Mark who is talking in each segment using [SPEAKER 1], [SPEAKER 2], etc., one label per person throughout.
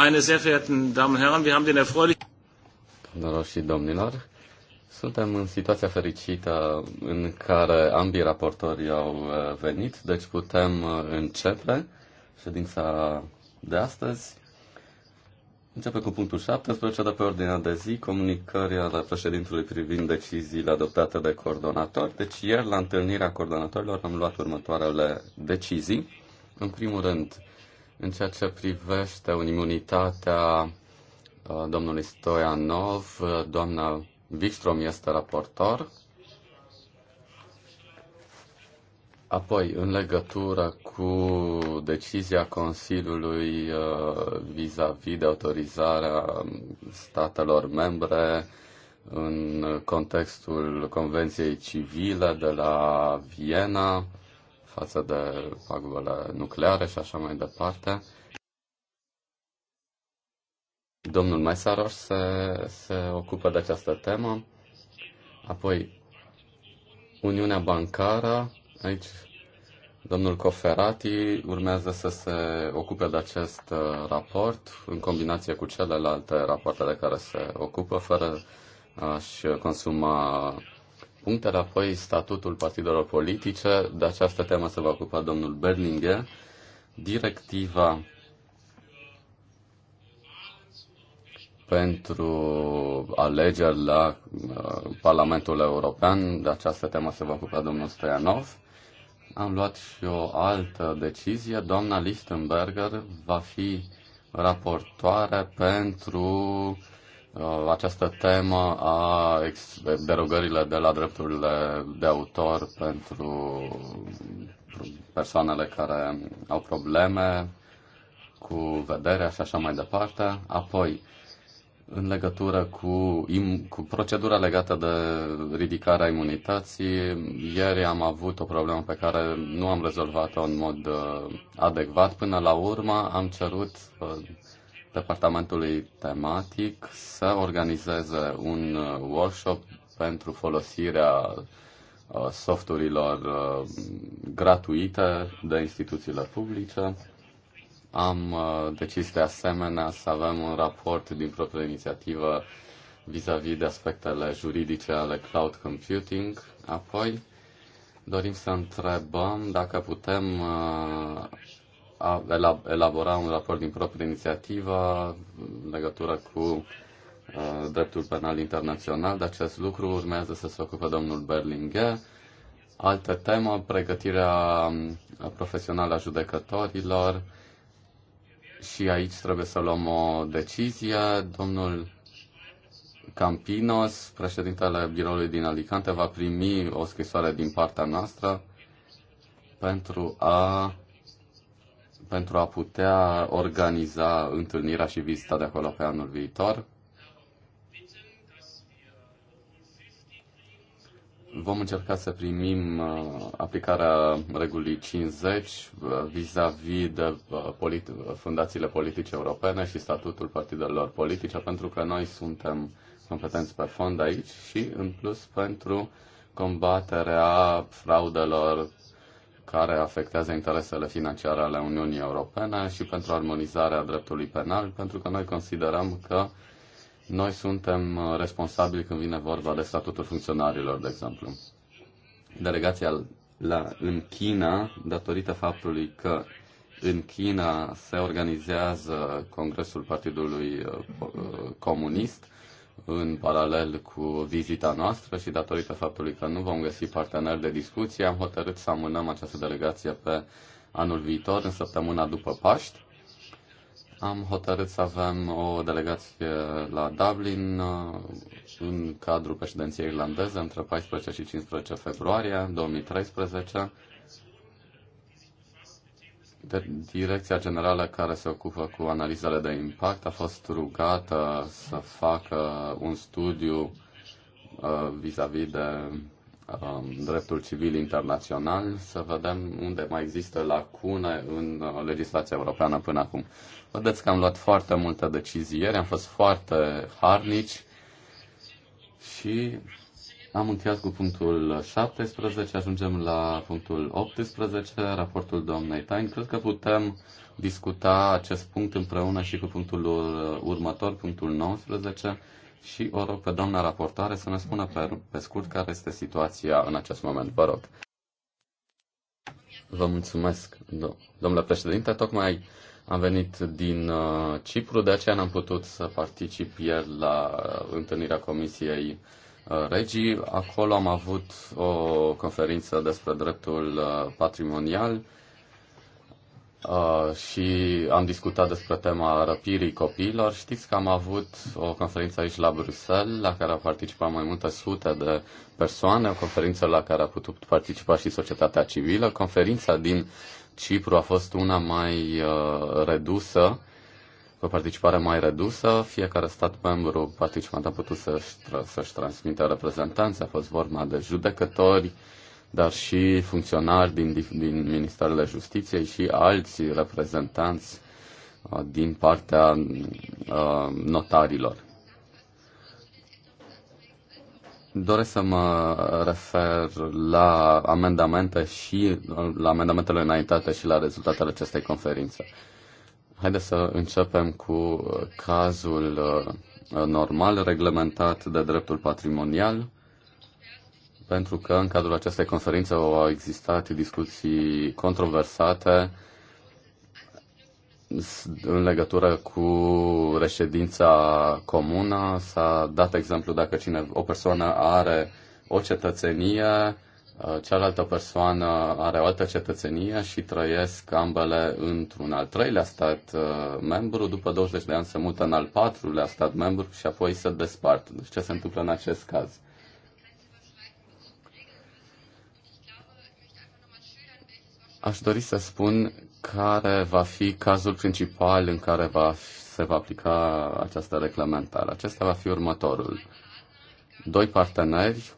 [SPEAKER 1] Meine sehr
[SPEAKER 2] verehrten Damen und Herren, wir haben den erfreulichen...
[SPEAKER 1] Doamnelor și domnilor, suntem în situația fericită în care ambii raportori au uh, venit, deci putem uh, începe ședința de astăzi. Începe cu punctul 17 de pe ordinea de zi, comunicări ale președintelui privind deciziile adoptate de coordonatori. Deci ieri, la întâlnirea coordonatorilor, am luat următoarele decizii. În primul rând, în ceea ce privește imunitatea uh, domnului Stoianov, uh, doamna Wikstrom este raportor. Apoi, în legătură cu decizia Consiliului uh, vis-a-vis -vis de autorizarea statelor membre în contextul Convenției Civile de la Viena, față de pagubele nucleare și așa mai departe. Domnul Mesaros se, se ocupă de această temă. Apoi, Uniunea Bancară, aici Domnul Coferati urmează să se ocupe de acest uh, raport în combinație cu celelalte rapoarte de care se ocupă, fără a-și consuma punctele, apoi statutul partidelor politice, de această temă se va ocupa domnul Berlinghe. directiva pentru alegeri la uh, Parlamentul European, de această temă se va ocupa domnul Stoianov. Am luat și o altă decizie, doamna Lichtenberger va fi raportoare pentru Uh, această temă a derogările de la drepturile de autor pentru persoanele care au probleme cu vederea și așa mai departe. Apoi, în legătură cu, im, cu procedura legată de ridicarea imunității, ieri am avut o problemă pe care nu am rezolvat-o în mod uh, adecvat. Până la urmă am cerut uh, departamentului tematic să organizeze un uh, workshop pentru folosirea uh, softurilor uh, gratuite de instituțiile publice. Am decis de asemenea să avem un raport din propria inițiativă vis-a-vis -vis de aspectele juridice ale cloud computing. Apoi, dorim să întrebăm dacă putem a elabora un raport din proprie inițiativă în legătură cu uh, dreptul penal internațional. De acest lucru urmează să se ocupe domnul Berlinghe. Altă temă, pregătirea uh, profesională a judecătorilor. Și aici trebuie să luăm o decizie. Domnul Campinos, președintele biroului din Alicante, va primi o scrisoare din partea noastră pentru a pentru a putea organiza întâlnirea și vizita de acolo pe anul viitor. Vom încerca să primim uh, aplicarea regulii 50 uh, vis-a-vis -vis de uh, politi- fundațiile politice europene și statutul partidelor politice, pentru că noi suntem competenți pe fond aici și, în plus, pentru combaterea fraudelor care afectează interesele financiare ale Uniunii Europene și pentru armonizarea dreptului penal, pentru că noi considerăm că noi suntem responsabili când vine vorba de statutul funcționarilor, de exemplu. Delegația la, în China, datorită faptului că în China se organizează Congresul Partidului uh, Comunist, în paralel cu vizita noastră și datorită faptului că nu vom găsi parteneri de discuție, am hotărât să amânăm această delegație pe anul viitor, în săptămâna după Paști. Am hotărât să avem o delegație la Dublin uh, în cadrul președinției irlandeze între 14 și 15 februarie 2013 Direcția Generală care se ocupă cu analizele de impact a fost rugată să facă un studiu uh, vis-a-vis -vis de um, dreptul civil internațional, să vedem unde mai există lacune în uh, legislația europeană până acum. Vedeți că am luat foarte multe decizii ieri, am fost foarte harnici și am încheiat cu punctul 17, ajungem la punctul 18, raportul doamnei Tain. Cred că putem discuta acest punct împreună și cu punctul următor, punctul 19, și o rog pe doamna raportare să ne spună pe, pe scurt care este situația în acest moment. Vă rog. Vă mulțumesc, domnule președinte. Tocmai am venit din uh, Cipru, de aceea n-am putut să particip ieri la uh, întâlnirea Comisiei Uh, regii. Acolo am avut o conferință despre dreptul uh, patrimonial uh, și am discutat despre tema răpirii copiilor. Știți că am avut o conferință aici la Bruxelles, la care au participat mai multe sute de persoane, o conferință la care a putut participa și societatea civilă. Conferința din Cipru a fost una mai redusă, cu o participare mai redusă. Fiecare stat membru participant a putut să-și, să-și transmită reprezentanți. A fost vorba de judecători, dar și funcționari din, din Ministerele Justiției și alți reprezentanți uh, din partea uh, notarilor. Doresc să mă refer la amendamente și la amendamentele înaintate și la rezultatele acestei conferințe. Haideți să începem cu uh, cazul uh, normal reglementat de dreptul patrimonial, pentru că în cadrul acestei conferințe au existat discuții controversate în legătură cu reședința comună. S-a dat exemplu dacă cine, o persoană are o cetățenie Uh, cealaltă persoană are o altă cetățenie și trăiesc ambele într-un al treilea stat uh, membru, după 20 de ani se mută în al patrulea stat membru și apoi se despart. Deci ce se întâmplă în acest caz? Aș dori să spun care va fi cazul principal în care va, se va aplica această reglementare. Acesta va fi următorul. Doi parteneri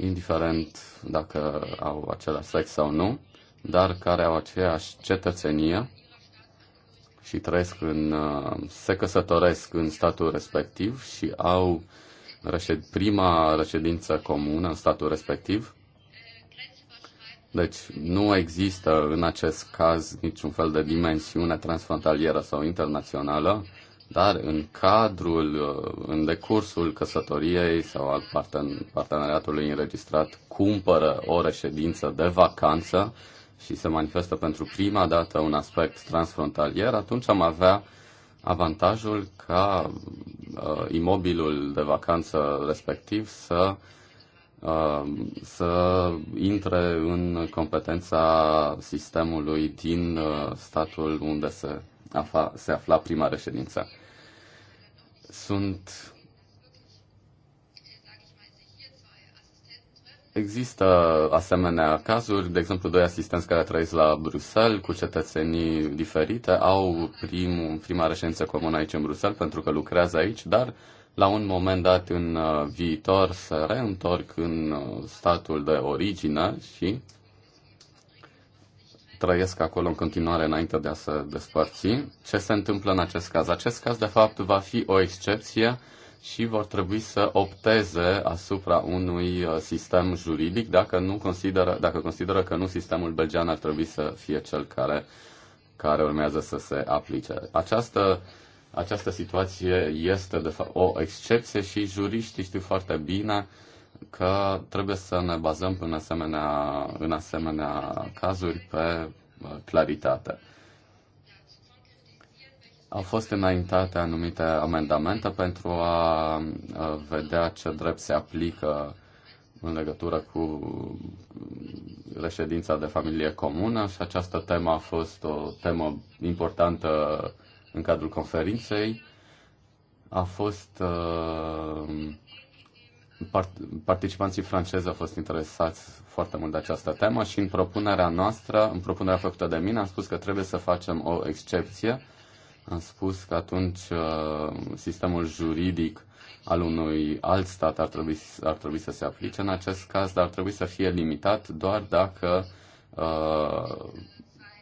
[SPEAKER 1] indiferent dacă au același sex sau nu, dar care au aceeași cetățenie și trăiesc în, uh, se căsătoresc în statul respectiv și au reșed, prima reședință comună în statul respectiv. Deci nu există în acest caz niciun fel de dimensiune transfrontalieră sau internațională dar în cadrul, uh, în decursul căsătoriei sau al parten- parteneriatului înregistrat, cumpără o reședință de vacanță și se manifestă pentru prima dată un aspect transfrontalier, atunci am avea avantajul ca uh, imobilul de vacanță respectiv să uh, să intre în competența sistemului din uh, statul unde se afla, se afla prima reședință sunt Există asemenea cazuri, de exemplu, doi asistenți care trăiesc la Bruxelles cu cetățenii diferite, au prim, prima reședință comună aici în Bruxelles pentru că lucrează aici, dar la un moment dat în uh, viitor se reîntorc în uh, statul de origine și trăiesc acolo în continuare înainte de a se despărți. Ce se întâmplă în acest caz? Acest caz, de fapt, va fi o excepție și vor trebui să opteze asupra unui uh, sistem juridic dacă, nu consideră, dacă consideră că nu sistemul belgian ar trebui să fie cel care, care urmează să se aplice. Această, această situație este, de fapt, o excepție și juriștii știu foarte bine că trebuie să ne bazăm în asemenea, în asemenea cazuri pe uh, claritate. Au fost înaintate anumite amendamente pentru a uh, vedea ce drept se aplică în legătură cu uh, reședința de familie comună și această temă a fost o temă importantă în cadrul conferinței. A fost uh, participanții francezi au fost interesați foarte mult de această temă și în propunerea noastră, în propunerea făcută de mine, am spus că trebuie să facem o excepție. Am spus că atunci uh, sistemul juridic al unui alt stat ar trebui, ar trebui să se aplice în acest caz, dar ar trebui să fie limitat doar dacă uh,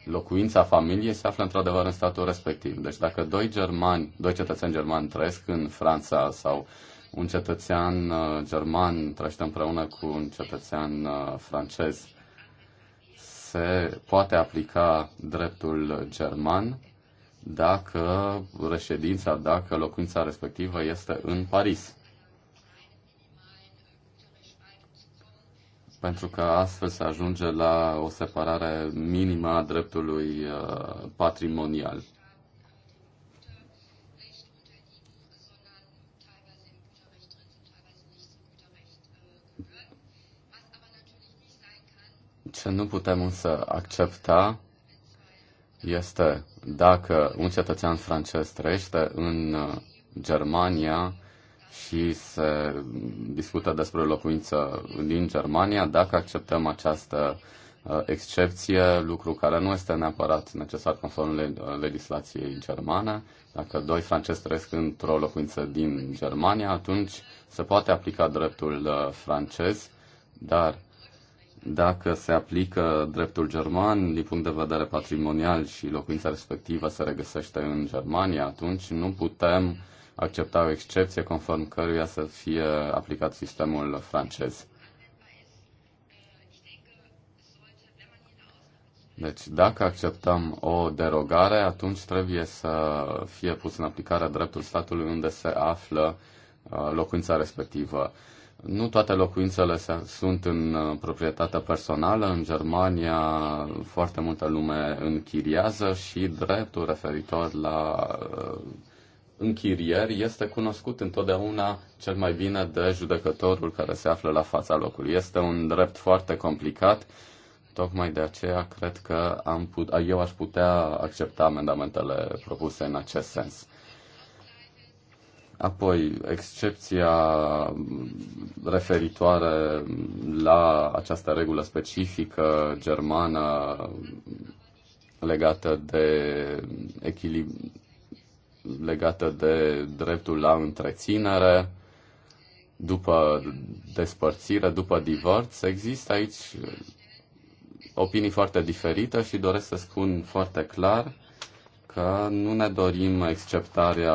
[SPEAKER 1] locuința familiei se află într-adevăr în statul respectiv. Deci dacă doi germani, doi cetățeni germani trăiesc în Franța sau uh, un cetățean uh, german trăiește împreună cu un cetățean uh, francez, se poate aplica dreptul german dacă reședința, dacă locuința respectivă este în Paris. Pentru că astfel se ajunge la o separare minimă a dreptului uh, patrimonial. Ce nu putem însă accepta este dacă un cetățean francez trăiește în uh, Germania și se discută despre o locuință din Germania, dacă acceptăm această uh, excepție, lucru care nu este neapărat necesar conform uh, legislației germane. Dacă doi francezi trăiesc într-o locuință din Germania, atunci se poate aplica dreptul francez, dar dacă se aplică dreptul german din punct de vedere patrimonial și locuința respectivă se regăsește în Germania, atunci nu putem accepta o excepție conform căruia să fie aplicat sistemul francez. Deci, dacă acceptăm o derogare, atunci trebuie să fie pus în aplicare dreptul statului unde se află uh, locuința respectivă. Nu toate locuințele sunt în uh, proprietate personală. În Germania foarte multă lume închiriază și dreptul referitor la uh, închirieri este cunoscut întotdeauna cel mai bine de judecătorul care se află la fața locului. Este un drept foarte complicat, tocmai de aceea cred că am put- eu aș putea accepta amendamentele propuse în acest sens. Apoi, excepția referitoare la această regulă specifică germană legată de echilibru legată de dreptul la întreținere, după despărțire, după divorț. Există aici opinii foarte diferite și doresc să spun foarte clar că nu ne dorim acceptarea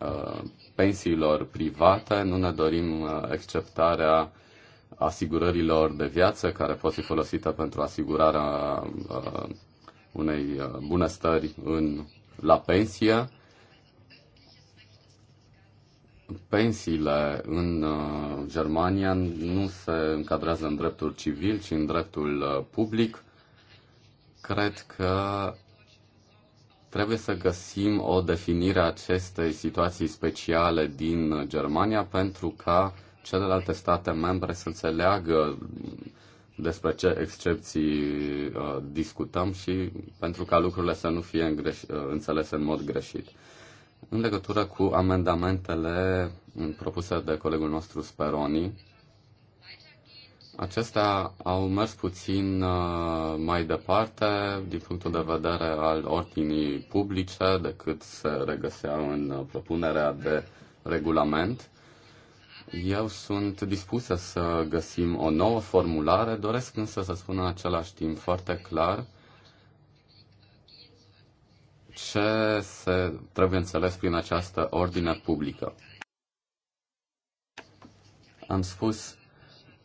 [SPEAKER 1] uh, pensiilor private, nu ne dorim acceptarea uh, asigurărilor de viață care pot fi folosite pentru asigurarea uh, unei bunăstări în, la pensie. Pensiile în Germania nu se încadrează în dreptul civil, ci în dreptul public. Cred că Trebuie să găsim o definire a acestei situații speciale din Germania pentru ca celelalte state membre să înțeleagă despre ce excepții uh, discutăm și pentru ca lucrurile să nu fie îngreș, uh, înțelese în mod greșit. În legătură cu amendamentele propuse de colegul nostru Speroni, Acestea au mers puțin uh, mai departe din punctul de vedere al ordinii publice decât se regăseau în uh, propunerea de regulament. Eu sunt dispusă să găsim o nouă formulare, doresc însă să spun în același timp foarte clar ce se trebuie înțeles prin această ordine publică. Am spus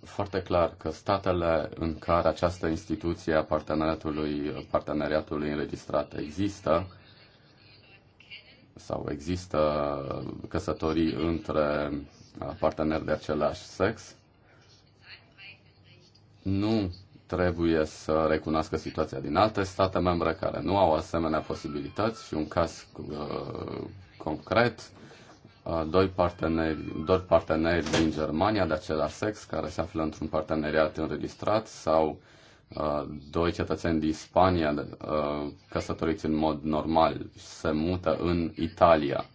[SPEAKER 1] foarte clar că statele în care această instituție a parteneriatului, parteneriatului înregistrat există sau există căsătorii între parteneri de același sex, nu trebuie să recunoască situația din alte state membre care nu au asemenea posibilități și un caz uh, concret Uh, doi parteneri, doi parteneri din Germania de același sex care se află într-un parteneriat înregistrat sau uh, doi cetățeni din Spania uh, căsătoriți în mod normal se mută în Italia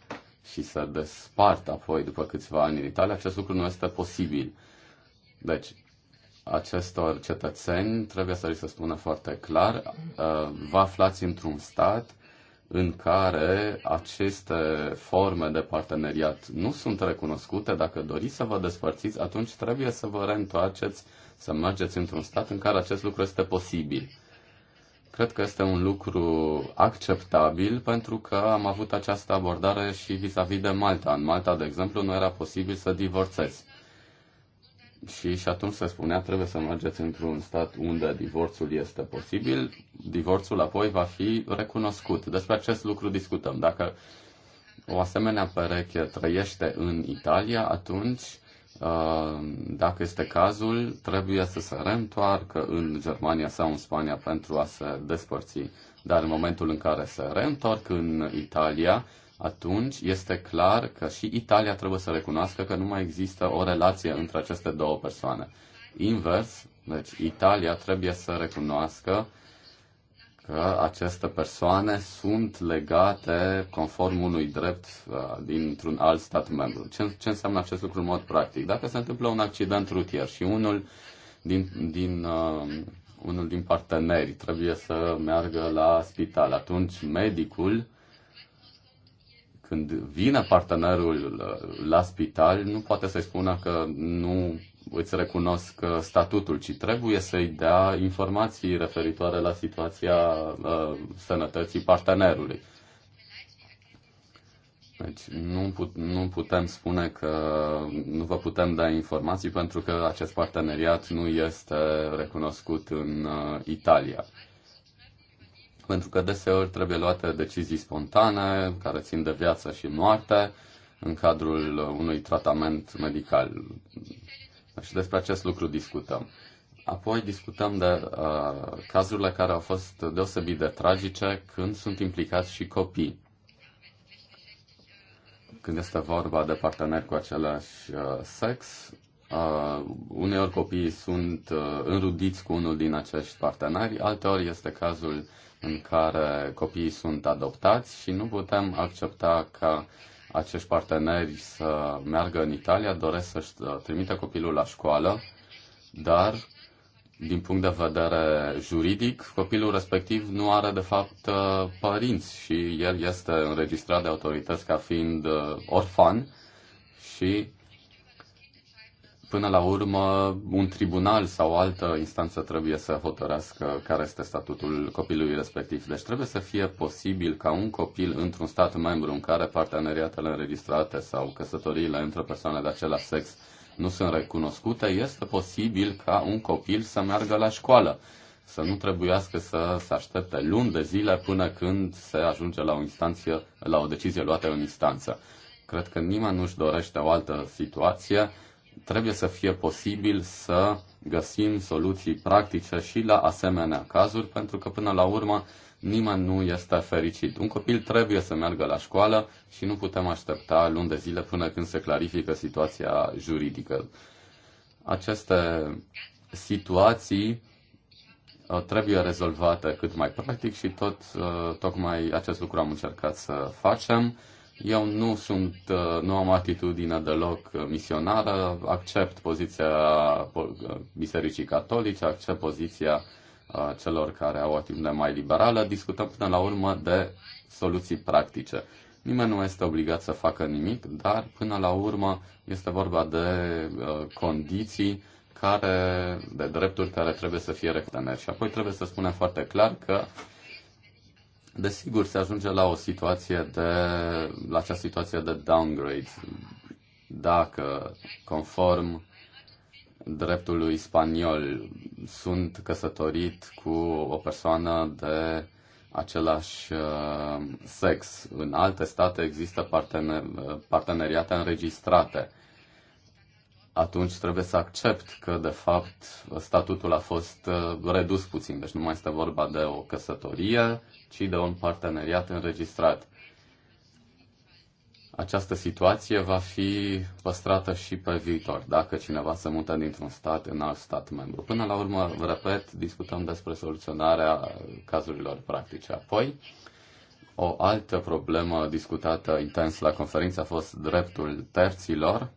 [SPEAKER 1] și se despart apoi după câțiva ani în Italia, acest lucru nu este posibil. Deci, acestor cetățeni trebuie să li se spună foarte clar, vă aflați într-un stat în care aceste forme de parteneriat nu sunt recunoscute, dacă doriți să vă despărțiți, atunci trebuie să vă reîntoarceți, să mergeți într-un stat în care acest lucru este posibil. Cred că este un lucru acceptabil pentru că am avut această abordare și vis-a-vis -vis de Malta. În Malta, de exemplu, nu era posibil să divorțezi și, și atunci se spunea trebuie să mergeți într-un stat unde divorțul este posibil, divorțul apoi va fi recunoscut. Despre acest lucru discutăm. Dacă o asemenea pereche trăiește în Italia, atunci, uh, dacă este cazul, trebuie să se reîntoarcă în Germania sau în Spania pentru a se despărți. Dar în momentul în care se reîntorc în Italia, atunci este clar că și Italia trebuie să recunoască că nu mai există o relație între aceste două persoane. Invers, deci Italia trebuie să recunoască că aceste persoane sunt legate conform unui drept uh, dintr-un alt stat membru. Ce, ce înseamnă acest lucru în mod practic? Dacă se întâmplă un accident rutier și unul din, din, uh, unul din parteneri trebuie să meargă la spital, atunci medicul când vine partenerul uh, la spital, nu poate să-i spună că nu îți recunosc uh, statutul, ci trebuie să-i dea informații referitoare la situația uh, sănătății partenerului. Deci nu, put, nu putem spune că nu vă putem da informații pentru că acest parteneriat nu este recunoscut în uh, Italia pentru că deseori trebuie luate decizii spontane care țin de viață și moarte în cadrul unui tratament medical. Și deci despre acest lucru discutăm. Apoi discutăm de uh, cazurile care au fost deosebit de tragice când sunt implicați și copii. Când este vorba de parteneri cu același uh, sex, uh, uneori copiii sunt uh, înrudiți cu unul din acești parteneri, alteori este cazul uh, în care copiii sunt adoptați și nu putem accepta ca acești parteneri să meargă în Italia, doresc să-și uh, trimită copilul la școală, dar din punct de vedere juridic, copilul respectiv nu are de fapt uh, părinți și el este înregistrat de autorități ca fiind uh, orfan și până la urmă un tribunal sau o altă instanță trebuie să hotărească care este statutul copilului respectiv. Deci trebuie să fie posibil ca un copil într-un stat membru în care parteneriatele înregistrate sau căsătoriile între persoane de același sex nu sunt recunoscute, este posibil ca un copil să meargă la școală, să nu trebuiască să se aștepte luni de zile până când se ajunge la o instanță, la o decizie luată în instanță. Cred că nimeni nu-și dorește o altă situație trebuie să fie posibil să găsim soluții practice și la asemenea cazuri, pentru că până la urmă nimeni nu este fericit. Un copil trebuie să meargă la școală și nu putem aștepta luni de zile până când se clarifică situația juridică. Aceste situații uh, trebuie rezolvate cât mai practic și tot, uh, tocmai acest lucru am încercat să facem eu nu sunt, uh, nu am atitudine deloc misionară, accept poziția uh, Bisericii Catolice, accept poziția uh, celor care au o atitudine mai liberală, discutăm până la urmă de soluții practice. Nimeni nu este obligat să facă nimic, dar până la urmă este vorba de condiții care, de drepturi care trebuie să fie recunoscute. Și apoi trebuie să spunem foarte clar că Desigur, se ajunge la o situație de, la acea situație de downgrade. Dacă, conform dreptului spaniol, sunt căsătorit cu o persoană de același uh, sex. În alte state există partener, uh, parteneriate înregistrate. Atunci trebuie să accept că, de fapt, statutul a fost uh, redus puțin, deci nu mai este vorba de o căsătorie, ci de un parteneriat înregistrat. Această situație va fi păstrată și pe viitor, dacă cineva se mută dintr-un stat în alt stat membru. Până la urmă, repet, discutăm despre soluționarea cazurilor practice. Apoi, o altă problemă discutată intens la conferință a fost dreptul terților.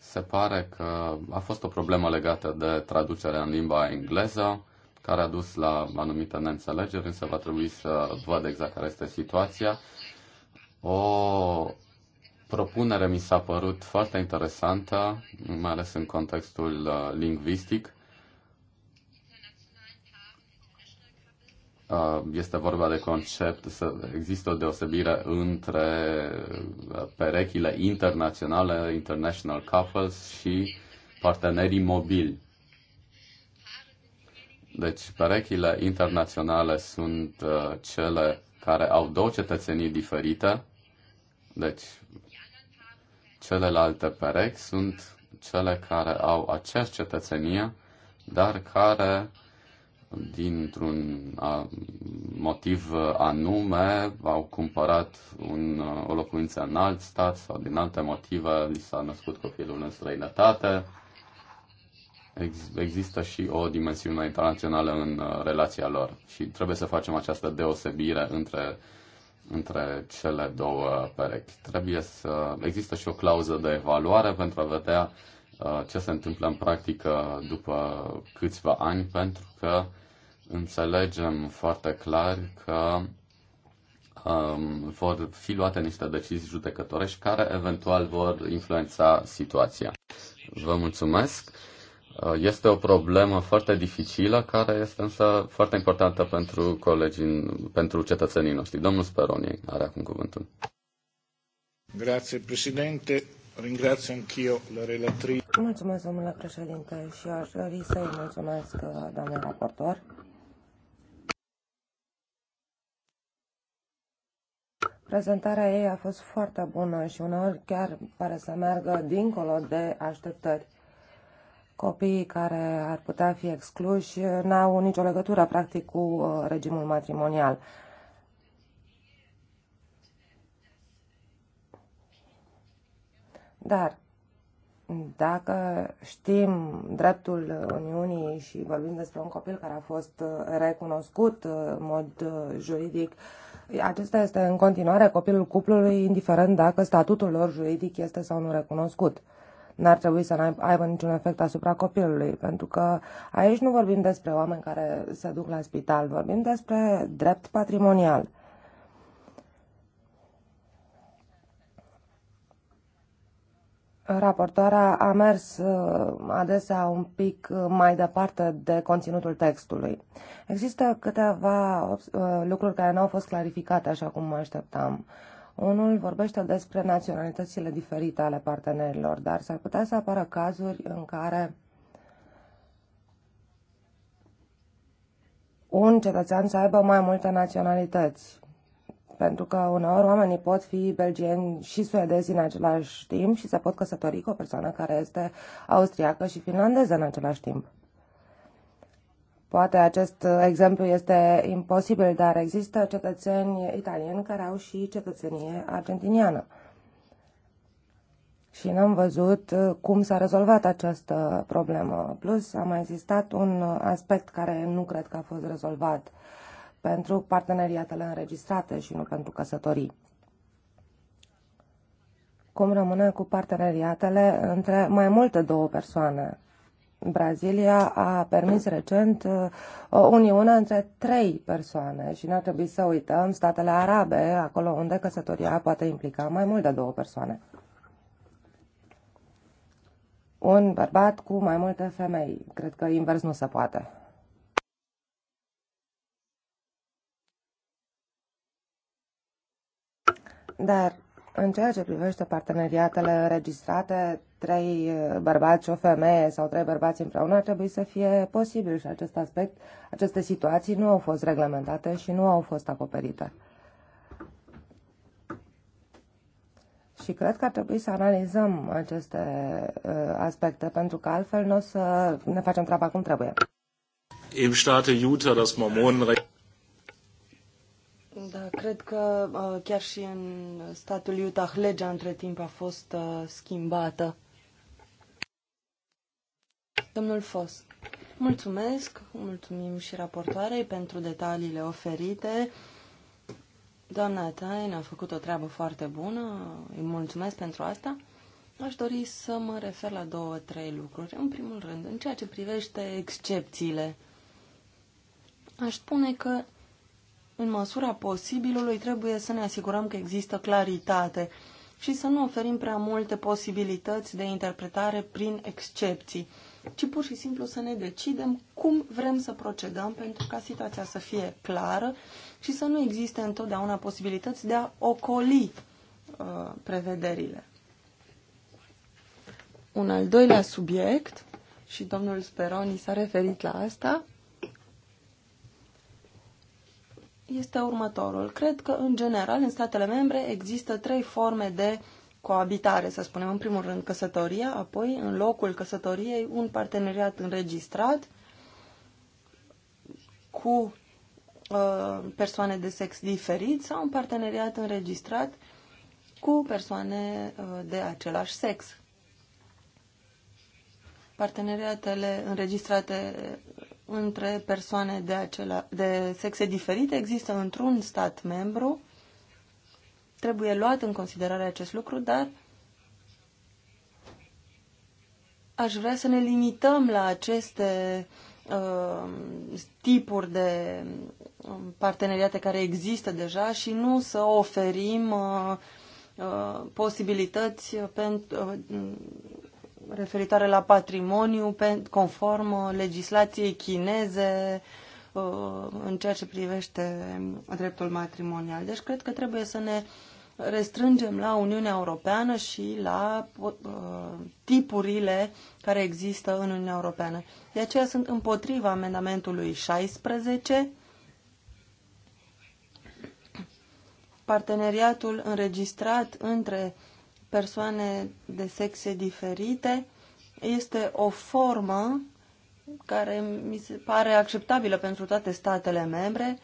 [SPEAKER 1] Se pare că a fost o problemă legată de traducerea în limba engleză care a dus la anumite neînțelegeri, însă va trebui să văd exact care este situația. O propunere mi s-a părut foarte interesantă, mai ales în contextul uh, lingvistic. Uh, este vorba de concept, să există o deosebire între uh, perechile internaționale, international couples și partenerii mobili deci, perechile internaționale sunt uh, cele care au două cetățenii diferite. Deci, celelalte perechi sunt cele care au aceeași cetățenie, dar care, dintr-un motiv anume, au cumpărat un, o locuință în alt stat sau din alte motive li s-a născut copilul în străinătate ex- există și o dimensiune internațională în uh, relația lor și trebuie să facem această deosebire între între cele două perechi. Trebuie să există și o clauză de evaluare pentru a vedea uh, ce se întâmplă în practică după câțiva ani, pentru că înțelegem foarte clar că um, vor fi luate niște decizii judecătorești care eventual vor influența situația. Vă mulțumesc! Uh, este o problemă foarte dificilă, care este însă foarte importantă pentru colegii, pentru cetățenii noștri. Domnul Speroni are acum cuvântul. Grazie, președinte. Ringrazio anch'io la relatrice.
[SPEAKER 2] Mulțumesc, domnule președinte, și aș dori să-i mulțumesc, uh, doamne raportor. Prezentarea ei a fost foarte bună și uneori chiar pare să meargă dincolo de așteptări copiii care ar putea fi excluși uh, n-au nicio legătură practic cu uh, regimul matrimonial. Dar dacă știm dreptul Uniunii și vorbim despre un copil care a fost uh, recunoscut în mod juridic, acesta este în continuare copilul cuplului, indiferent dacă statutul lor juridic este sau nu recunoscut n-ar trebui să aibă niciun efect asupra copilului, pentru că aici nu vorbim despre oameni care se duc la spital, vorbim despre drept patrimonial. Raportoarea a mers uh, adesea un pic uh, mai departe de conținutul textului. Există câteva uh, lucruri care nu au fost clarificate așa cum mă așteptam. Uh, unul vorbește despre naționalitățile diferite ale partenerilor, dar s-ar putea să apară cazuri în care un cetățean să aibă mai multe naționalități. Pentru că uneori oamenii pot fi belgieni și suedezi în același timp și se pot căsători cu o persoană care este austriacă și finlandeză în același timp. Poate acest exemplu este imposibil, dar există cetățeni italieni care au și cetățenie argentiniană. Și n-am văzut uh, cum s-a rezolvat această problemă. Plus, a mai existat un uh, aspect care nu cred că a fost rezolvat pentru parteneriatele înregistrate și nu pentru căsătorii. Cum rămâne cu parteneriatele între mai multe două persoane? Brazilia a permis recent uh, o uniune între trei persoane și n-ar trebui să uităm statele arabe, acolo unde căsătoria poate implica mai mult de două persoane. Un bărbat cu mai multe femei. Cred că invers nu se poate. Dar în ceea ce privește parteneriatele înregistrate, trei eh, bărbați și o femeie sau trei bărbați împreună ar trebui să fie posibil și acest aspect, aceste situații nu au fost reglementate și nu au fost acoperite. Și cred că ar trebui să analizăm aceste eh, aspecte, pentru că altfel nu o să ne facem treaba cum trebuie. Im Staate Utah das Mormonenrecht
[SPEAKER 3] da, cred că uh, chiar și în statul Utah legea între timp a fost uh, schimbată. Domnul Fos, mulțumesc, mulțumim și raportoarei pentru detaliile oferite. Doamna Tain a făcut o treabă foarte bună, îi mulțumesc pentru asta. Aș dori să mă refer la două, trei lucruri. În primul rând, în ceea ce privește excepțiile, aș spune că în măsura posibilului, trebuie să ne asigurăm că există claritate și să nu oferim prea multe posibilități de interpretare prin excepții, ci pur și simplu să ne decidem cum vrem să procedăm pentru ca situația să fie clară și să nu existe întotdeauna posibilități de a ocoli uh, prevederile. Un al doilea subiect, și domnul Speroni s-a referit la asta, este următorul. Cred că, în general, în statele membre există trei forme de coabitare, să spunem, în primul rând căsătoria, apoi, în locul căsătoriei, un parteneriat înregistrat cu uh, persoane de sex diferit sau un parteneriat înregistrat cu persoane uh, de același sex. Parteneriatele înregistrate între persoane de, acela, de sexe diferite există într-un stat membru. Trebuie luat în considerare acest lucru, dar aș vrea să ne limităm la aceste uh, tipuri de um, parteneriate care există deja și nu să oferim uh, uh posibilități pentru, uh, referitoare la patrimoniu conform legislației chineze uh, în ceea ce privește dreptul matrimonial. Deci cred că trebuie să ne restrângem la Uniunea Europeană și la uh, tipurile care există în Uniunea Europeană. De aceea sunt împotriva amendamentului 16 parteneriatul înregistrat între persoane de sexe diferite este o formă care mi se pare acceptabilă pentru toate statele membre,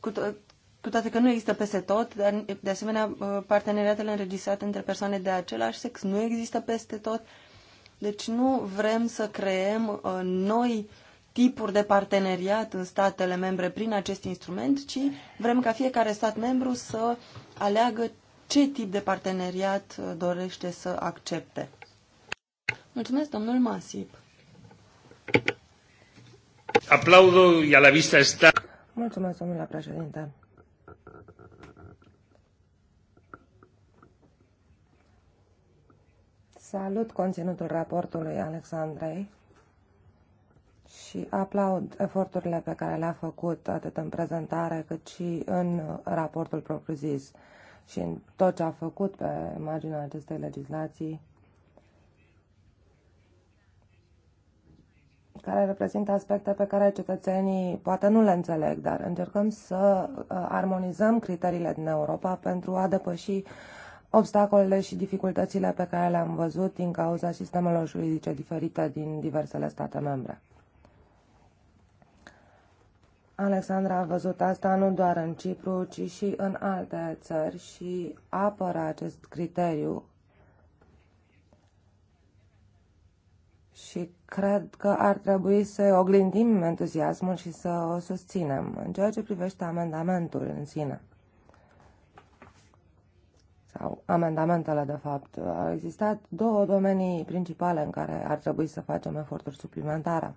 [SPEAKER 3] cu, to- cu toate că nu există peste tot, dar de asemenea uh, parteneriatele înregistrate între persoane de același sex nu există peste tot. Deci nu vrem să creăm uh, noi tipuri de parteneriat în statele membre prin acest instrument, ci vrem ca fiecare stat membru să aleagă ce tip de parteneriat uh, dorește să accepte.
[SPEAKER 2] Mulțumesc, domnul Masip.
[SPEAKER 1] y a la vista sta.
[SPEAKER 2] Mulțumesc, domnule președinte. Salut conținutul raportului Alexandrei și aplaud eforturile pe care le-a făcut atât în prezentare cât și în raportul propriu-zis și în tot ce a făcut pe marginea acestei legislații care reprezintă aspecte pe care cetățenii poate nu le înțeleg, dar încercăm să uh, armonizăm criteriile din Europa pentru a depăși obstacolele și dificultățile pe care le-am văzut din cauza sistemelor juridice diferite din diversele state membre. Alexandra a văzut asta nu doar în Cipru, ci și în alte țări și apără acest criteriu și cred că ar trebui să oglindim entuziasmul și să o susținem în ceea ce privește amendamentul în sine. Sau amendamentele, de fapt. Au existat două domenii principale în care ar trebui să facem eforturi suplimentare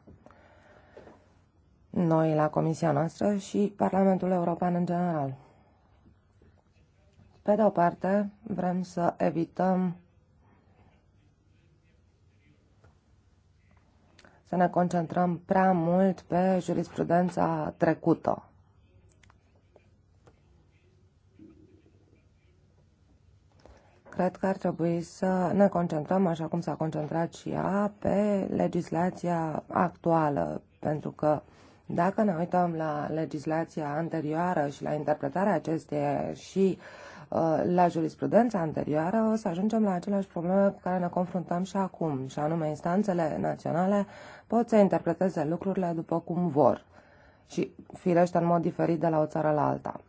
[SPEAKER 2] noi la Comisia noastră și Parlamentul European în general. Pe de o parte, vrem să evităm să ne concentrăm prea mult pe jurisprudența trecută. Cred că ar trebui să ne concentrăm, așa cum s-a concentrat și ea, pe legislația actuală, pentru că dacă ne uităm la legislația anterioară și la interpretarea acesteia și uh, la jurisprudența anterioară, o să ajungem la aceleași probleme cu care ne confruntăm și acum, și anume instanțele naționale pot să interpreteze lucrurile după cum vor și firește în mod diferit de la o țară la alta.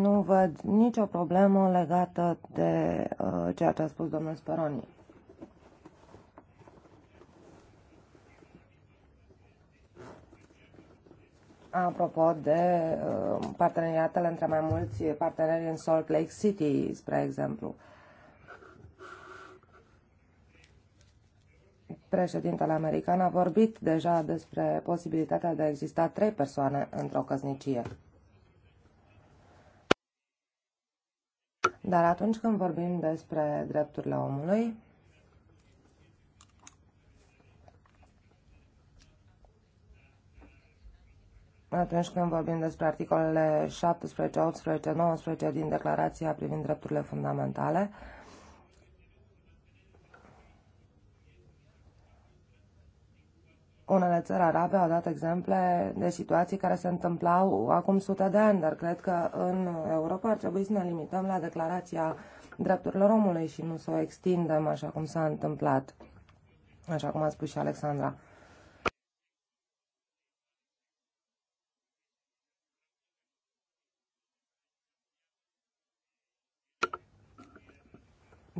[SPEAKER 2] Nu văd nicio problemă legată de uh, ceea ce a spus domnul Speroni. Apropo de uh, parteneriatele între mai mulți parteneri în Salt Lake City, spre exemplu, președintele american a vorbit deja despre posibilitatea de a exista trei persoane într-o căsnicie. Dar atunci când vorbim despre drepturile omului, atunci când vorbim despre articolele 17, 18, 19 din Declarația privind drepturile fundamentale. Unele țări arabe au dat exemple de situații care se întâmplau acum sute de ani, dar cred că în Europa ar trebui să ne limităm la declarația drepturilor omului și nu să o extindem așa cum s-a întâmplat, așa cum a spus și Alexandra.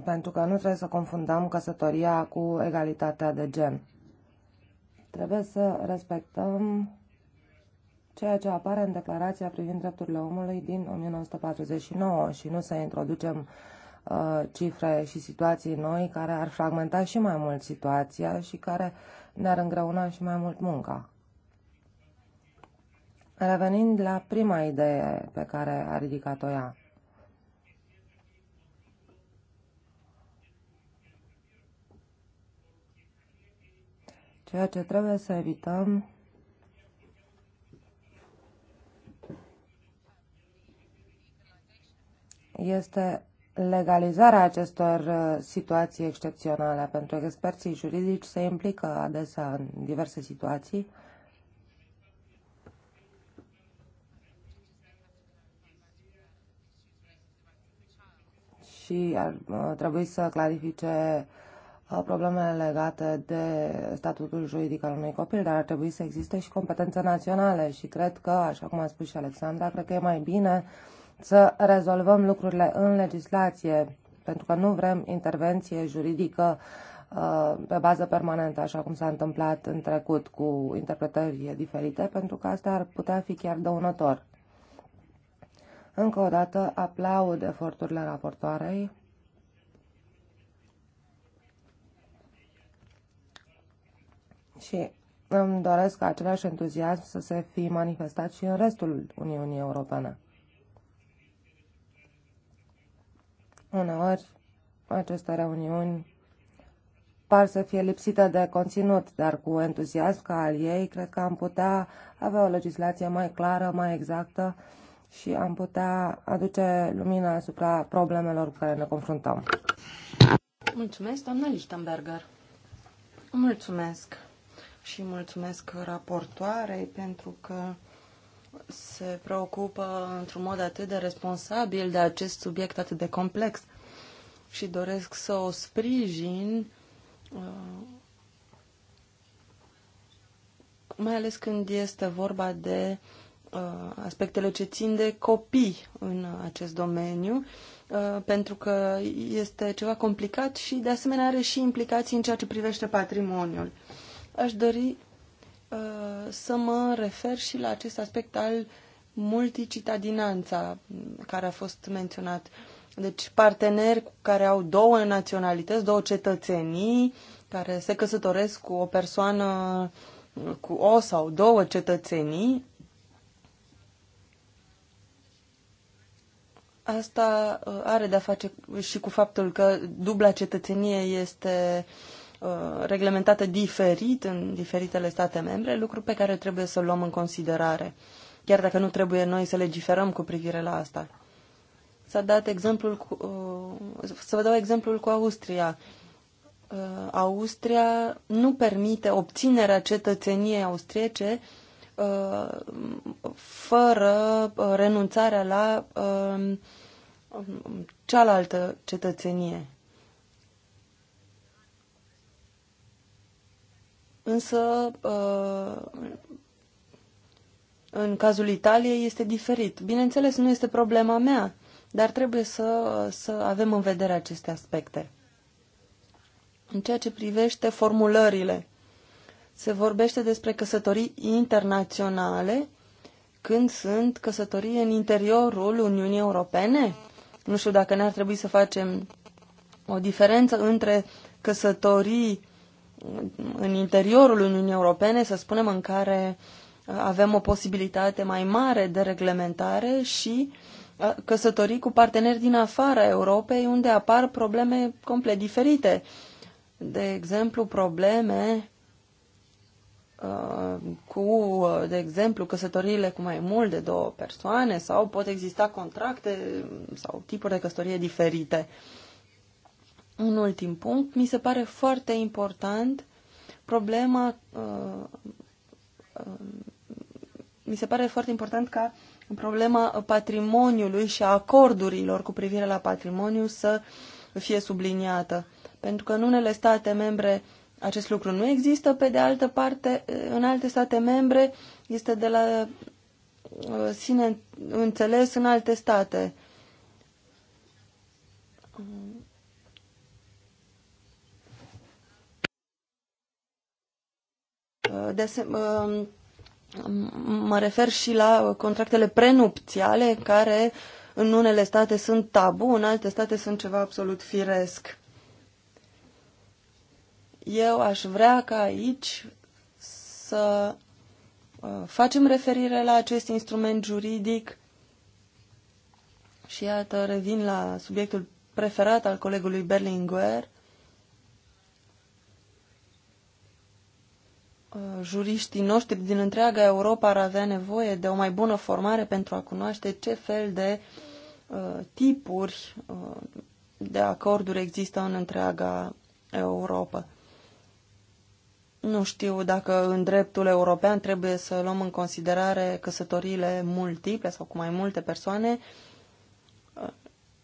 [SPEAKER 2] pentru că nu trebuie să confundăm căsătoria cu egalitatea de gen. Trebuie să respectăm ceea ce apare în Declarația privind drepturile omului din 1949 și nu să introducem uh, cifre și situații noi care ar fragmenta și mai mult situația și care ne-ar îngreuna și mai mult munca. Revenind la prima idee pe care a ridicat-o ea, ceea ce trebuie să evităm este legalizarea acestor uh, situații excepționale, pentru că experții juridici se implică adesea în diverse situații. Și ar uh, trebui să clarifice uh, problemele legate de statutul juridic al unui copil, dar ar trebui să existe și competențe naționale și cred că, așa cum a spus și Alexandra, cred că e mai bine să rezolvăm lucrurile în legislație, pentru că nu vrem intervenție juridică uh, pe bază permanentă, așa cum s-a întâmplat în trecut cu interpretări diferite, pentru că asta ar putea fi chiar dăunător. Încă o dată aplaud eforturile raportoarei și îmi doresc ca același entuziasm să se fi manifestat și în restul Uniunii Europene. Uneori, aceste reuniuni par să fie lipsite de conținut, dar cu entuziasm ca al ei, cred că am putea avea o legislație mai clară, mai exactă și am putea aduce lumina asupra problemelor cu care ne confruntăm.
[SPEAKER 3] Mulțumesc, doamna Lichtenberger. Mulțumesc și mulțumesc raportoarei pentru că se preocupă într-un mod atât de responsabil de acest subiect atât de complex și doresc să o sprijin, uh, mai ales când este vorba de uh, aspectele ce țin de copii în acest domeniu, uh, pentru că este ceva complicat și de asemenea are și implicații în ceea ce privește patrimoniul. Aș dori uh, să mă refer și la acest aspect al multicitadinanța care a fost menționat. Deci parteneri care au două naționalități, două cetățenii, care se căsătoresc cu o persoană cu o sau două cetățenii, Asta uh, are de-a face și cu faptul că dubla cetățenie este uh, Uh, reglementate diferit în diferitele state membre, lucru pe care trebuie să-l luăm în considerare, chiar dacă nu trebuie noi să legiferăm cu privire la asta. S-a dat exemplul cu, uh, să vă dau exemplul cu Austria. Uh, Austria nu permite obținerea cetățeniei austriece fără renunțarea la um, cealaltă cetățenie. Însă, uh, în cazul Italiei este diferit. Bineînțeles, nu este problema mea, dar trebuie să, să avem în vedere aceste aspecte. În ceea ce privește formulările, se vorbește despre căsătorii internaționale când sunt căsătorii în interiorul Uniunii Europene. Nu știu dacă ne-ar trebui să facem o diferență între căsătorii în interiorul Uniunii Europene, să spunem, în care uh, avem o posibilitate mai mare de reglementare și uh, căsătorii cu parteneri din afara Europei, unde apar probleme complet diferite. De exemplu, probleme uh, cu, de exemplu, căsătoriile cu mai mult de două persoane sau pot exista contracte sau tipuri de căsătorie diferite. Uh, un ultim punct, mi se pare foarte important problema uh, uh, mi se pare foarte important ca problema patrimoniului și a acordurilor cu privire la patrimoniu să fie subliniată. Pentru că în unele state membre acest lucru nu există, pe de altă parte, în alte state membre este de la uh, sine înțeles în alte state. de, mă refer și la contractele prenupțiale, care în unele state sunt tabu, în alte state sunt ceva absolut firesc. Eu aș vrea ca aici să uh, facem referire la acest instrument juridic și iată, revin la subiectul preferat al colegului Berlinguer, Uh, juriștii noștri din întreaga Europa ar avea nevoie de o mai bună formare pentru a cunoaște ce fel de uh, tipuri uh, de acorduri există în întreaga Europa. Nu știu dacă în dreptul european trebuie să luăm în considerare căsătoriile multiple sau cu mai multe persoane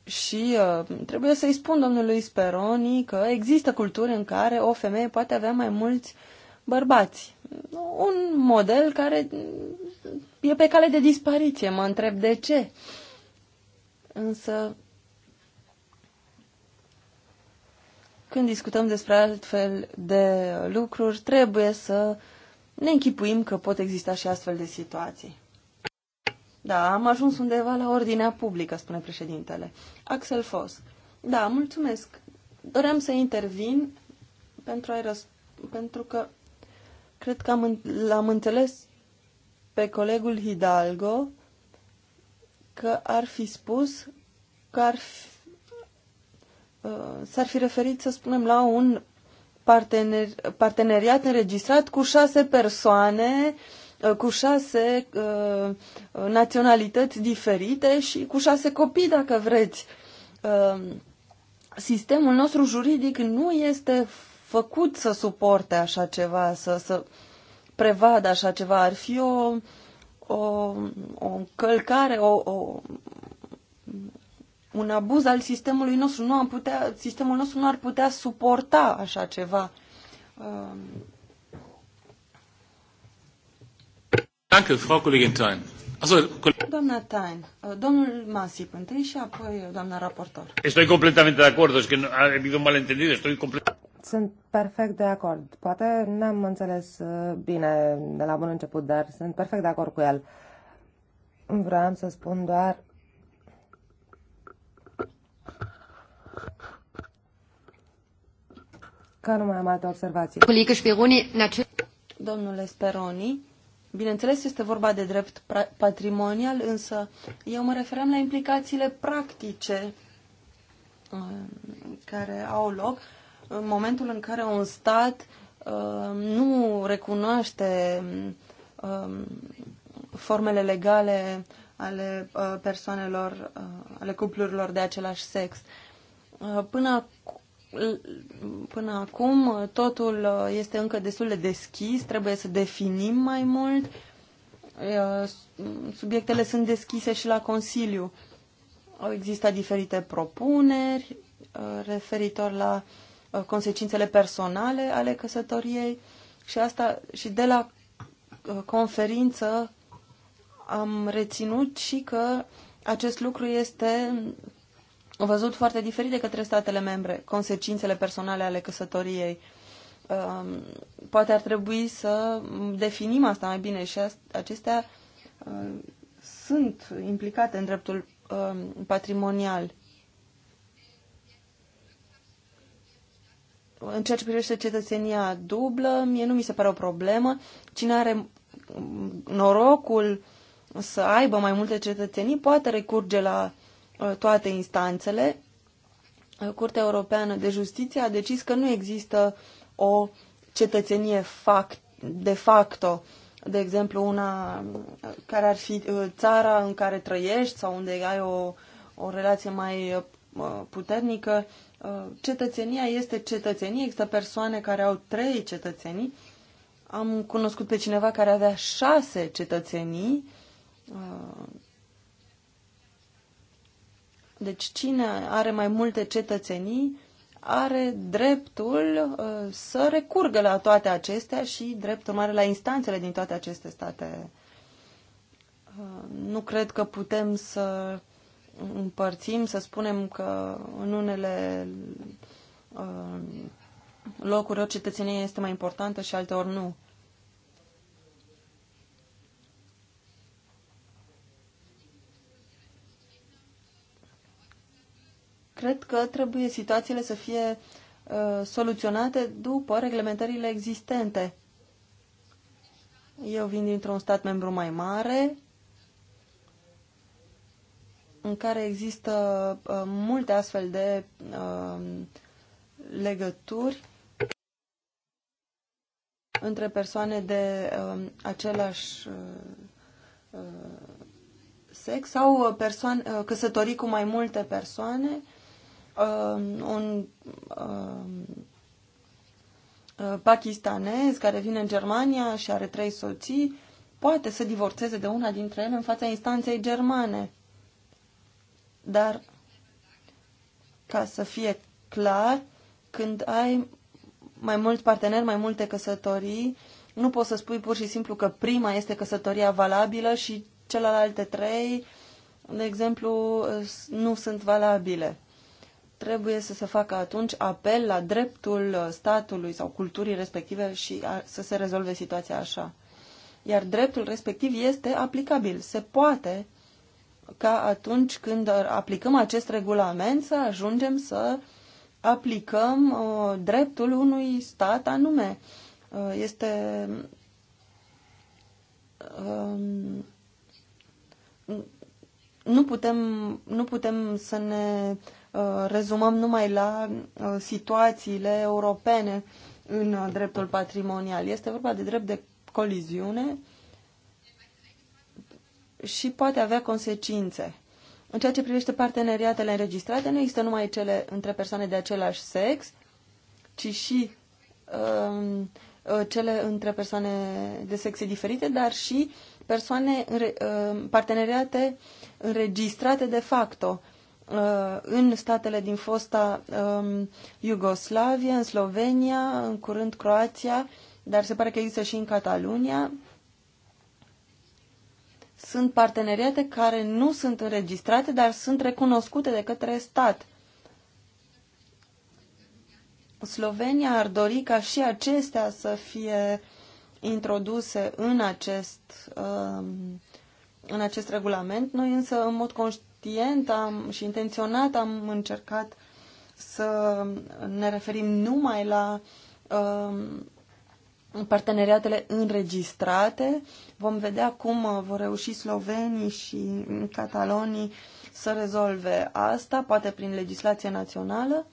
[SPEAKER 3] și trebuie să-i spun domnului Speroni că există culturi în care o femeie poate avea mai mulți uh, bărbați. Un model care e pe cale de dispariție, mă întreb de ce. Însă, când discutăm despre altfel de lucruri, trebuie să ne închipuim că pot exista și astfel de situații. Da, am ajuns undeva la ordinea publică, spune președintele. Axel Foss. Da, mulțumesc. Doream să intervin pentru, a răs- pentru că Cred că am, l-am înțeles pe colegul Hidalgo că ar fi spus că ar fi, uh, s-ar fi referit, să spunem, la un partener, parteneriat înregistrat cu șase persoane, uh, cu șase uh, naționalități diferite și cu șase copii, dacă vreți. Uh, sistemul nostru juridic nu este făcut să suporte așa ceva, să, să prevadă așa ceva. Ar fi o, o, o încălcare, o, o, un abuz al sistemului nostru. Nu am putea, sistemul nostru nu ar putea suporta așa ceva.
[SPEAKER 1] Danke, Frau Kollegin Tain. Also,
[SPEAKER 3] doamna Tain,
[SPEAKER 2] domnul Masip întâi și apoi doamna raportor.
[SPEAKER 1] Estoy completamente de acuerdo, es que no, ha habido un malentendido, estoy completamente...
[SPEAKER 2] Sunt perfect de acord. Poate n-am înțeles uh, bine de la bun început, dar sunt perfect de acord cu el. Vreau să spun doar că nu mai am alte observații. Colegă Speroni, Domnule
[SPEAKER 3] Speroni, bineînțeles este vorba de drept patrimonial, însă eu mă referam la implicațiile practice uh, care au loc în momentul în care un stat uh, nu recunoaște um, formele legale ale uh, persoanelor, uh, ale cuplurilor de același sex. Până, până acum totul este încă destul de deschis, trebuie să definim mai mult. Subiectele sunt deschise și la Consiliu. Au existat diferite propuneri referitor la uh, Uh, consecințele personale ale căsătoriei și asta și de la uh, conferință am reținut și că acest lucru este văzut foarte diferit de către statele membre, consecințele personale ale căsătoriei. Um, poate ar trebui să definim asta mai bine și acestea uh, sunt implicate în dreptul um, patrimonial. în ceea ce privește cetățenia dublă, mie nu mi se pare o problemă. Cine are norocul să aibă mai multe cetățenii poate recurge la uh, toate instanțele. Uh, Curtea Europeană de Justiție a decis că nu există o cetățenie fact, de facto, de exemplu una uh, care ar fi țara în care trăiești sau unde ai o, o relație mai puternică Uh, cetățenia este cetățenie, există persoane care au trei cetățenii. Am cunoscut pe cineva care avea șase cetățenii. Uh, deci cine are mai multe cetățenii are dreptul uh, să recurgă la toate acestea și dreptul mare la instanțele din toate aceste state. Nu cred că putem să împărțim, să spunem că în unele uh, locuri o cetățenie este mai importantă și alteori nu. Cred că trebuie situațiile să fie uh, soluționate după reglementările existente. Eu vin dintr-un stat membru mai mare, în care există uh, multe astfel de uh, legături între persoane de uh, același uh, uh sex sau uh, persoane, uh, căsătorii cu mai multe persoane, uh, un uh, uh, pakistanez care vine în Germania și are trei soții, poate să divorțeze de una dintre ele în fața instanței germane dar, ca să fie clar, când ai mai mulți parteneri, mai multe căsătorii, nu poți să spui pur și simplu că prima este căsătoria valabilă și celelalte trei, de exemplu, nu sunt valabile. Trebuie să se facă atunci apel la dreptul statului sau culturii respective și să se rezolve situația așa. Iar dreptul respectiv este aplicabil. Se poate ca atunci când aplicăm acest regulament să ajungem să aplicăm uh, dreptul unui stat anume. Uh, este um, nu putem, nu putem să ne uh, rezumăm numai la situațiile europene în dreptul patrimonial. Este vorba de drept de coliziune uh, și poate avea consecințe. În ceea ce privește parteneriatele înregistrate, nu există numai cele între persoane de același sex, ci și um, uh, cele între persoane de sexe diferite, dar și persoane um, parteneriate înregistrate de facto uh, în statele din fosta um, Iugoslavia, în Slovenia, în curând Croația, dar se pare că există și în Catalunia, sunt parteneriate care nu sunt înregistrate, dar sunt recunoscute de către stat. Slovenia ar dori ca și acestea să fie introduse în acest, um, în acest regulament. Noi însă, în mod conștient am, și intenționat, am încercat să ne referim numai la um, parteneriatele înregistrate. Vom vedea cum uh, vor reuși slovenii și catalonii să rezolve asta, poate prin legislație națională.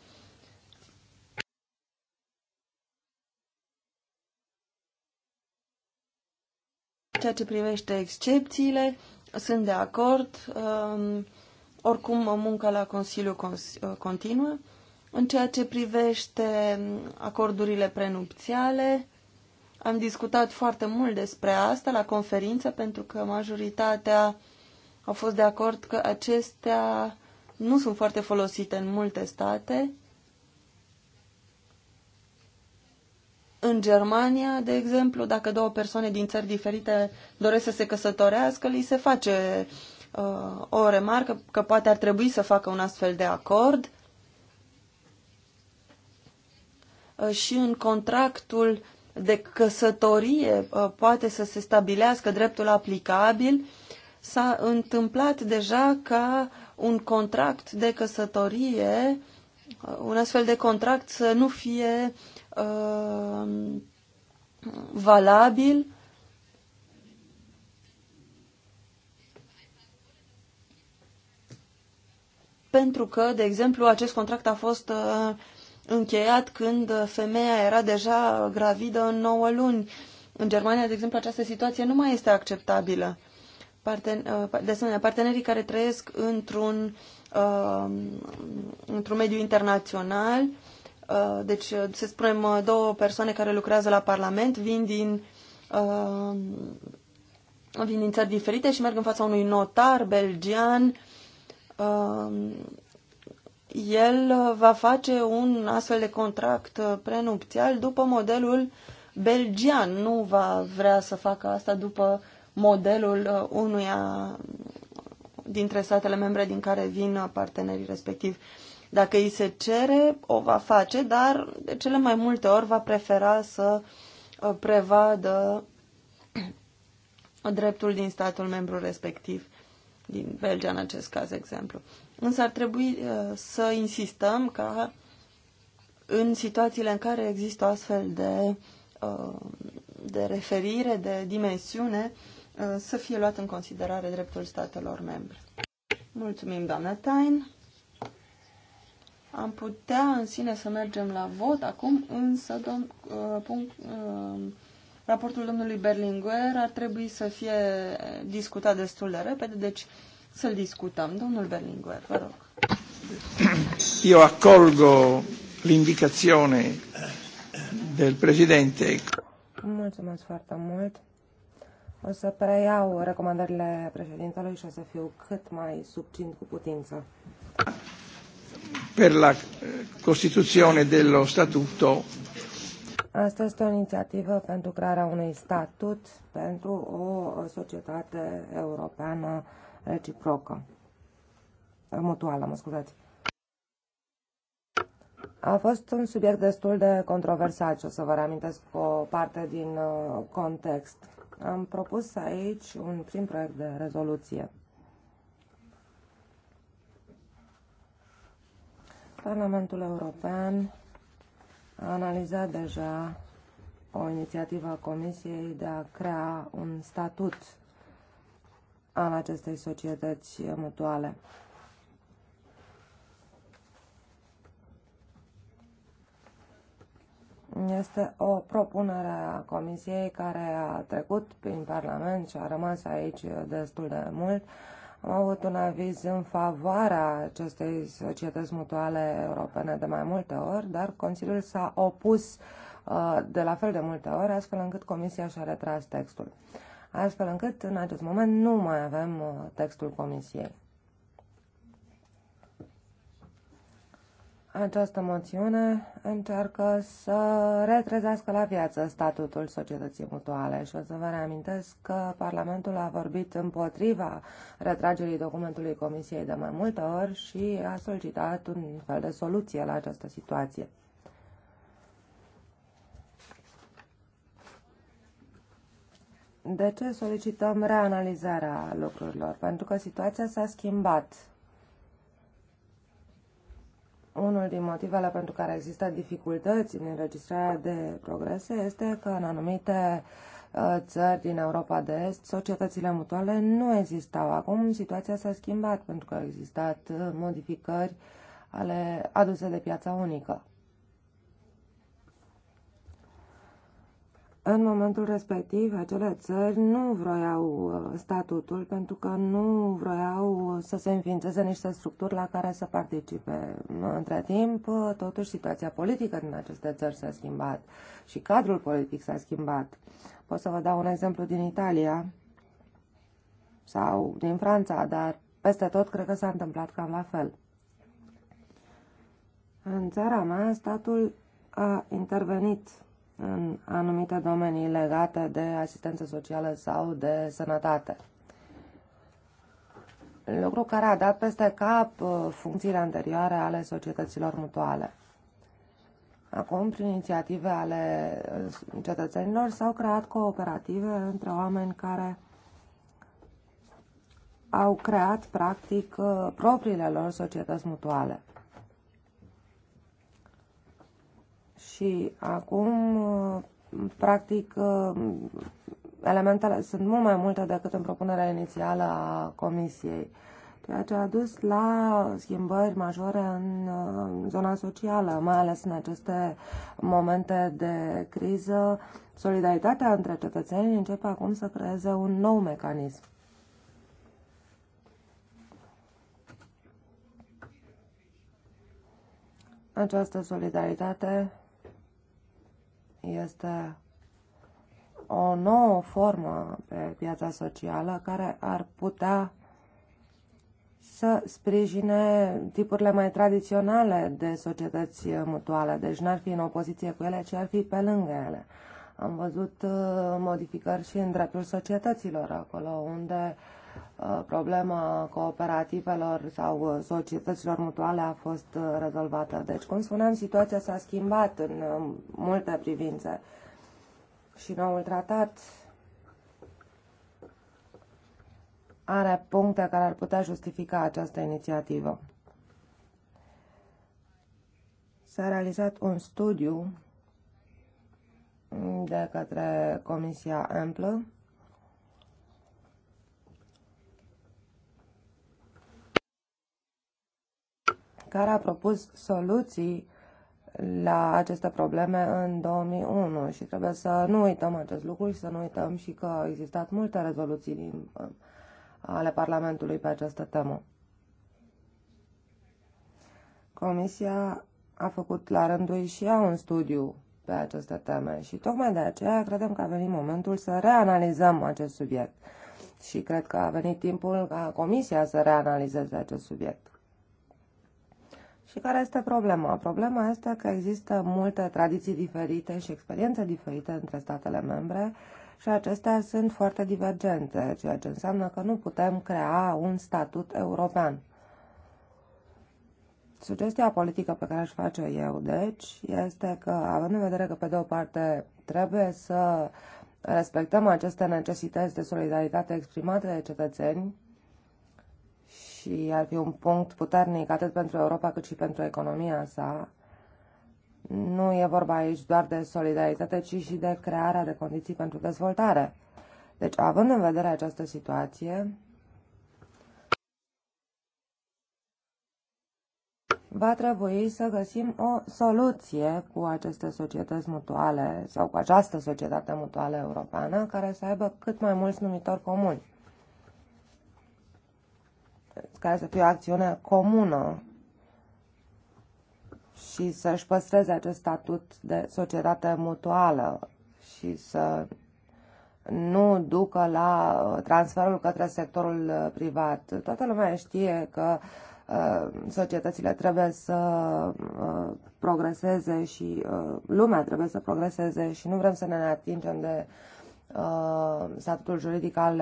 [SPEAKER 3] Ceea ce privește excepțiile, sunt de acord. Um, oricum, munca la Consiliu uh, continuă. În ceea ce privește um, acordurile prenupțiale, am discutat foarte mult despre asta la conferință pentru că majoritatea au fost de acord că acestea nu sunt foarte folosite în multe state. În Germania, de exemplu, dacă două persoane din țări diferite doresc să se căsătorească, li se face uh, o remarcă că poate ar trebui să facă un astfel de acord. Uh, și în contractul de căsătorie uh, poate să se stabilească dreptul aplicabil, s-a întâmplat deja ca un contract de căsătorie, uh, un astfel de contract să nu fie uh, valabil pentru că, de exemplu, acest contract a fost uh, încheiat când femeia era deja gravidă în 9 luni. În Germania, de exemplu, această situație nu mai este acceptabilă. Parten, uh, de asemenea, partenerii care trăiesc într-un uh, într-un mediu internațional, uh, deci, uh, să spunem, uh, două persoane care lucrează la Parlament vin din uh, vin din țări diferite și merg în fața unui notar belgian el uh, va face un astfel de contract uh, prenupțial după modelul belgian. Nu va vrea să facă asta după modelul uh, unuia dintre statele membre din care vin partenerii respectiv. Dacă îi se cere, o va face, dar de cele mai multe ori va prefera să prevadă dreptul din statul membru respectiv, din Belgia în acest caz, exemplu. Însă ar trebui uh, să insistăm ca în situațiile în care există astfel de, uh, de referire, de dimensiune, uh, să fie luat în considerare dreptul statelor membre. Mulțumim, doamna Tain. Am putea în sine să mergem la vot acum, însă dom, punct, raportul domnului Berlinguer ar trebui să fie discutat destul de repede, deci să-l discutăm.
[SPEAKER 2] Domnul Berlinguer, vă rog.
[SPEAKER 3] Eu accolgo l'indicazione del Presidente.
[SPEAKER 2] Mulțumesc foarte mult. O să preiau recomandările președintelui și o să fiu cât mai subțint cu putință.
[SPEAKER 3] Per la eh, Costituzione dello Statuto.
[SPEAKER 2] Asta este o inițiativă pentru crearea unui statut pentru o societate europeană reciprocă, mutuală, mă scuzați. A fost un subiect destul de controversat și o să vă reamintesc o parte din uh, context. Am propus aici un prim proiect de rezoluție. Parlamentul European a analizat deja o inițiativă a Comisiei de a crea un statut al acestei societăți mutuale. Este o propunere a Comisiei care a trecut prin Parlament și a rămas aici destul de mult. Am avut un aviz în favoarea acestei societăți mutuale europene de mai multe ori, dar Consiliul s-a opus uh, de la fel de multe ori, astfel încât Comisia și-a retras textul astfel încât în acest moment nu mai avem uh, textul Comisiei. Această moțiune încearcă să retrezească la viață statutul societății mutuale și o să vă reamintesc că Parlamentul a vorbit împotriva retragerii documentului Comisiei de mai multe ori și a solicitat un fel de soluție la această situație. De ce solicităm reanalizarea lucrurilor? Pentru că situația s-a schimbat. Unul din motivele pentru care există dificultăți în înregistrarea de progrese este că în anumite uh, țări din Europa de Est, societățile mutuale nu existau. Acum situația s-a schimbat pentru că au existat uh, modificări ale aduse de piața unică. În momentul respectiv, acele țări nu vroiau uh, statutul pentru că nu vroiau uh, să se înființeze niște structuri la care să participe. Între timp, uh, totuși, situația politică din aceste țări s-a schimbat și cadrul politic s-a schimbat. Pot să vă dau un exemplu din Italia sau din Franța, dar peste tot cred că s-a întâmplat cam la fel. În țara mea, statul a intervenit în anumite domenii legate de asistență socială sau de sănătate. Lucru care a dat peste cap uh, funcțiile anterioare ale societăților mutuale. Acum, prin inițiative ale uh, cetățenilor, s-au creat cooperative între oameni care au creat, practic, uh, propriile lor societăți mutuale. Și acum, uh, practic, uh, elementele sunt mult mai multe decât în propunerea inițială a Comisiei, ceea ce a dus la schimbări majore uh, în zona socială, mai ales în aceste momente de criză. Solidaritatea între cetățeni începe acum să creeze un nou mecanism. Această solidaritate este o nouă formă pe piața socială care ar putea să sprijine tipurile mai tradiționale de societăți mutuale. Deci n-ar fi în opoziție cu ele, ci ar fi pe lângă ele. Am văzut uh, modificări și în dreptul societăților, acolo unde uh, Uh, problema cooperativelor sau uh, societăților mutuale a fost uh, rezolvată. Deci, cum spuneam, situația s-a schimbat în multe privințe și noul tratat are puncte care ar putea justifica această inițiativă. S-a realizat un studiu de către Comisia Amplă care a propus soluții la aceste probleme în 2001 și trebuie să nu uităm acest lucru și să nu uităm și că au existat multe rezoluții din, ale Parlamentului pe această temă. Comisia a făcut la rândul și ea un studiu pe aceste teme și tocmai de aceea credem că a venit momentul să reanalizăm acest subiect și cred că a venit timpul ca Comisia să reanalizeze acest subiect. Și care este problema? Problema este că există multe tradiții diferite și experiențe diferite între statele membre și acestea sunt foarte divergente, ceea ce înseamnă că nu putem crea un statut european. Sugestia politică pe care aș face eu, deci, este că, având în vedere că, pe de o parte, trebuie să respectăm aceste necesități de solidaritate exprimate de cetățeni, și ar fi un punct puternic atât pentru Europa cât și pentru economia sa. Nu e vorba aici doar de solidaritate, ci și de crearea de condiții pentru dezvoltare. Deci, având în vedere această situație, va trebui să găsim o soluție cu aceste societăți mutuale sau cu această societate mutuală europeană care să aibă cât mai mulți numitori comuni care să fie o acțiune comună și să-și păstreze acest statut de societate mutuală și să nu ducă la transferul către sectorul privat. Toată lumea știe că uh, societățile trebuie să uh, progreseze și uh, lumea trebuie să progreseze și nu vrem să ne atingem de Uh, statutul juridic al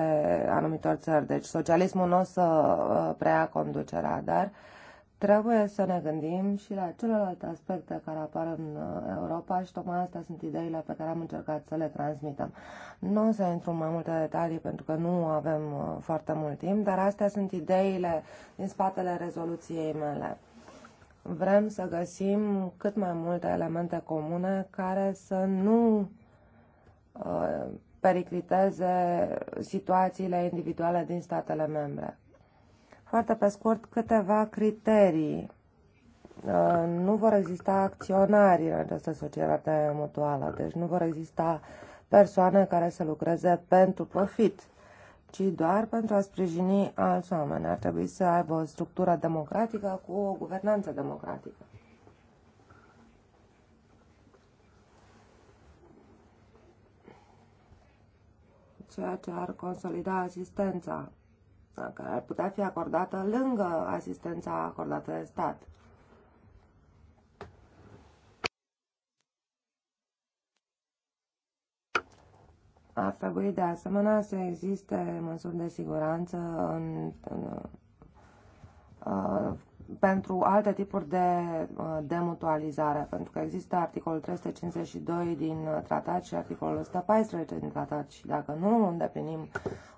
[SPEAKER 2] anumitor țări. Deci socialismul nu o să uh, preia conducerea, dar trebuie să ne gândim și la celelalte aspecte care apar în uh, Europa și tocmai astea sunt ideile pe care am încercat să le transmitem. Nu o să intru în mai multe detalii pentru că nu avem foarte mult timp, dar astea sunt ideile din spatele rezoluției mele vrem să găsim cât mai multe elemente comune care să nu pericliteze situațiile individuale din statele membre. Foarte pe scurt, câteva criterii. Uh, nu vor exista acționari în această societate mutuală, deci nu vor exista persoane care să lucreze pentru profit, ci doar pentru a sprijini alți oameni. Ar trebui să aibă o structură democratică cu o guvernanță democratică. ceea ce ar consolida asistența care ar putea fi acordată lângă asistența acordată de stat. Ar trebui de asemenea să existe măsuri de siguranță în, în, în, uh, în pentru alte tipuri de uh, demutualizare, pentru că există articolul 352 din uh, tratat și articolul 114 din tratat și dacă nu îndeplinim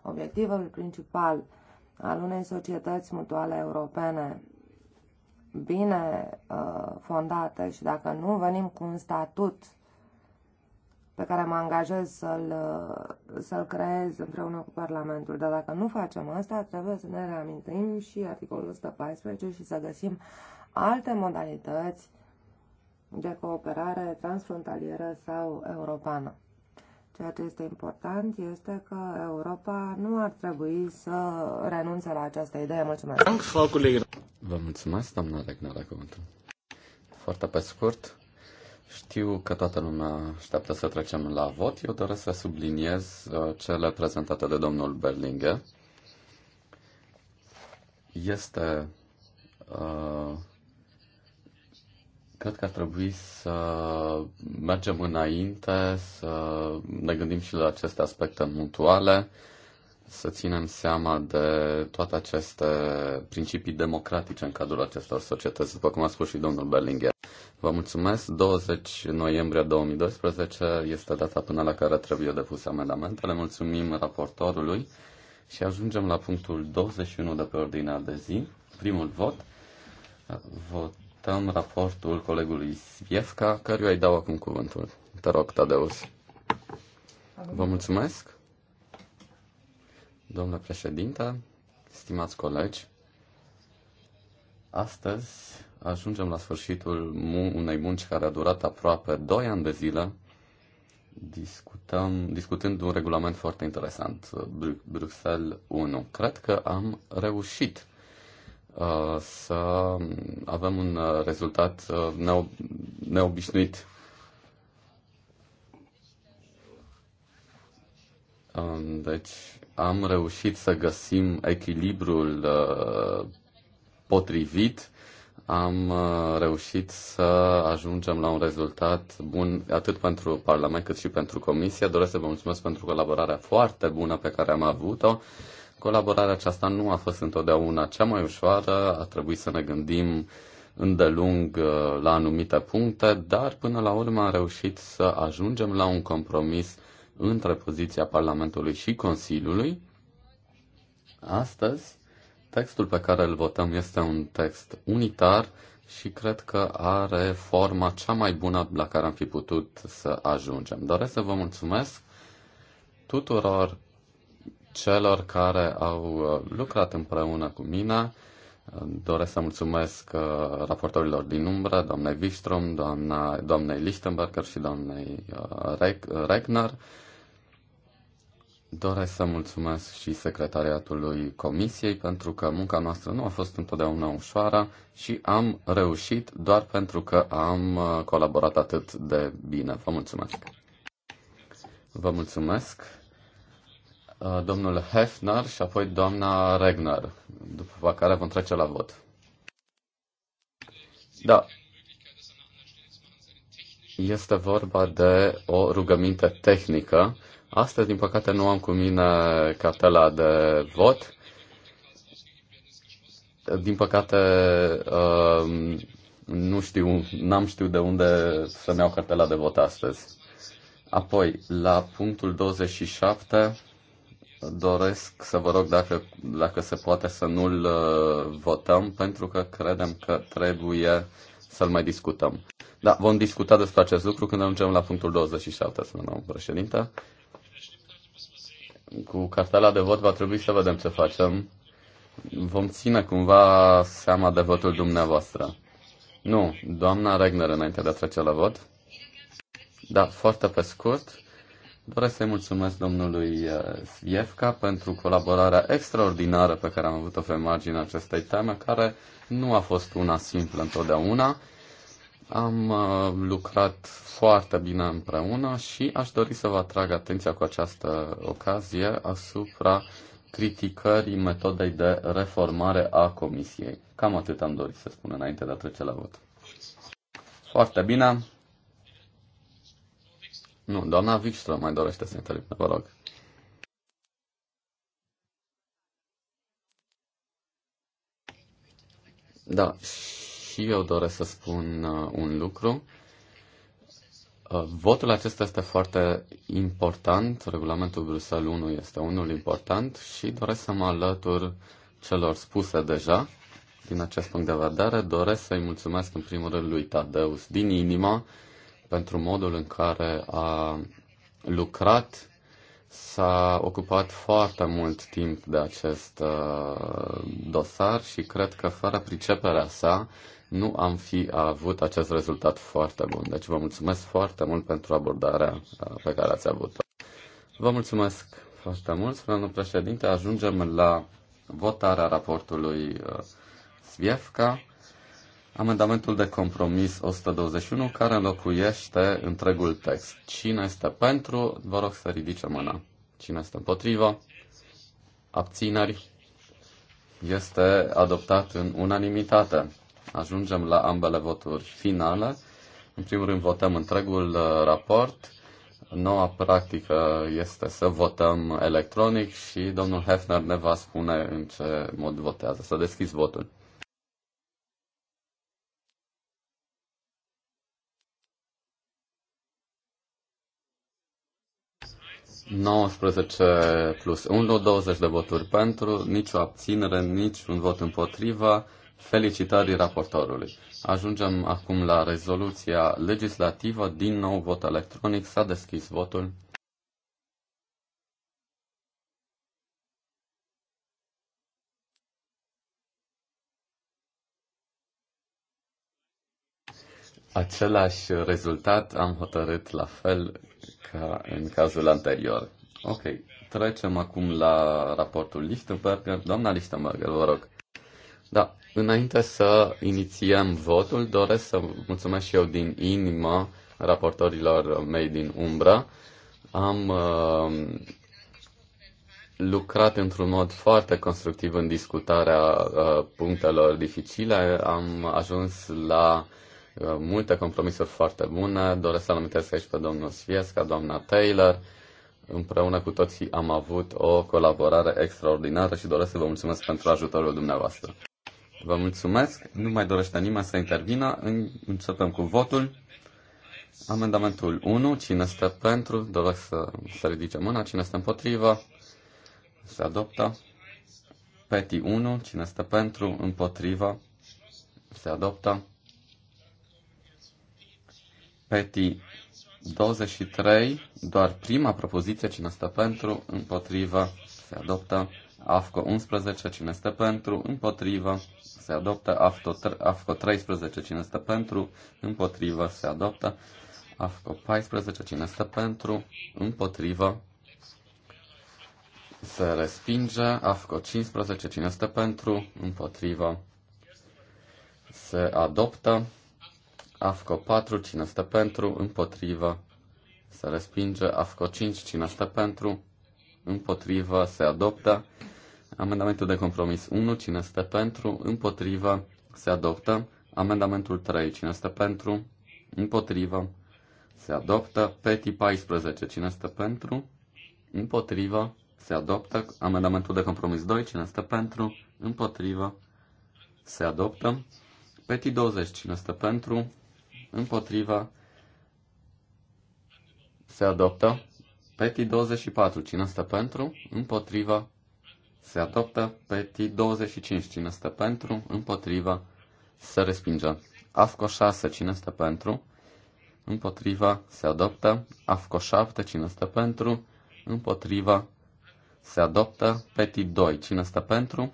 [SPEAKER 2] obiectivul principal al unei societăți mutuale europene bine uh, fondate și dacă nu venim cu un statut pe care mă angajez să-l să creez împreună cu Parlamentul. Dar dacă nu facem asta, trebuie să ne reamintim și articolul 114 și să găsim alte modalități de cooperare transfrontalieră sau europeană. Ceea ce este important este că Europa nu ar trebui să renunțe la această idee. Mulțumesc!
[SPEAKER 1] Vă mulțumesc, doamna Regnara Cuvântul. Foarte pe scurt, știu că toată lumea așteaptă să trecem la vot. Eu doresc să subliniez uh, cele prezentate de domnul Berlinghe. Este. Uh, cred că ar trebui să mergem înainte, să ne gândim și la aceste aspecte mutuale, să ținem seama de toate aceste principii democratice în cadrul acestor societăți, după cum a spus și domnul Berlinghe. Vă mulțumesc. 20 noiembrie 2012 este data până la care trebuie depuse amendamentele. Mulțumim raportorului și ajungem la punctul 21 de pe ordinea de zi. Primul vot. Votăm raportul colegului Sviefca, căruia îi dau acum cuvântul. Te rog, Tadeus. Vă mulțumesc. Domnule președinte, stimați colegi, astăzi ajungem la sfârșitul unei munci care a durat aproape 2 ani de zile, discutăm, discutând un regulament foarte interesant, uh, Bru- Bruxelles 1. Cred că am reușit uh, să avem un uh, rezultat uh, neobișnuit. Um, deci am reușit să găsim echilibrul uh, potrivit uh, am uh, reușit să ajungem la un rezultat bun atât pentru Parlament cât și pentru Comisie. Doresc să vă mulțumesc pentru colaborarea foarte bună pe care am avut-o. Colaborarea aceasta nu a fost întotdeauna cea mai ușoară, a trebuit să ne gândim îndelung uh, la anumite puncte, dar până la urmă am reușit să ajungem la un compromis între poziția Parlamentului și Consiliului. Astăzi Textul pe care îl votăm este un text unitar și cred că are forma cea mai bună la care am fi putut să ajungem. Doresc să vă mulțumesc tuturor celor care au uh, lucrat împreună cu mine. Doresc să mulțumesc uh, raportorilor din umbră, doamnei Wistrom, doamna, doamnei Lichtenberger și doamnei uh, Regner. Doresc să mulțumesc și secretariatului Comisiei pentru că munca noastră nu a fost întotdeauna ușoară și am reușit doar pentru că am uh, colaborat atât de bine. Vă mulțumesc! Vă mulțumesc! Uh, domnul Hefner și apoi doamna Regner, după care vom trece la vot. Da, este vorba de o rugăminte tehnică Astăzi, din păcate, nu am cu mine cartela de vot. Din păcate, um, nu știu, n-am știut de unde să-mi iau cartela de vot astăzi. Apoi, la punctul 27, doresc să vă rog dacă, dacă se poate să nu-l uh, votăm, pentru că credem că trebuie să-l mai discutăm. Da, vom discuta despre acest lucru când ajungem la punctul 27, să nu președinte cu cartela de vot va trebui să vedem ce facem. Vom ține cumva seama de votul dumneavoastră. Nu, doamna Regner, înainte de a trece la vot. Da, foarte pe scurt. Doresc să-i mulțumesc domnului Sviefka eh, pentru colaborarea extraordinară pe care am avut-o pe marginea acestei teme, care nu a fost una simplă întotdeauna. Am uh, lucrat foarte bine împreună și aș dori să vă atrag atenția cu această ocazie asupra criticării metodei de reformare a Comisiei. Cam atât am dorit să spun înainte de a trece la vot. Foarte bine. Nu, doamna Wikström mai dorește să intervină, vă rog. Da, și eu doresc să spun uh, un lucru. Uh, votul acesta este foarte important, regulamentul Bruxelles 1 este unul important și doresc să mă alătur celor spuse deja. Din acest punct de vedere, doresc să-i mulțumesc în primul rând lui Tadeus din inima pentru modul în care a lucrat, s-a ocupat foarte mult timp de acest uh, dosar și cred că fără priceperea sa, nu am fi avut acest rezultat foarte bun. Deci vă mulțumesc foarte mult pentru abordarea uh, pe care ați avut-o. Vă mulțumesc foarte mult, domnul președinte. Ajungem la votarea raportului Sviefka. Uh, Amendamentul de compromis 121 care înlocuiește întregul text. Cine este pentru? Vă rog să ridice mâna. Cine este împotrivă? Abțineri? Este adoptat în unanimitate ajungem la ambele voturi finale. În primul rând votăm întregul uh, raport. Noua practică este să votăm electronic și domnul Hefner ne va spune în ce mod votează. Să deschis votul. ...19 plus 1, 20 de voturi pentru, nicio abținere, nici un vot împotriva Felicitări raportorului. Ajungem acum la rezoluția legislativă. Din nou vot electronic. S-a deschis votul. Același rezultat am hotărât la fel ca în cazul anterior. Ok, trecem acum la raportul Lichtenberger. Doamna Lichtenberger, vă rog. Da, înainte să inițiem votul, doresc să mulțumesc și eu din inimă raportorilor mei din umbra. Am uh, lucrat într-un mod foarte constructiv în discutarea uh, punctelor dificile. Am ajuns la uh, multe compromisuri foarte bune. Doresc să-l amintesc aici pe domnul Sviesca, doamna Taylor. Împreună cu toții am avut o colaborare extraordinară și doresc să vă mulțumesc pentru ajutorul dumneavoastră. Vă mulțumesc. Nu mai dorește nimeni să intervină. Începem cu votul. Amendamentul 1. Cine este pentru? Doresc să, se ridice mâna. Cine este împotrivă? Se adoptă. Peti 1. Cine este pentru? Împotrivă? Se adoptă. Peti 23. Doar prima propoziție. Cine este pentru? Împotrivă? Se adoptă. AFCO 11, cine este pentru, împotriva, se adoptă, AFCO, AFCO 13, cine stă pentru, împotrivă, se adoptă, AFCO 14, cine stă pentru, împotrivă, se respinge, AFCO 15, cine stă pentru, împotrivă, se adoptă, AFCO 4, cine stă pentru, împotrivă, se respinge, AFCO 5, cine stă pentru, împotrivă, se adoptă, Amendamentul de compromis 1, cine stă pentru, împotriva, se adoptă. Amendamentul 3, cine stă pentru, împotriva, se adoptă. Peti 14, cine stă pentru, împotriva, se adoptă. Amendamentul de compromis 2, cine stă pentru, împotriva, se adoptă. Peti 20, cine stă pentru, împotriva, se adoptă. Peti 24, cine stă pentru, împotriva, se adoptă. pe t 25, cine stă pentru, împotriva, se respinge. AFCO 6, cine stă pentru, împotriva, se adoptă. AFCO 7, cine stă pentru, împotriva, se adoptă. pt 2, cine stă pentru,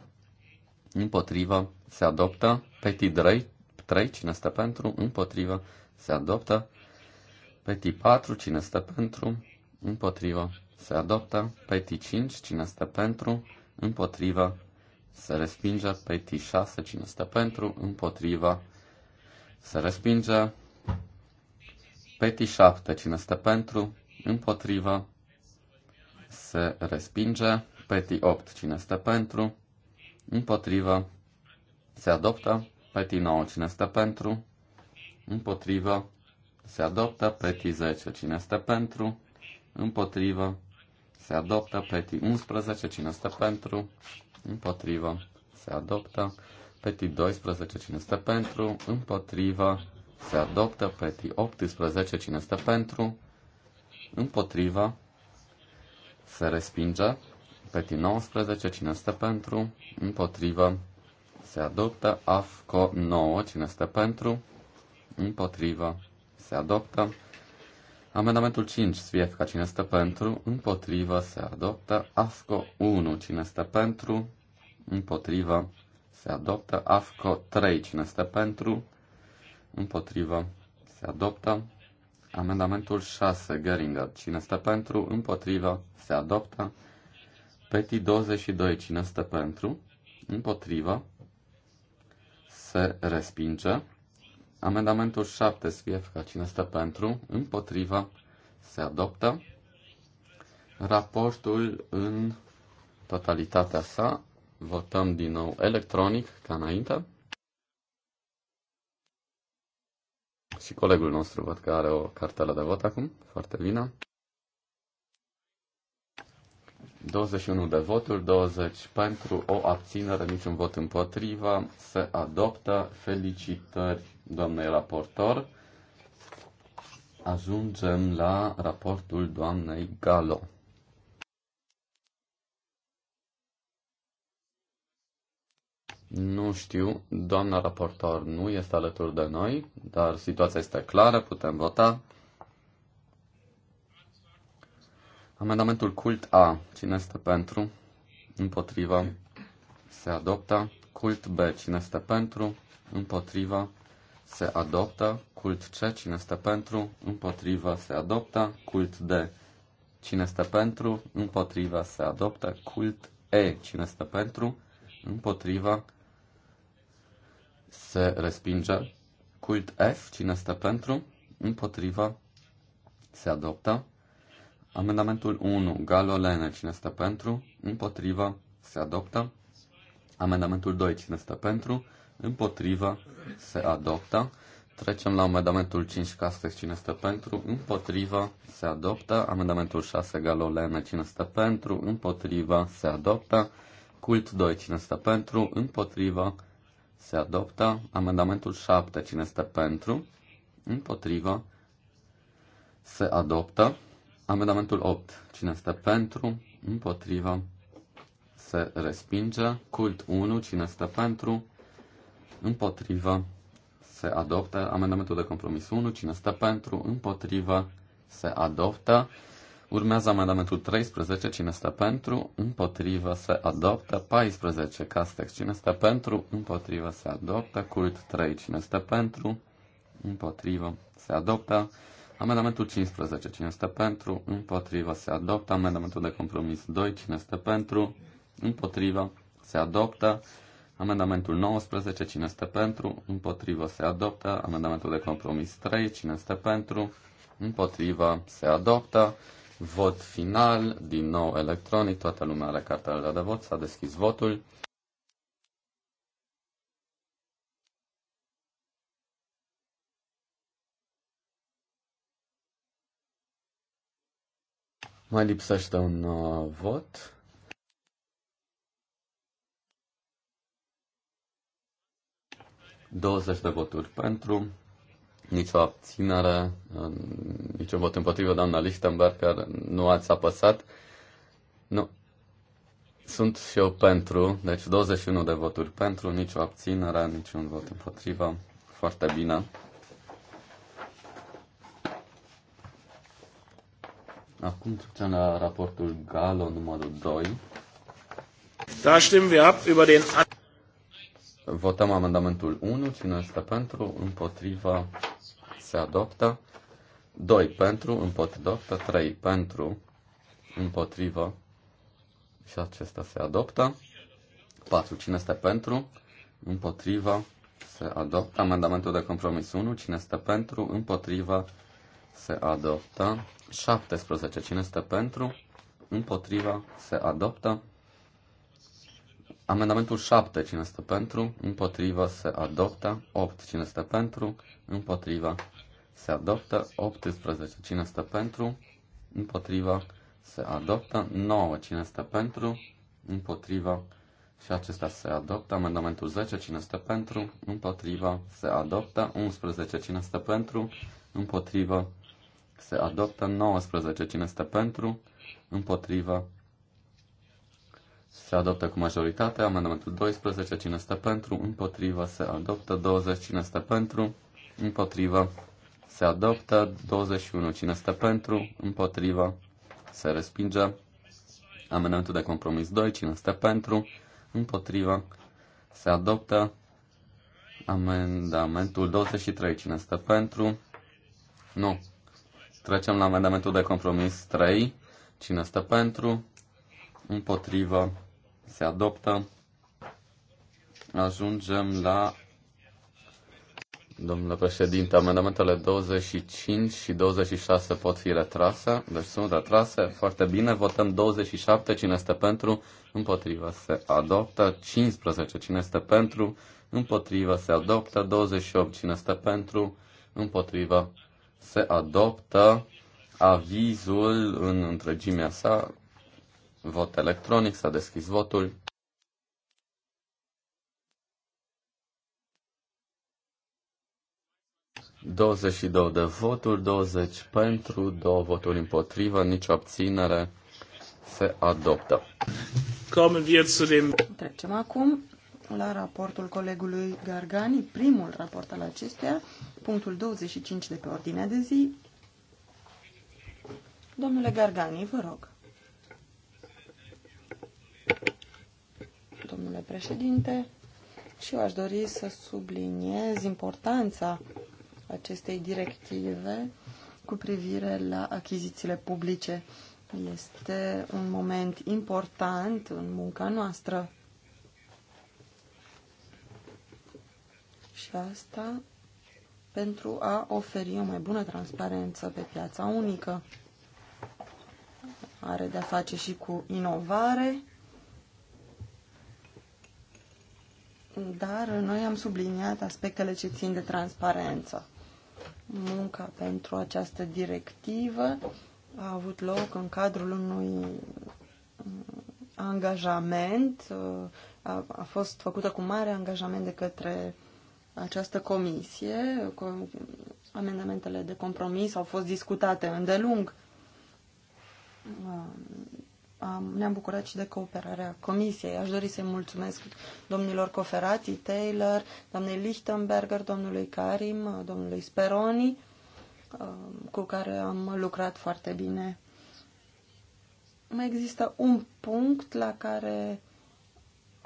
[SPEAKER 1] împotriva, se adoptă. pt 3, 3, cine stă pentru, împotriva, se adoptă. pt 4, cine stă pentru, împotriva, se adoptă. pt 5, cine stă pentru, împotriva, se respinge. pe t 6, cine stă pentru, împotriva, se respinge. pe t 7, cine stă pentru, împotriva, se respinge. pe t 8, cine stă pentru, împotriva, se adoptă. pe t 9, cine stă pentru, împotriva, se adoptă. pe t 10, cine stă pentru, împotriva, se adoptă, peti 11, cine stă pentru, împotrivă, se adoptă, peti 12, cine stă pentru, împotrivă, se adoptă, peti 18, cine stă pentru, împotrivă, se respinge, peti 19, cine stă pentru, împotrivă, se adoptă, afco 9, cine stă pentru, împotrivă, se adoptă, Amendamentul 5, Sviefca, cine stă pentru, împotrivă, se adoptă. AFCO 1, cine stă pentru, împotrivă, se adoptă. AFCO 3, cine stă pentru, împotrivă, se adoptă. Amendamentul 6, Geringer, cine stă pentru, împotrivă, se adoptă. Peti 22, cine stă pentru, împotrivă, se respinge. Amendamentul 7, Sviefca, cine stă pentru, împotriva, se adoptă. Raportul în totalitatea sa, votăm din nou electronic, ca înainte. Și colegul nostru văd că are o cartelă de vot acum, foarte bine. 21 de voturi, 20 pentru, o abținere, niciun vot împotriva, se adoptă, felicitări doamnei raportor, ajungem la raportul doamnei Galo. Nu știu, doamna raportor nu este alături de noi, dar situația este clară, putem vota. Amendamentul cult A. Cine este pentru? Împotriva. Se adoptă. Cult B. Cine este pentru? Împotriva se adoptă, cult C, cine este pentru, împotriva, se adoptă, cult D, cine este pentru, împotriva, se adoptă, cult E, cine este pentru, împotriva, se respinge, cult F, cine este pentru, împotriva, se adoptă, amendamentul 1, Galo Lene, cine este pentru, împotriva, se adoptă, amendamentul 2, cine este pentru, împotrivă, se adoptă. Trecem la amendamentul 5 Castex, cine stă pentru, împotrivă, se adoptă. Amendamentul 6 Galolene, cine stă pentru, împotrivă, se adoptă. Cult 2, cine stă pentru, împotrivă, se adoptă. Amendamentul 7, cine stă pentru, împotrivă, se adoptă. Amendamentul 8, cine stă pentru, împotrivă, se respinge. Cult 1, cine stă pentru, împotrivă, se adoptă. Amendamentul de compromis 1, cine stă pentru, împotrivă, se adoptă. Urmează amendamentul 13, cine stă pentru, împotrivă, se adoptă. 14, Castex, cine stă pentru, împotrivă, se adoptă. Cult 3, cine stă pentru, împotrivă, se adoptă. Amendamentul 15, cine stă pentru, împotrivă, se adoptă. Amendamentul de compromis 2, cine stă pentru, împotrivă, se adoptă. Amendamentul 19, cine este pentru, împotrivă se adoptă. Amendamentul de compromis 3, cine este pentru, împotrivă se adoptă. Vot final, din nou electronic, toată lumea are cartelele de vot, s-a deschis votul. Mai lipsește un uh, vot. 20 de voturi pentru, nicio abținere, niciun vot împotrivă, doamna Lichtenberg, care nu ați apăsat. Nu. Sunt și eu pentru, deci 21 de voturi pentru, nicio abținere, niciun vot împotrivă. Foarte bine. Acum trecem la raportul Galo numărul 2.
[SPEAKER 3] Da stimmen wir ab über den
[SPEAKER 1] Votăm amendamentul 1. Cine este pentru? Împotriva. Se adoptă. 2 pentru, împotriva, 3 pentru, împotriva și acesta se adoptă. 4. Cine este pentru? Împotriva. Se adoptă. Amendamentul de compromis 1. Cine este pentru? Împotriva. Se adoptă. 17. Cine este pentru? Împotriva. Se adoptă. Amendamentul 7, cine stă pentru, împotriva, se adoptă. 8, cine stă pentru, împotriva, se adoptă. 18, cine stă pentru, împotriva, se adoptă. 9, cine stă pentru, împotriva, și acesta se adoptă. Amendamentul 10, cine stă pentru, împotriva, se adoptă. 11, cine stă pentru, împotriva, se adoptă. 19, cine stă pentru, împotriva, se adoptă cu majoritate. Amendamentul 12, cine stă pentru, împotrivă, se adoptă. 20, cine stă pentru, împotrivă, se adoptă. 21, cine stă pentru, împotrivă, se respinge. Amendamentul de compromis 2, cine stă pentru, împotrivă, se adoptă. Amendamentul 23, cine stă pentru, nu. Trecem la amendamentul de compromis 3. Cine stă pentru? Împotrivă? se adoptă. Ajungem la, domnule președinte, amendamentele 25 și 26 pot fi retrase, deci sunt retrase. Foarte bine, votăm 27, cine este pentru, împotriva se adoptă, 15, cine este pentru, împotriva se adoptă, 28, cine este pentru, împotriva se adoptă avizul în întregimea sa Vot electronic, s-a deschis votul. Douăzeci și două de voturi, 20 pentru, două voturi împotrivă, nicio abținere se adoptă. Trecem acum
[SPEAKER 3] la raportul colegului Gargani, primul raport al acestuia, punctul 25 de pe ordinea de zi. Domnule Gargani, vă rog. domnule președinte, și eu aș dori să subliniez importanța acestei directive cu privire la achizițiile publice. Este un moment important în munca noastră. Și asta pentru a oferi o mai bună transparență pe piața unică. Are de-a face și cu inovare dar noi am subliniat aspectele ce țin de transparență. Munca pentru această directivă a avut loc în cadrul unui mm, angajament, uh, a, fost făcută cu mare angajament de către această comisie. Amendamentele de compromis au fost discutate îndelung. Uh, am, ne-am bucurat și de cooperarea comisiei. Aș dori să-i mulțumesc domnilor Coferati, Taylor, doamnei Lichtenberger, domnului Karim, domnului Speroni, um, cu care am lucrat foarte bine. Mai există un punct la care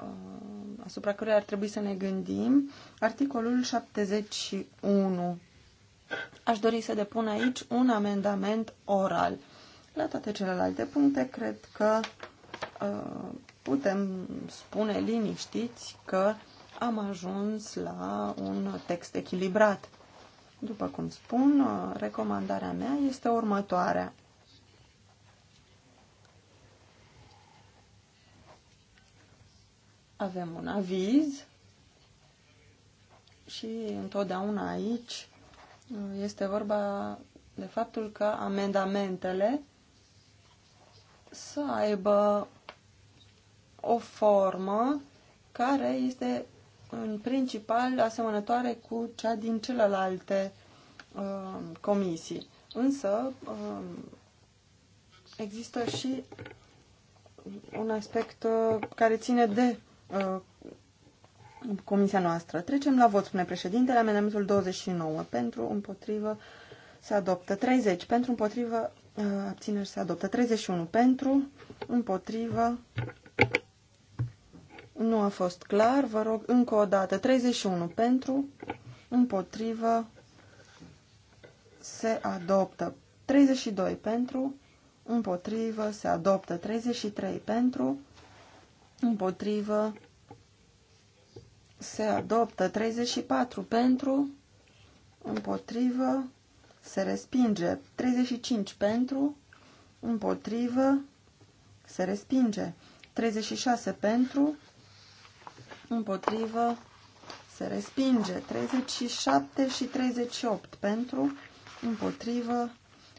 [SPEAKER 3] um, asupra căruia ar trebui să ne gândim, articolul 71. Aș dori să depun aici un amendament oral la toate celelalte puncte, cred că uh, putem spune liniștiți că am ajuns la un text echilibrat. După cum spun, uh, recomandarea mea este următoarea. Avem un aviz și întotdeauna aici uh, este vorba de faptul că amendamentele să aibă o formă care este în principal asemănătoare cu cea din celelalte uh, comisii. Însă uh, există și un aspect uh, care ține de uh, comisia noastră. Trecem la vot, spune președintele, amendamentul 29 pentru împotrivă se adoptă 30 pentru împotrivă abțineri se adoptă. 31 pentru, împotrivă, nu a fost clar, vă rog încă o dată, 31 pentru, împotrivă, se adoptă. 32 pentru, împotrivă, se adoptă. 33 pentru, împotrivă, se adoptă. 34 pentru, împotrivă, se respinge. 35 pentru, împotrivă, se respinge. 36 pentru, împotrivă, se respinge. 37 și 38 pentru, împotrivă,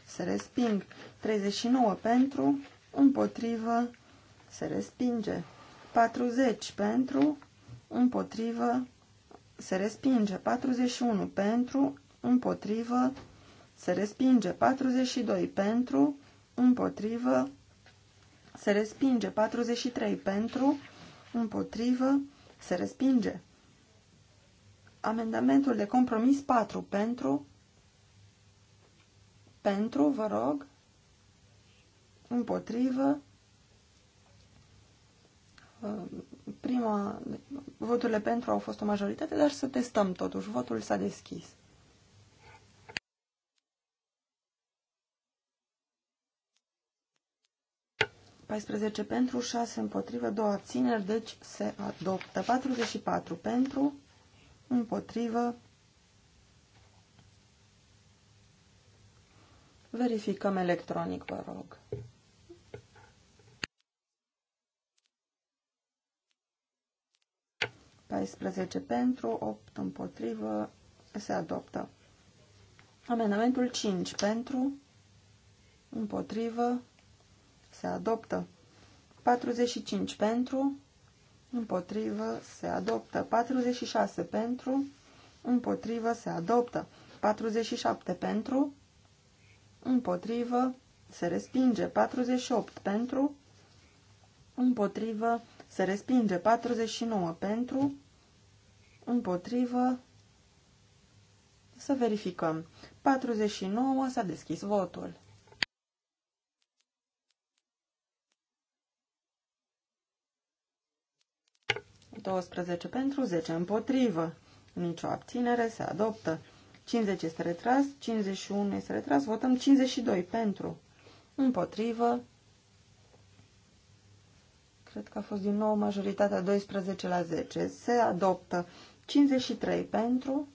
[SPEAKER 3] se resping. 39 pentru, împotrivă, se respinge. 40 pentru, împotrivă, se respinge. 41 pentru, împotrivă, se se respinge 42 pentru, împotrivă, se respinge 43 pentru, împotrivă, se respinge. Amendamentul de compromis 4 pentru, pentru, vă rog, împotrivă, prima, voturile pentru au fost o majoritate, dar să testăm totuși, votul s-a deschis. 14 pentru, 6 împotrivă, 2 abțineri, deci se adoptă. 44 pentru, împotrivă. Verificăm electronic, vă rog. pentru, 8 împotrivă, se adoptă. Amendamentul 5 pentru, împotrivă, se adoptă. 45 pentru, împotrivă, se adoptă. 46 pentru, împotrivă, se adoptă. 47 pentru, împotrivă, se respinge. 48 pentru, împotrivă, se respinge. 49 pentru, împotrivă, să verificăm. 49 s-a deschis votul. 12 pentru, 10 împotrivă. Nicio abținere se adoptă. 50 este retras, 51 este retras, votăm 52 pentru, împotrivă. Cred că a fost din nou majoritatea 12 la 10. Se adoptă 53 pentru.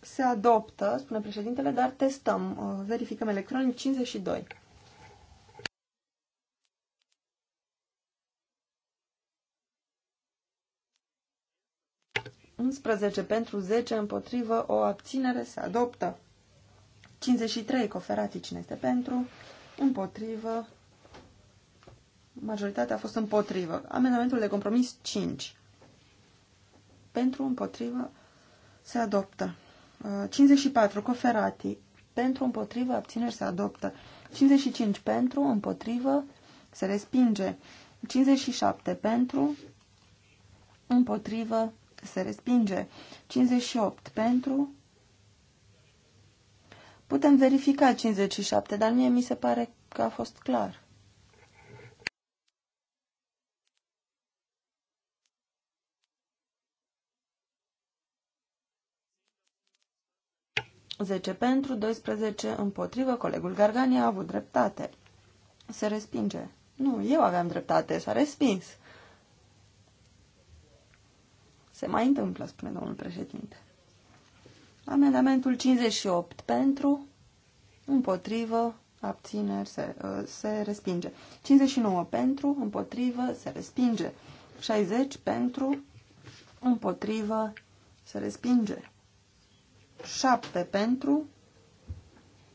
[SPEAKER 3] Se adoptă, spune președintele, dar testăm, uh, verificăm electronic 52. 11 pentru 10 împotrivă, o abținere se adoptă. 53 coferati cine este pentru, împotrivă, majoritatea a fost împotrivă. Amendamentul de compromis 5. Pentru, împotrivă, se adoptă. 54 uh, coferati pentru, împotrivă, abțineri se adoptă. 55 pentru, împotrivă, se respinge. 57 pentru, împotrivă, se respinge. 58 pentru. Putem verifica 57, dar mie mi se pare că a fost clar. Zece pentru, 12 împotrivă, colegul Gargani a avut dreptate. Se respinge. Nu, eu aveam dreptate, s-a respins. Se mai întâmplă, spune domnul președinte. Amendamentul 58 pentru, împotrivă, abțineri, se, ă, se respinge. 59 pentru, împotrivă, se respinge. 60 pentru, împotrivă, se respinge. 7 pentru,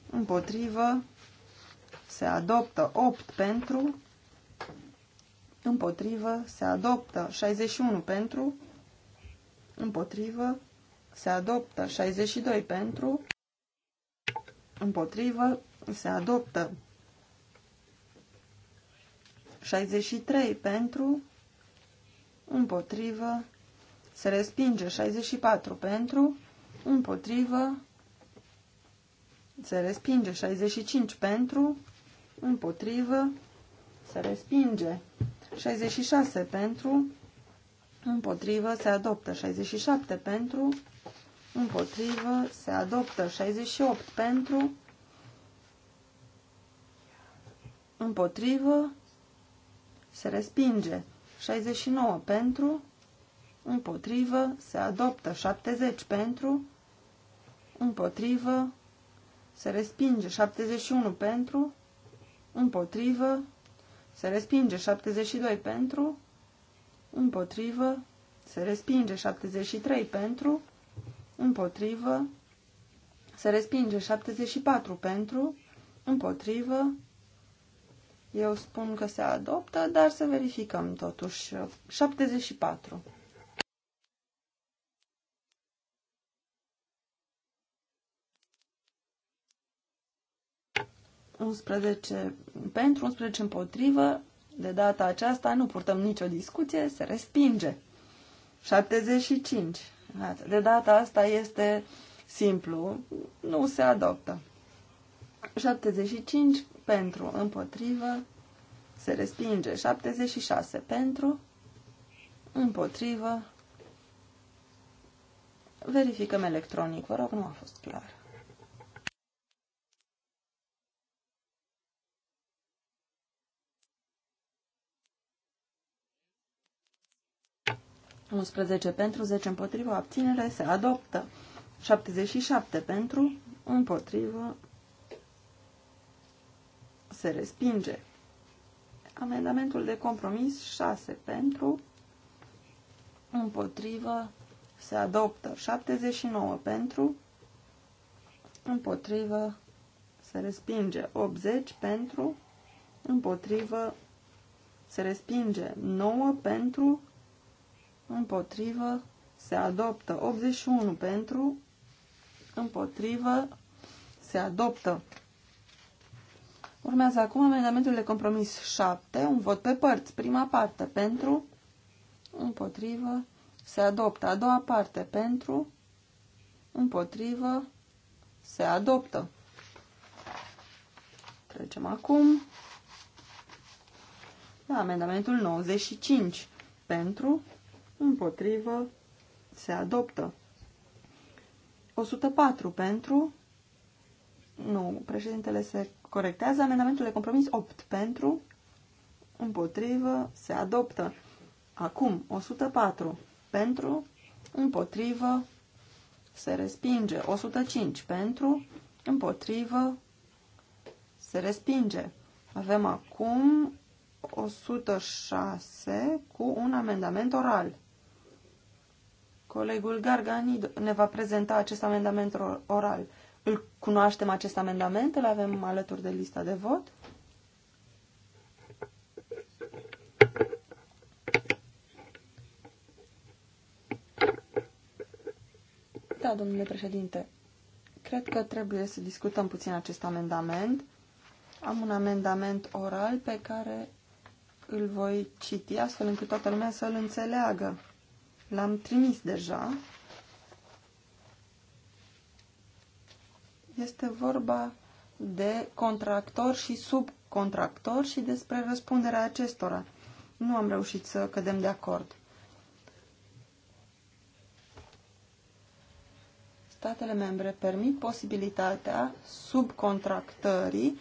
[SPEAKER 3] împotrivă, se adoptă. 8 pentru, împotrivă, se adoptă. 61 pentru, împotrivă, se adoptă. 62 pentru, împotrivă, se adoptă. 63 pentru, împotrivă, se respinge. 64 pentru, împotrivă, se respinge. 65 pentru, împotrivă, se respinge. 66 pentru, împotrivă, se adoptă 67 pentru, împotrivă, se adoptă 68 pentru, împotrivă, se respinge 69 pentru, împotrivă, se adoptă 70 pentru, împotrivă, se respinge 71 pentru, împotrivă, se respinge 72 pentru, împotrivă, se respinge 73 pentru, împotrivă, se respinge 74 pentru, împotrivă, eu spun că se adoptă, dar să verificăm totuși 74. pentru, 11 împotrivă, de data aceasta nu purtăm nicio discuție, se respinge. 75. De data asta este simplu, nu se adoptă. 75 pentru, împotrivă, se respinge. 76 pentru, împotrivă. Verificăm electronic, vă rog, nu a fost clar. 11 pentru, 10 împotrivă, abținere, se adoptă. 77 pentru, împotrivă, se respinge. Amendamentul de compromis 6 pentru, împotrivă, se adoptă. 79 pentru, împotrivă, se respinge. 80 pentru, împotrivă, se respinge. 9 pentru, împotrivă, se adoptă. 81 pentru, împotrivă, se adoptă. Urmează acum amendamentul de compromis 7, un vot pe părți. Prima parte pentru, împotrivă, se adoptă. A doua parte pentru, împotrivă, se adoptă. Trecem acum la amendamentul 95 pentru, împotrivă, se adoptă. 104 pentru, nu, președintele se corectează, amendamentul de compromis 8 pentru, împotrivă, se adoptă. Acum, 104 pentru, împotrivă, se respinge. 105 pentru, împotrivă, se respinge. Avem acum 106 cu un amendament oral. Colegul Gargani ne va prezenta acest amendament oral. Îl cunoaștem acest amendament? Îl avem alături de lista de vot? Da, domnule președinte. Cred că trebuie să discutăm puțin acest amendament. Am un amendament oral pe care îl voi citi astfel încât toată lumea să-l înțeleagă. L-am trimis deja. Este vorba de contractor și subcontractor și despre răspunderea acestora. Nu am reușit să cădem de acord. Statele membre permit posibilitatea subcontractării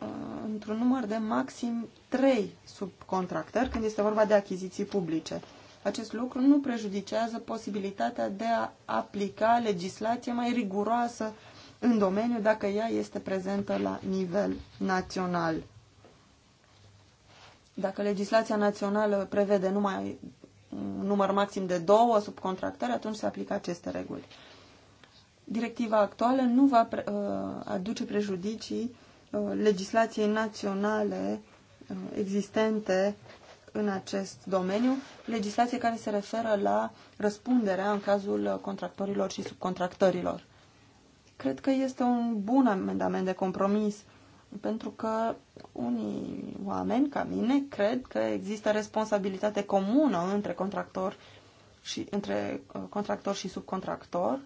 [SPEAKER 3] uh, într-un număr de maxim 3 subcontractări când este vorba de achiziții publice. Acest lucru nu prejudicează posibilitatea de a aplica legislație mai riguroasă în domeniu dacă ea este prezentă la nivel național. Dacă legislația națională prevede numai un număr maxim de două subcontractări, atunci se aplică aceste reguli. Directiva actuală nu va pre uh, aduce prejudicii uh, legislației naționale uh, existente în acest domeniu, legislație care se referă la răspunderea în cazul contractorilor și subcontractorilor. Cred că este un bun amendament de compromis, pentru că unii oameni ca mine cred că există responsabilitate comună între contractor și, între uh, contractor și subcontractor,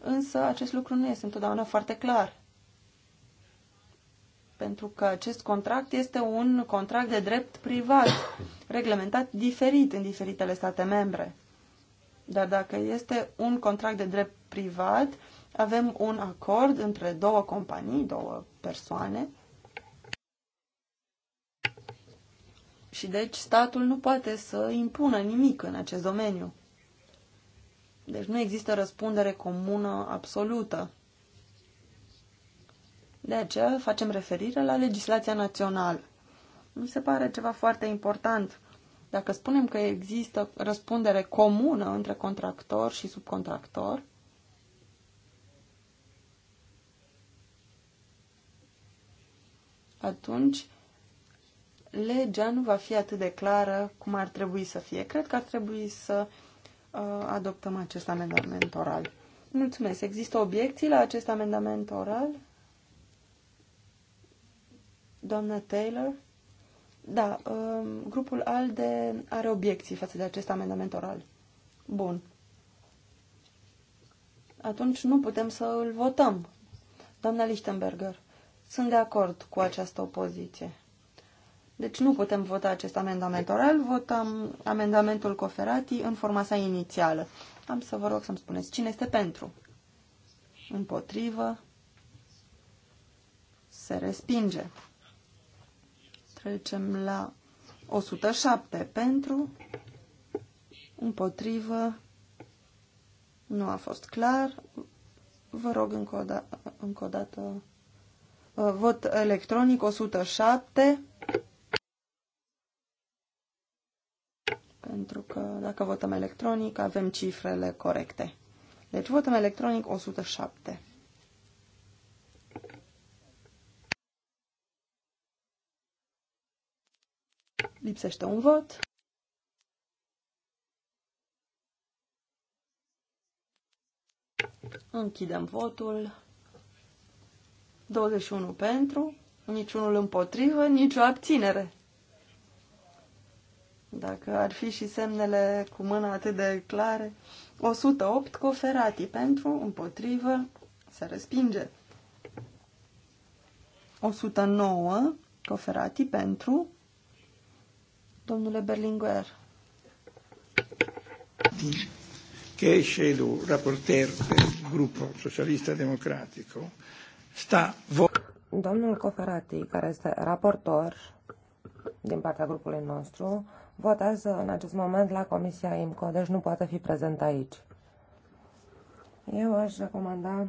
[SPEAKER 3] însă acest lucru nu este întotdeauna foarte clar pentru că acest contract este un contract de drept privat, reglementat diferit în diferitele state membre. Dar dacă este un contract de drept privat, avem un acord între două companii, două persoane, și deci statul nu poate să impună nimic în acest domeniu. Deci nu există răspundere comună absolută. De aceea facem referire la legislația națională. Mi se pare ceva foarte important. Dacă spunem că există răspundere comună între contractor și subcontractor, atunci legea nu va fi atât de clară cum ar trebui să fie. Cred că ar trebui să uh, adoptăm acest amendament oral. Mulțumesc. Există obiecții la acest amendament oral? Doamna Taylor? Da, um, grupul ALDE are obiecții față de acest amendament oral. Bun. Atunci nu putem să îl votăm. Doamna Lichtenberger, sunt de acord cu această opoziție. Deci nu putem vota acest amendament oral, votăm amendamentul Coferati în forma sa inițială. Am să vă rog să-mi spuneți cine este pentru. Împotrivă. Se respinge. Trecem la 107 pentru, împotrivă, nu a fost clar. Vă rog încă o, da încă o dată uh, vot electronic 107 pentru că dacă votăm electronic avem cifrele corecte. Deci votăm electronic 107. Lipsește un vot. Închidem votul. 21 pentru, niciunul împotrivă, nicio abținere. Dacă ar fi și semnele cu mâna atât de clare. 108 coferati pentru, împotrivă, se respinge. 109 coferati pentru, domnule Berlinguer.
[SPEAKER 2] Che Scelu, raporter del gruppo socialista democratico, sta Domnul Coferati, care este raportor din partea grupului nostru, votează în acest moment la Comisia IMCO, deci nu poate fi prezent aici. Eu aș recomanda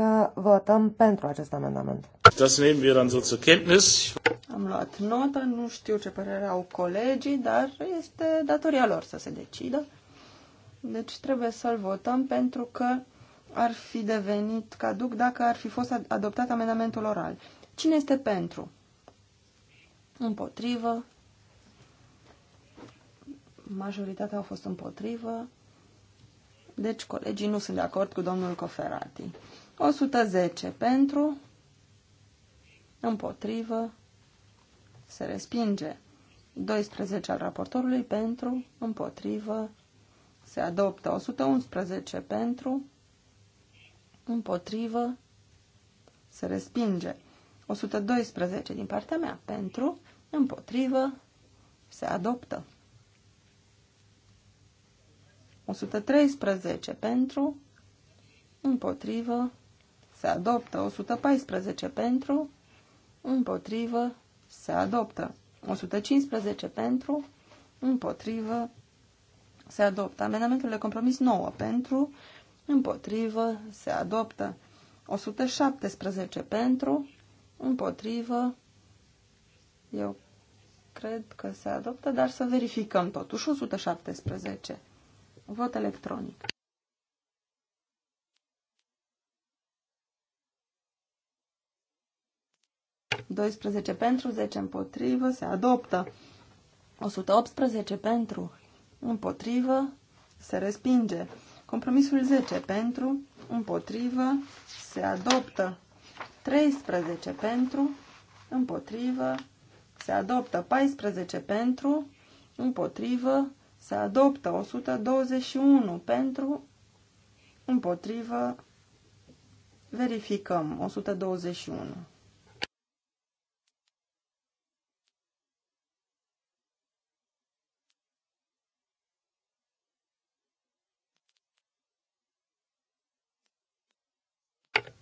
[SPEAKER 2] să votăm pentru acest amendament.
[SPEAKER 1] Das nehmen wir dann so zur Kenntnis.
[SPEAKER 3] Am luat nota, nu știu ce părere au colegii, dar este datoria lor să se decidă. Deci trebuie să-l votăm pentru că ar fi devenit caduc dacă ar fi fost adoptat amendamentul oral. Cine este pentru? Împotrivă. Majoritatea au fost împotrivă. Deci colegii nu sunt de acord cu domnul Coferati. 110 pentru, împotrivă, se respinge. 12 al raportorului pentru, împotrivă, se adoptă. 111 pentru, împotrivă, se respinge. 112 din partea mea pentru, împotrivă, se adoptă. 113 pentru, împotrivă, se adoptă. 114 pentru, împotrivă, se adoptă. 115 pentru, împotrivă, se adoptă. Amendamentul de compromis 9 pentru, împotrivă, se adoptă. 117 pentru, împotrivă, eu cred că se adoptă, dar să verificăm totuși 117. Vot electronic. 12 pentru, 10 împotrivă, se adoptă. 118 pentru, împotrivă, se respinge. Compromisul 10 pentru, împotrivă, se adoptă. 13 pentru, împotrivă, se adoptă. 14 pentru, împotrivă, se adoptă. 121 pentru, împotrivă, verificăm. 121.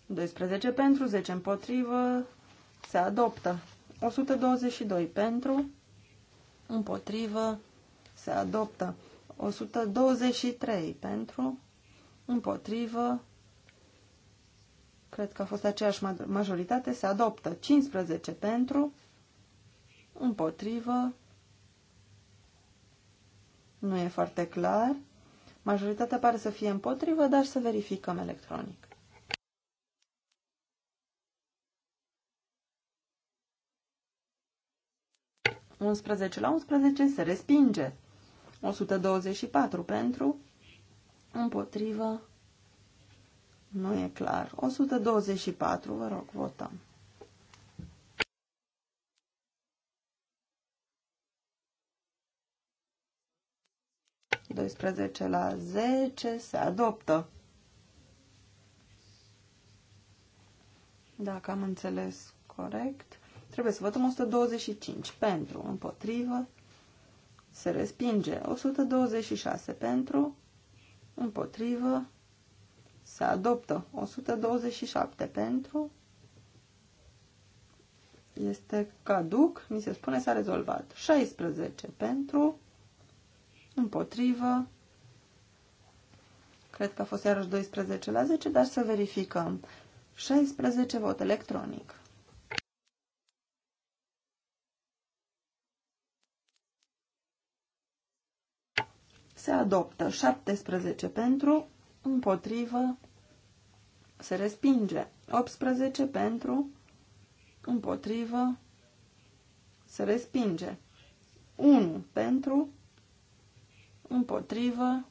[SPEAKER 3] 12 pentru, 10 împotrivă, se adoptă. 122 pentru, împotrivă, se adoptă. 123 pentru, împotrivă, cred că a fost aceeași majoritate, se adoptă. 15 pentru, împotrivă, nu e foarte clar. Majoritatea pare să fie împotrivă, dar să verificăm electronic. 11 la 11 se respinge. 124 pentru, împotrivă, nu e clar. 124, vă rog, votăm. Doisprezece la 10 se adoptă. Dacă am înțeles corect. Trebuie să votăm 125 pentru, împotrivă, se respinge. 126 pentru, împotrivă, se adoptă. 127 pentru, este caduc, mi se spune s-a rezolvat. 16 pentru, împotrivă, cred că a fost iarăși 12 la 10, dar să verificăm. 16 vot electronic. se adoptă. 17 pentru, împotrivă, se respinge. 18 pentru, împotrivă, se respinge. 1 pentru, împotrivă,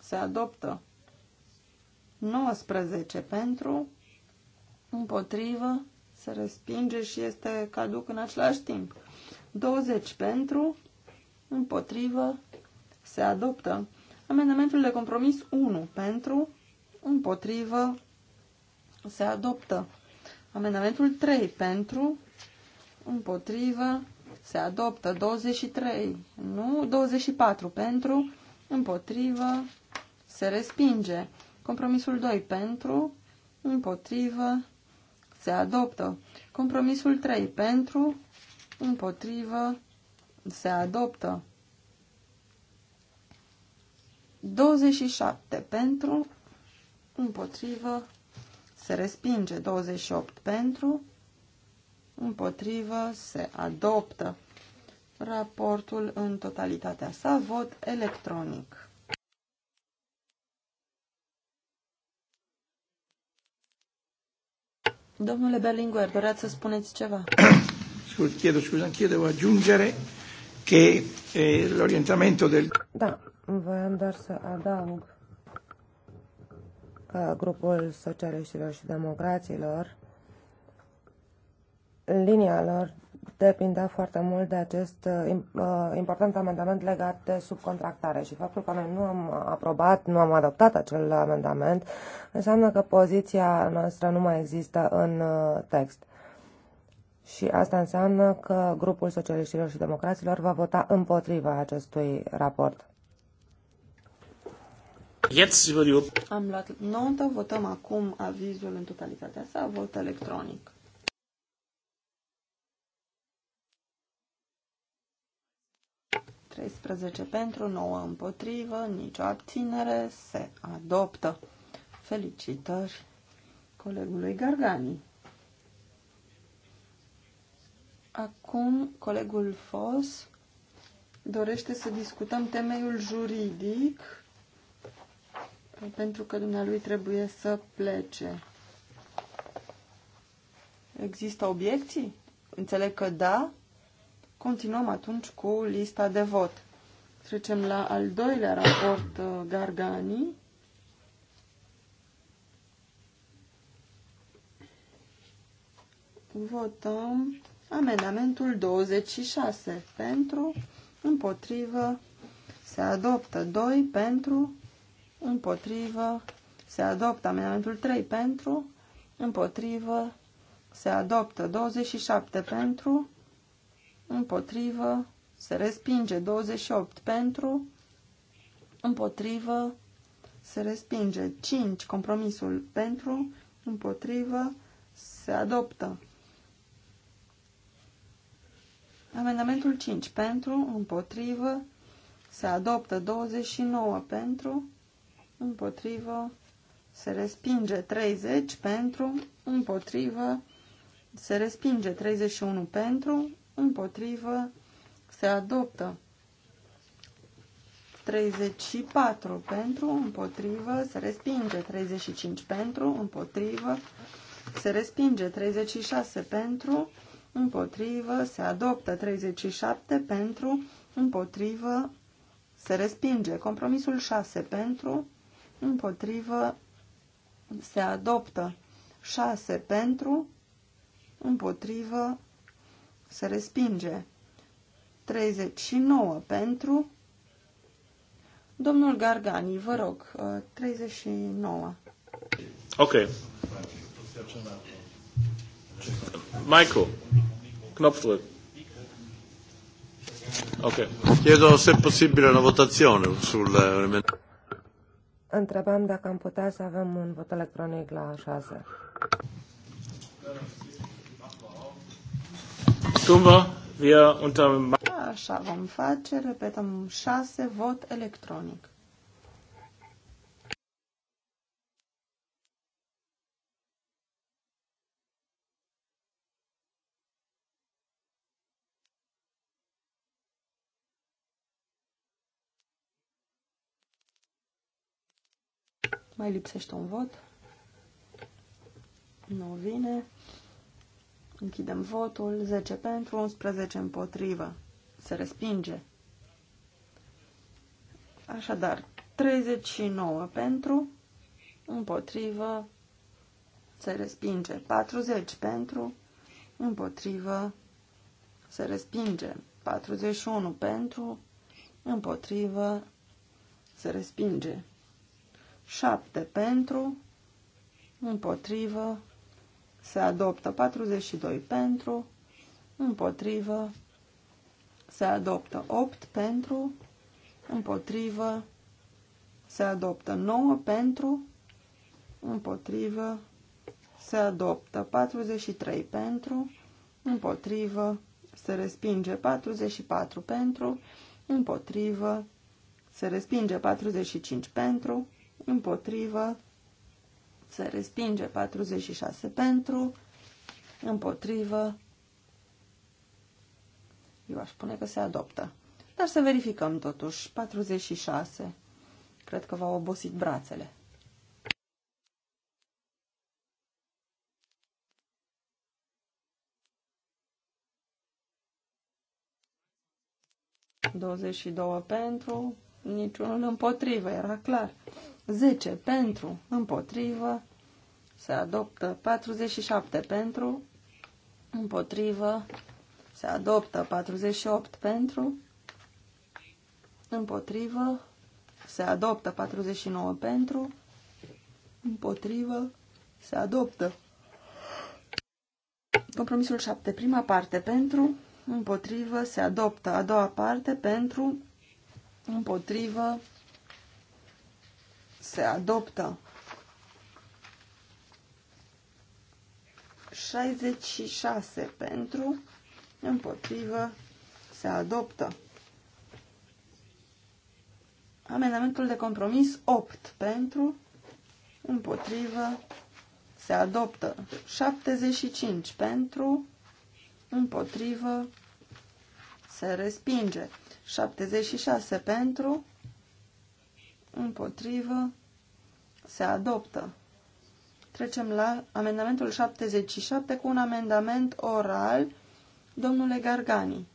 [SPEAKER 3] se adoptă. 19 pentru, împotrivă, se respinge și este caduc în același timp. 20 pentru, împotrivă, se adoptă. Amendamentul de compromis 1 pentru, împotrivă, se adoptă. Amendamentul 3 pentru, împotrivă, se adoptă. 23, nu, 24 pentru, împotrivă, se respinge. Compromisul 2 pentru, împotrivă, se adoptă. Compromisul 3 pentru, împotrivă, se adoptă. 27 pentru, împotrivă, se respinge. 28 pentru, împotrivă, se adoptă. Raportul în totalitatea sa, vot electronic. Domnule Berlinguer, doreați să
[SPEAKER 2] spuneți ceva?
[SPEAKER 3] Chiedo scuza, chiedo aggiungere che eh, l'orientamento del...
[SPEAKER 2] Da, Voiam doar să adaug că grupul socialiștilor și democraților, linia lor, depindea foarte mult de acest uh, uh, important amendament legat de subcontractare și faptul că noi nu am aprobat, nu am adoptat acel amendament, înseamnă că poziția noastră nu mai există în uh, text. Și asta înseamnă că grupul socialiștilor și democraților va vota împotriva acestui raport.
[SPEAKER 1] Am
[SPEAKER 3] luat notă, votăm acum avizul în totalitatea sa, vot electronic. pentru, 9 împotrivă, nicio abținere, se adoptă. Felicitări colegului Gargani. Acum colegul Fos dorește să discutăm temeiul juridic pentru că dumnealui trebuie să plece. Există obiecții? Înțeleg că da. Continuăm atunci cu lista de vot. Trecem la al doilea raport uh, Gargani. Votăm amendamentul 26 pentru, împotrivă, se adoptă 2 pentru, împotrivă, se adoptă amendamentul 3 pentru, împotrivă, se adoptă 27 pentru, împotrivă, se respinge 28 pentru, împotrivă, se respinge 5 compromisul pentru, împotrivă, se adoptă. Amendamentul 5 pentru, împotrivă, se adoptă 29 pentru, împotrivă, se respinge 30 pentru, împotrivă, se respinge 31 pentru, împotrivă, se adoptă 34 pentru, împotrivă, se respinge 35 pentru, împotrivă, se respinge 36 pentru, împotrivă, se adoptă 37 pentru, împotrivă, se respinge compromisul 6 pentru, împotrivă, se adoptă. 6 pentru, împotrivă, se respinge. 39 pentru. Domnul Gargani, vă rog, 39. Uh,
[SPEAKER 2] ok.
[SPEAKER 1] Michael, Knopfler. Ok. Chiedo se è possibile una votazione sul
[SPEAKER 2] Întrebam dacă am putea să avem un vot electronic la 6. Așa vom face,
[SPEAKER 3] repetăm 6, vot electronic. Mai lipsește un vot. Nu vine. Închidem votul. 10 pentru, 11 împotrivă. Se respinge. Așadar, 39 pentru, împotrivă, se respinge. 40 pentru, împotrivă, se respinge. 41 pentru, împotrivă, se respinge. 7 pentru, împotrivă, se adoptă 42 pentru, împotrivă, se adoptă 8 pentru, împotrivă, se adoptă 9 pentru, împotrivă, se adoptă 43 pentru, împotrivă, se respinge 44 pentru, împotrivă, se respinge 45 pentru, împotrivă, se respinge 46 pentru, împotrivă, eu aș spune că se adoptă. Dar să verificăm totuși, 46, cred că v-au obosit brațele. Douăzeci și două pentru, niciunul împotrivă, era clar. 10 pentru, împotrivă, se adoptă 47 pentru, împotrivă, se adoptă 48 pentru, împotrivă, se adoptă 49 pentru, împotrivă, se adoptă. Compromisul 7, prima parte pentru, împotrivă, se adoptă. A doua parte pentru, împotrivă, se adoptă. 66 pentru, împotrivă, se adoptă. Amendamentul de compromis 8 pentru, împotrivă, se adoptă. 75 pentru, împotrivă, se respinge. 76 pentru, împotrivă, se adoptă. Trecem la amendamentul 77 cu un amendament oral, domnule Gargani.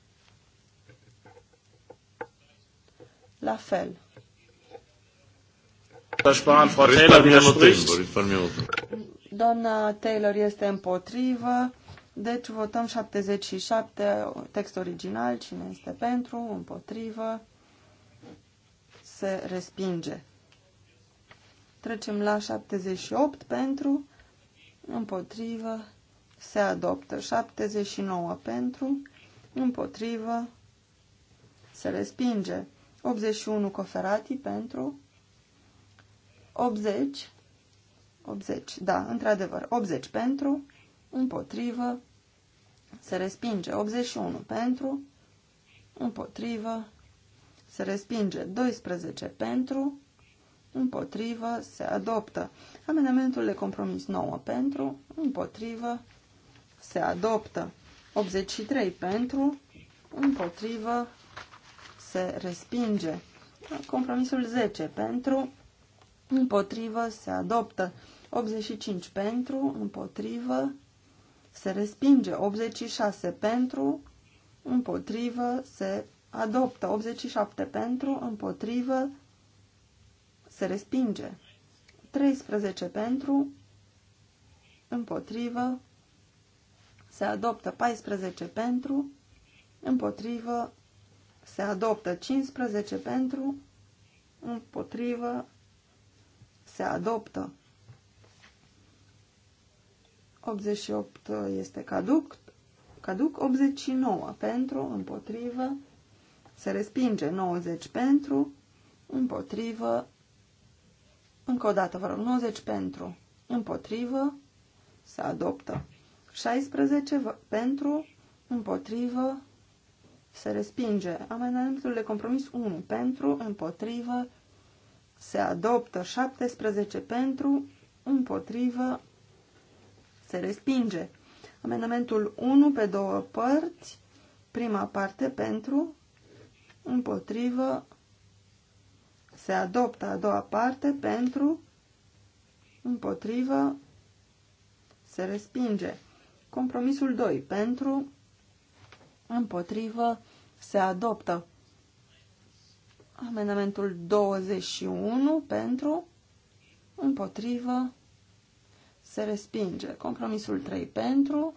[SPEAKER 3] La fel. Doamna Taylor este împotrivă, deci votăm 77, text original, cine este pentru, împotrivă, se respinge. Trecem la 78 pentru, împotrivă, se adoptă. 79 pentru, împotrivă, se respinge. 81 coferati pentru, 80, 80, da, într-adevăr, 80 pentru, împotrivă, se respinge. 81 pentru, împotrivă, se respinge. 12 pentru, împotrivă, se adoptă. Amendamentul de compromis 9 pentru, împotrivă, se adoptă. 83 pentru, împotrivă, se respinge. Compromisul 10 pentru, împotrivă, se adoptă. 85 pentru, împotrivă, se respinge. 86 pentru, împotrivă, se adoptă. 87 pentru, împotrivă, se respinge. 13 pentru, împotrivă, se adoptă. 14 pentru, împotrivă, se adoptă. 15 pentru, împotrivă, se adoptă. 88 este caduc, caduc 89 pentru, împotrivă, se respinge 90 pentru, împotrivă, încă o dată, vă rog, 90 pentru, împotrivă, se adoptă. 16 pentru, împotrivă, se respinge. Amendamentul de compromis 1 pentru, împotrivă, se adoptă. 17 pentru, împotrivă, se respinge. Amendamentul 1 pe două părți, prima parte pentru, împotrivă, se adoptă a doua parte pentru, împotrivă, se respinge. Compromisul 2 pentru, împotrivă, se adoptă. Amendamentul 21 pentru, împotrivă, se respinge. Compromisul 3 pentru,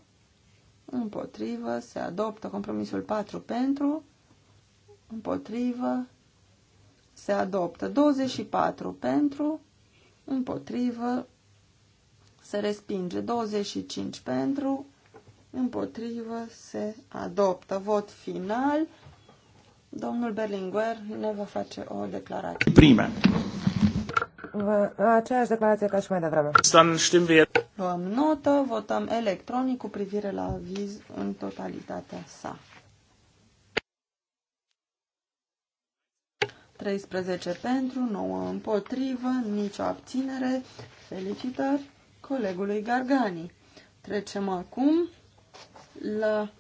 [SPEAKER 3] împotrivă, se adoptă. Compromisul 4 pentru, împotrivă, se adoptă. 24 pentru, împotrivă, se respinge. 25 pentru, împotrivă, se adoptă. Vot final. Domnul Berlinguer ne va face o declarație.
[SPEAKER 1] Prima.
[SPEAKER 2] Aceeași declarație ca și mai devreme.
[SPEAKER 3] Luăm notă, votăm electronic cu privire la aviz în totalitatea sa. 13 pentru, 9 împotrivă, nicio abținere. Felicitări colegului Gargani. Trecem acum la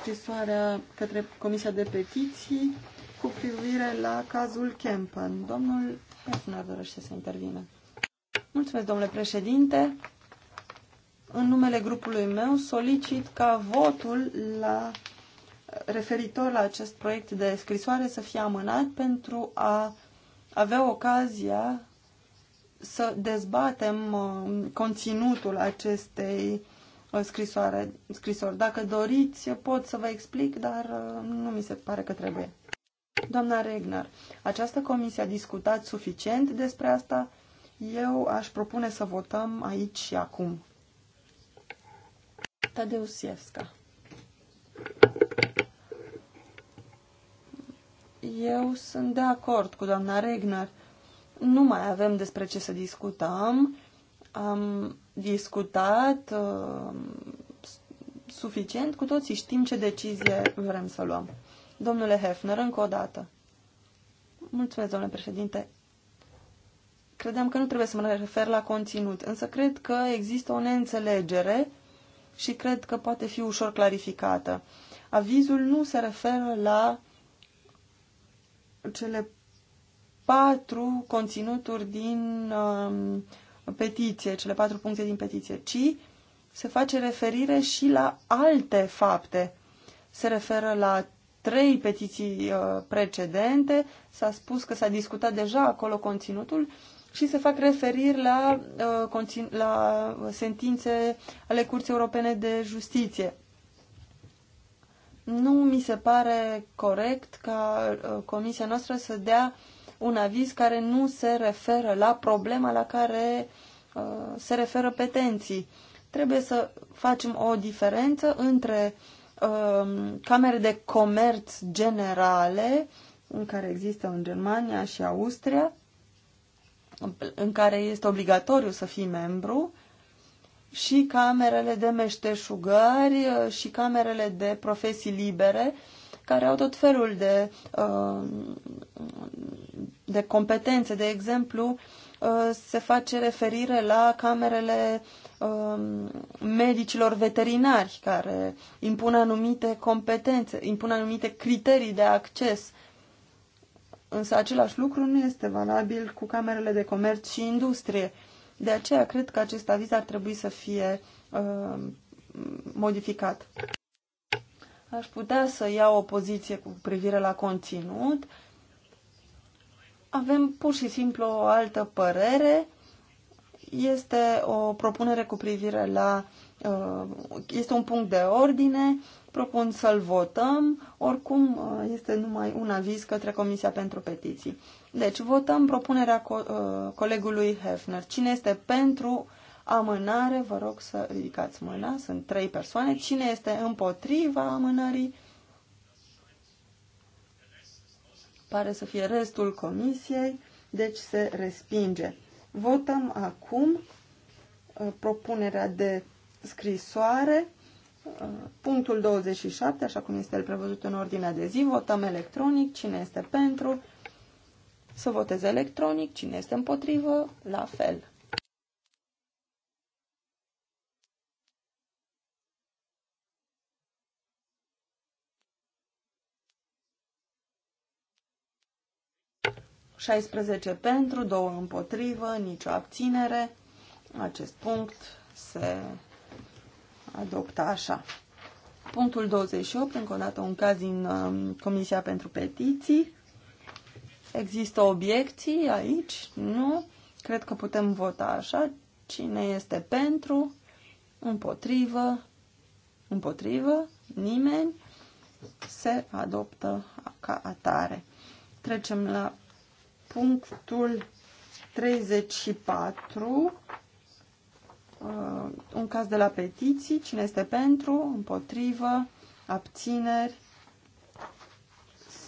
[SPEAKER 3] scrisoarea către Comisia de Petiții cu privire la cazul Kempen. Domnul Hefner dorește să intervină. Mulțumesc, domnule președinte. În numele grupului meu solicit ca votul la referitor la acest proiect de scrisoare să fie amânat pentru a avea ocazia să dezbatem uh, conținutul acestei uh, scrisoare, scrisori. Dacă doriți, pot să vă explic, dar uh, nu mi se pare că trebuie. Doamna Regner, această comisie a discutat suficient despre asta? Eu aș propune să votăm aici și acum. Tadeusievska eu sunt de acord cu doamna Regner. Nu mai avem despre ce să discutăm. Am discutat uh, suficient, cu toții știm ce decizie vrem să luăm. Domnule Hefner, încă o dată. Mulțumesc, domnule președinte. Credeam că nu trebuie să mă refer la conținut, însă cred că există o neînțelegere și cred că poate fi ușor clarificată. Avizul nu se referă la cele patru conținuturi din um, petiție, cele patru puncte din petiție, ci se face referire și la alte fapte. Se referă la trei petiții uh, precedente, s-a spus că s-a discutat deja acolo conținutul și se fac referiri la, uh, la sentințe ale Curții Europene de Justiție nu mi se pare corect ca uh, comisia noastră să dea un aviz care nu se referă la problema la care uh, se referă petenții. Trebuie să facem o diferență între um, camere de comerț generale, în care există în Germania și Austria, în care este obligatoriu să fii membru, și camerele de meșteșugări uh, și camerele de profesii libere, care au tot felul de, uh, de competențe. De exemplu, uh, se face referire la camerele um, medicilor veterinari care impun anumite competențe, impun anumite criterii de acces. Însă același lucru nu este valabil cu camerele de comerț și industrie. De aceea cred că acest aviz ar trebui să fie uh, modificat. Aș putea să iau o poziție cu privire la conținut. Avem pur și simplu o altă părere. Este o propunere cu privire la. Uh, este un punct de ordine. Propun să-l votăm. Oricum, uh, este numai un aviz către Comisia pentru Petiții. Deci, votăm propunerea co uh, colegului Hefner. Cine este pentru amânare? Vă rog să ridicați mâna. Sunt trei persoane. Cine este împotriva amânării? Pare să fie restul comisiei, deci se respinge. Votăm acum uh, propunerea de scrisoare, uh, punctul 27, așa cum este el prevăzut în ordinea de zi. Votăm electronic. Cine este pentru? să voteze electronic, cine este împotrivă, la fel. șaisprezece pentru, două împotrivă, nicio abținere. Acest punct se adoptă așa. Punctul 28, încă o dată un caz din um, Comisia pentru Petiții Există obiecții aici? Nu. Cred că putem vota așa. Cine este pentru? Împotrivă? Împotrivă? Nimeni? Se adoptă ca atare. Trecem la punctul 34. Uh, un caz de la petiții. Cine este pentru? Împotrivă? Abțineri?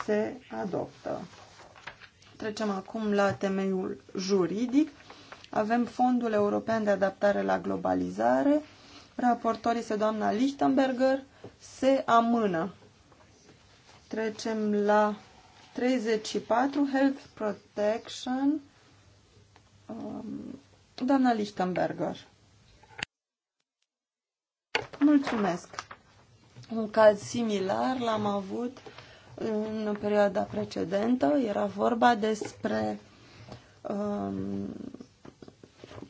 [SPEAKER 3] Se adoptă. Trecem acum la temeiul juridic. Avem Fondul European de Adaptare la Globalizare. Raportorii se doamna Lichtenberger se amână. Trecem la 34, Health Protection, um, doamna Lichtenberger. Mulțumesc! Un caz similar l-am avut în perioada precedentă era vorba despre um,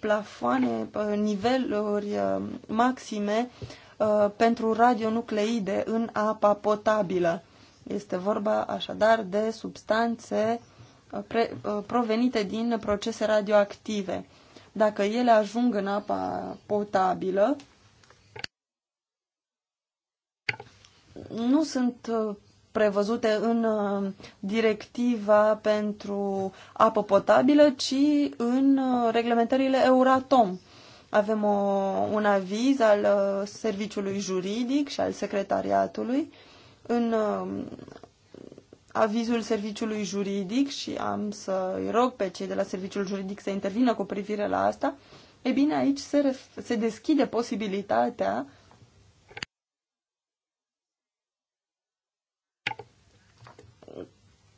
[SPEAKER 3] plafoane, niveluri um, maxime uh, pentru radionucleide în apa potabilă. Este vorba așadar de substanțe uh, pre, uh, provenite din procese radioactive. Dacă ele ajung în apa potabilă, nu sunt uh, prevăzute în uh, directiva pentru apă potabilă, ci în uh, reglementările Euratom. Avem o, un aviz al uh, serviciului juridic și al secretariatului. În avizul serviciului juridic și am să-i rog pe cei de la serviciul juridic să intervină cu privire la asta, e bine, aici se, se deschide posibilitatea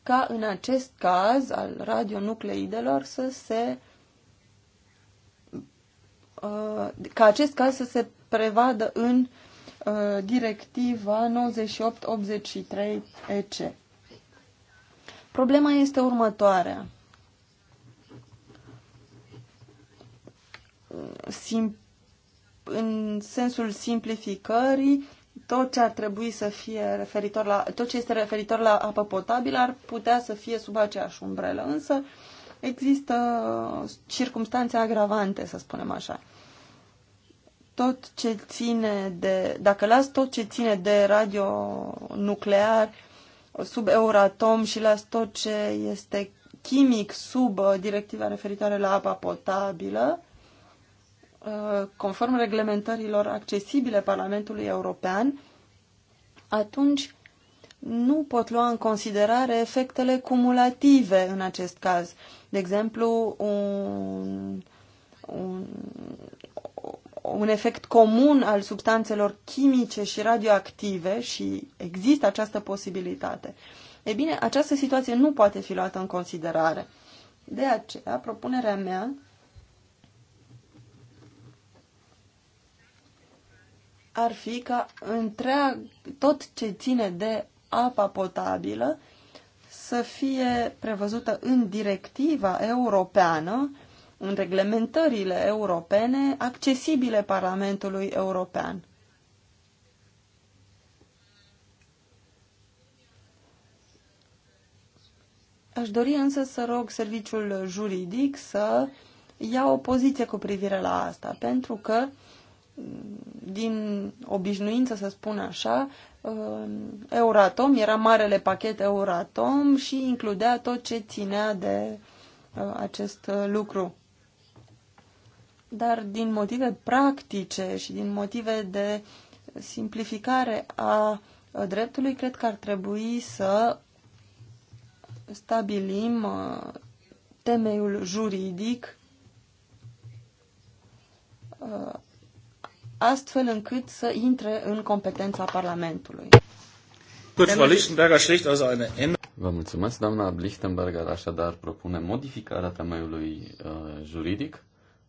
[SPEAKER 3] ca în acest caz al radionucleidelor să se uh, ca acest caz să se prevadă în uh, directiva 9883 EC. Problema este următoarea. Sim, în sensul simplificării, tot ce ar trebui să fie referitor la, tot ce este referitor la apă potabilă ar putea să fie sub aceeași umbrelă, însă există circumstanțe agravante, să spunem așa. Tot ce ține de, dacă las tot ce ține de radio nuclear sub Euratom și las tot ce este chimic sub uh, directiva referitoare la apa potabilă, conform reglementărilor accesibile Parlamentului European, atunci nu pot lua în considerare efectele cumulative în acest caz. De exemplu, un, un, un efect comun al substanțelor chimice și radioactive și există această posibilitate. E bine, această situație nu poate fi luată în considerare. De aceea, propunerea mea ar fi ca întreag, tot ce ține de apa potabilă să fie prevăzută în directiva europeană, în reglementările europene, accesibile Parlamentului European. Aș dori însă să rog serviciul juridic să ia o poziție cu privire la asta, pentru că uh, din obișnuință, să spun așa, uh, Euratom, era marele pachet Euratom și includea tot ce ținea de uh, acest uh, lucru. Dar din motive practice și din motive de simplificare a dreptului, cred că ar trebui să stabilim temeiul juridic astfel încât să intre în competența Parlamentului.
[SPEAKER 1] Vă mulțumesc, doamna Blichtenberger, așadar propune modificarea temeiului uh, juridic.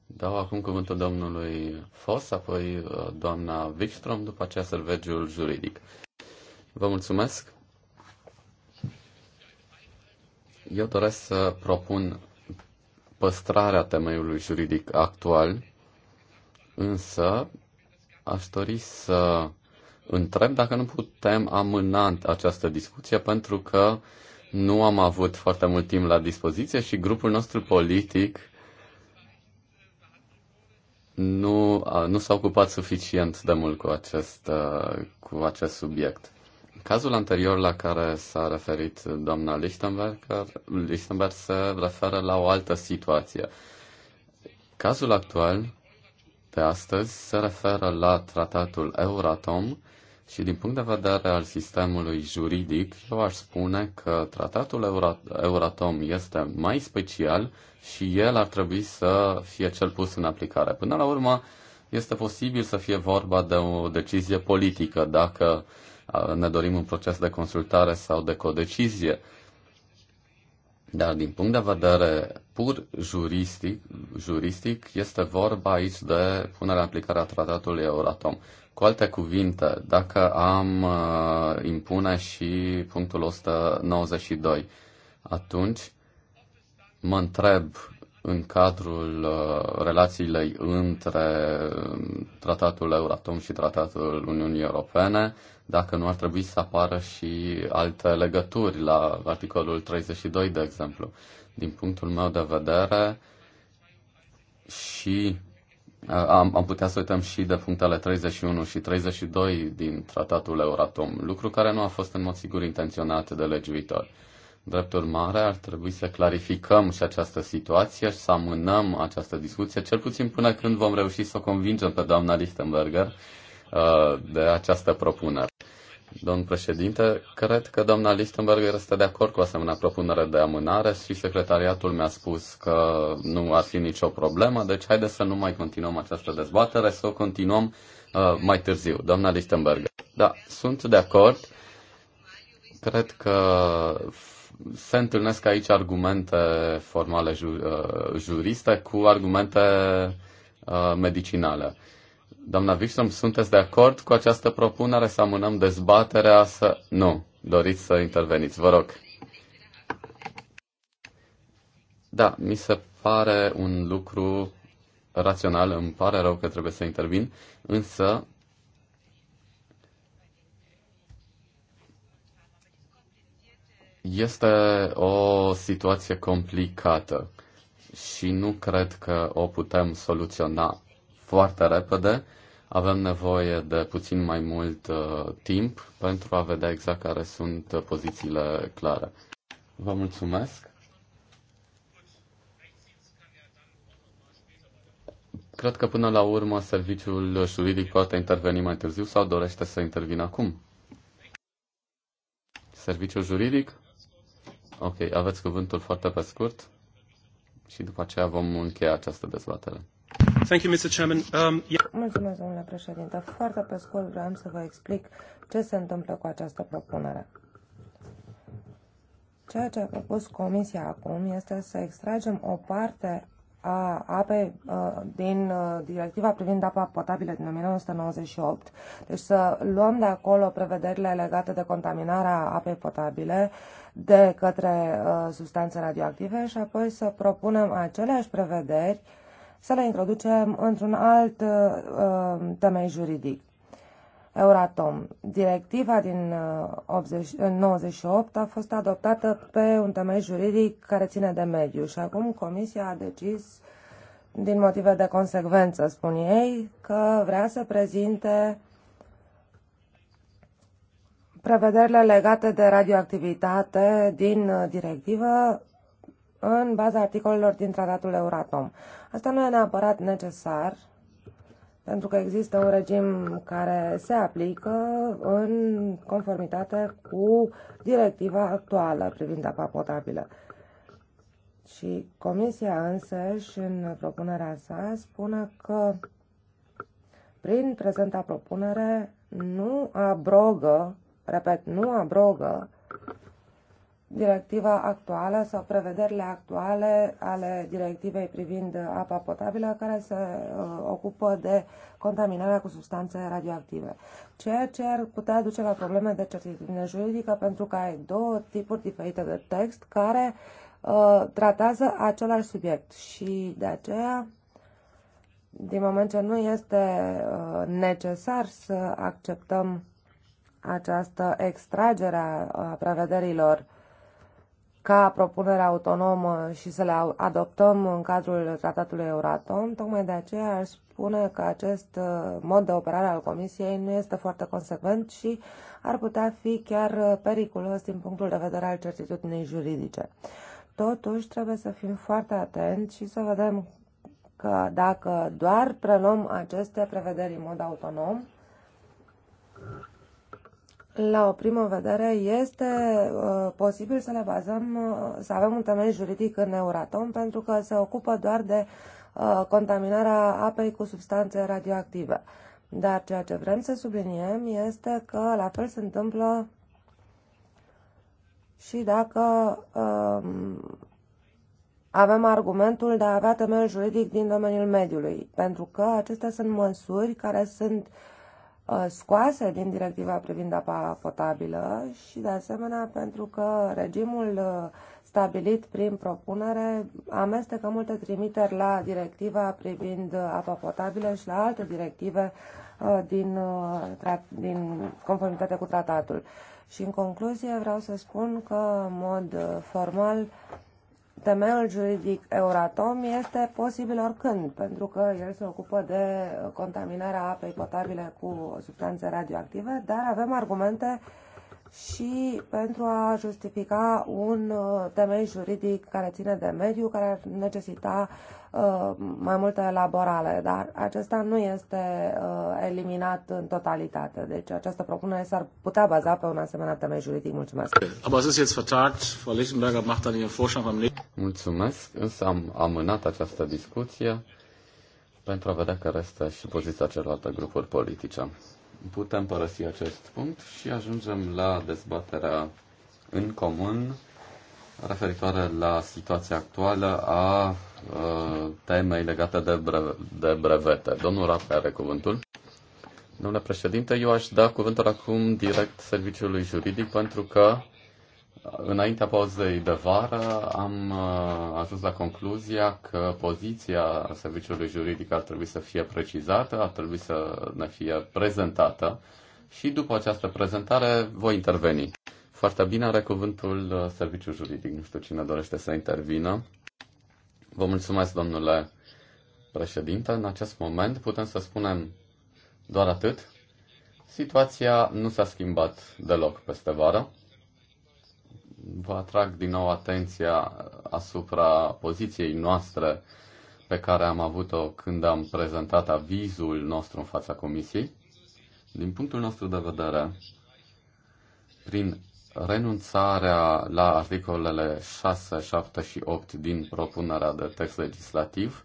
[SPEAKER 1] Dau acum cuvântul domnului Foss, apoi uh, doamna Wikström, după aceea serveciul juridic. Vă mulțumesc. Eu doresc să propun păstrarea temeiului juridic actual, însă aș dori să întreb dacă nu putem amâna această discuție pentru că nu am avut foarte mult timp la dispoziție și grupul nostru politic nu, nu s-a ocupat suficient de mult cu acest, cu acest subiect. Cazul anterior la care s-a referit doamna Lichtenberg, Lichtenberg se referă la o altă situație. Cazul actual de astăzi se referă la tratatul Euratom și din punct de vedere al sistemului juridic, eu aș spune că tratatul Euratom este mai special și el ar trebui să fie cel pus în aplicare. Până la urmă, este posibil să fie vorba de o decizie politică, dacă uh, ne dorim un proces de consultare sau de codecizie. Dar din punct de vedere pur juristic, juristic este vorba aici de punerea în aplicare a tratatului Euratom. Cu alte cuvinte, dacă am uh, impune și punctul 192, atunci mă întreb în cadrul uh, relațiilor între um, tratatul Euratom și tratatul Uniunii Europene, dacă nu ar trebui să apară și alte legături la articolul 32, de exemplu. Din punctul meu de vedere, și uh, am, am putea să uităm și de punctele 31 și 32 din tratatul Euratom, lucru care nu a fost în mod sigur intenționat de legiuitor. Drept urmare, ar trebui să clarificăm și această situație și să amânăm această discuție, cel puțin până când vom reuși să o convingem pe doamna Lichtenberger uh, de această propunere. Domn președinte, cred că doamna Lichtenberger este de acord cu asemenea propunere de amânare și secretariatul mi-a spus că nu ar fi nicio problemă, deci haideți să nu mai continuăm această dezbatere, să o continuăm uh, mai târziu. Doamna Lichtenberger. Da, sunt de acord. Cred că se întâlnesc aici argumente formale ju- uh, juriste cu argumente uh, medicinale. Doamna Wikström, sunteți de acord cu această propunere să amânăm dezbaterea să... Nu, doriți să interveniți, vă rog. Da, mi se pare un lucru rațional, îmi pare rău că trebuie să intervin, însă Este o situație complicată și nu cred că o putem soluționa foarte repede. Avem nevoie de puțin mai mult uh, timp pentru a vedea exact care sunt pozițiile clare. Vă mulțumesc. Cred că până la urmă serviciul juridic poate interveni mai târziu sau dorește să intervină acum. Serviciul juridic? Ok, aveți cuvântul foarte pe scurt și după aceea vom încheia această dezbatere.
[SPEAKER 2] Thank you, Mr. Chairman. Um, yeah. Mulțumesc, domnule președinte. Foarte pe scurt vreau să vă explic ce se întâmplă cu această propunere. Ceea ce a propus Comisia acum este să extragem o parte a apei din directiva privind apa potabilă din 1998. Deci să luăm de acolo prevederile legate de contaminarea apei potabile de către substanțe radioactive și apoi să propunem aceleași prevederi să le introducem într-un alt temei juridic. Euratom. Directiva din 80, uh, 98 uh, a fost adoptată pe un temei juridic care ține de mediu și acum Comisia a decis, din motive de consecvență, spun ei, că vrea să prezinte prevederile legate de radioactivitate din uh, directivă în baza articolelor din tratatul Euratom. Asta nu e neapărat necesar, pentru că există un regim care se aplică în conformitate cu directiva actuală privind apa potabilă. Și Comisia însăși, în propunerea sa, spune că prin prezenta propunere nu abrogă, repet, nu abrogă directiva actuală sau prevederile actuale ale directivei privind apa potabilă care se uh, ocupă de contaminarea cu substanțe radioactive, ceea ce ar putea duce la probleme de certitudine juridică pentru că ai două tipuri diferite de text care uh, tratează același subiect și de aceea din moment ce nu este uh, necesar să acceptăm această extragere a prevederilor ca propunere autonomă și să le adoptăm în cadrul tratatului Euratom. Tocmai de aceea aș spune că acest uh, mod de operare al Comisiei nu este foarte consecvent și ar putea fi chiar uh, periculos din punctul de vedere al certitudinii juridice. Totuși, trebuie să fim foarte atenți și să vedem că dacă doar preluăm aceste prevederi în mod autonom, la o primă vedere, este uh, posibil să ne bazăm, uh, să avem un temei juridic în Euratom, pentru că se ocupă doar de uh, contaminarea apei cu substanțe radioactive. Dar ceea ce vrem să subliniem este că la fel se întâmplă și dacă uh, avem argumentul de a avea temeiul juridic din domeniul mediului, pentru că acestea sunt măsuri care sunt uh, Uh, scoase din directiva privind apa potabilă și, de asemenea, pentru că regimul uh, stabilit prin propunere amestecă multe trimiteri la directiva privind uh, apa potabilă și la alte directive din, din conformitate cu tratatul. Și, în concluzie, vreau să spun că, în mod formal, Temeiul juridic Euratom este posibil oricând, pentru că el se ocupă de contaminarea apei potabile cu substanțe radioactive, dar avem argumente uh, și pentru a justifica un uh, temei juridic care ține de mediu, care ar necesita uh, mai multă elaborare, dar acesta nu este uh, eliminat în totalitate. Deci această propunere s-ar putea baza pe un asemenea temei juridic. Mulțumesc.
[SPEAKER 1] am Mulțumesc, însă am amânat această discuție pentru a vedea care este și poziția celorlalte grupuri politice putem părăsi acest punct și ajungem la dezbaterea în comun referitoare la situația actuală a uh, temei legate de, breve, de brevete. Domnul Rafa are cuvântul. Domnule președinte, eu aș da cuvântul acum direct serviciului juridic pentru că Înaintea pauzei de vară am uh, ajuns la concluzia că poziția serviciului juridic ar trebui să fie precizată, ar trebui să ne fie prezentată și după această prezentare voi interveni. Foarte bine are cuvântul uh, serviciul juridic. Nu știu cine dorește să intervină. Vă mulțumesc, domnule președinte. În acest moment putem să spunem doar atât. Situația nu s-a schimbat deloc peste vară vă atrag din nou atenția asupra poziției noastre pe care am avut-o când am prezentat avizul nostru în fața comisiei. Din punctul nostru de vedere, prin renunțarea la articolele 6, 7 și 8 din propunerea de text legislativ,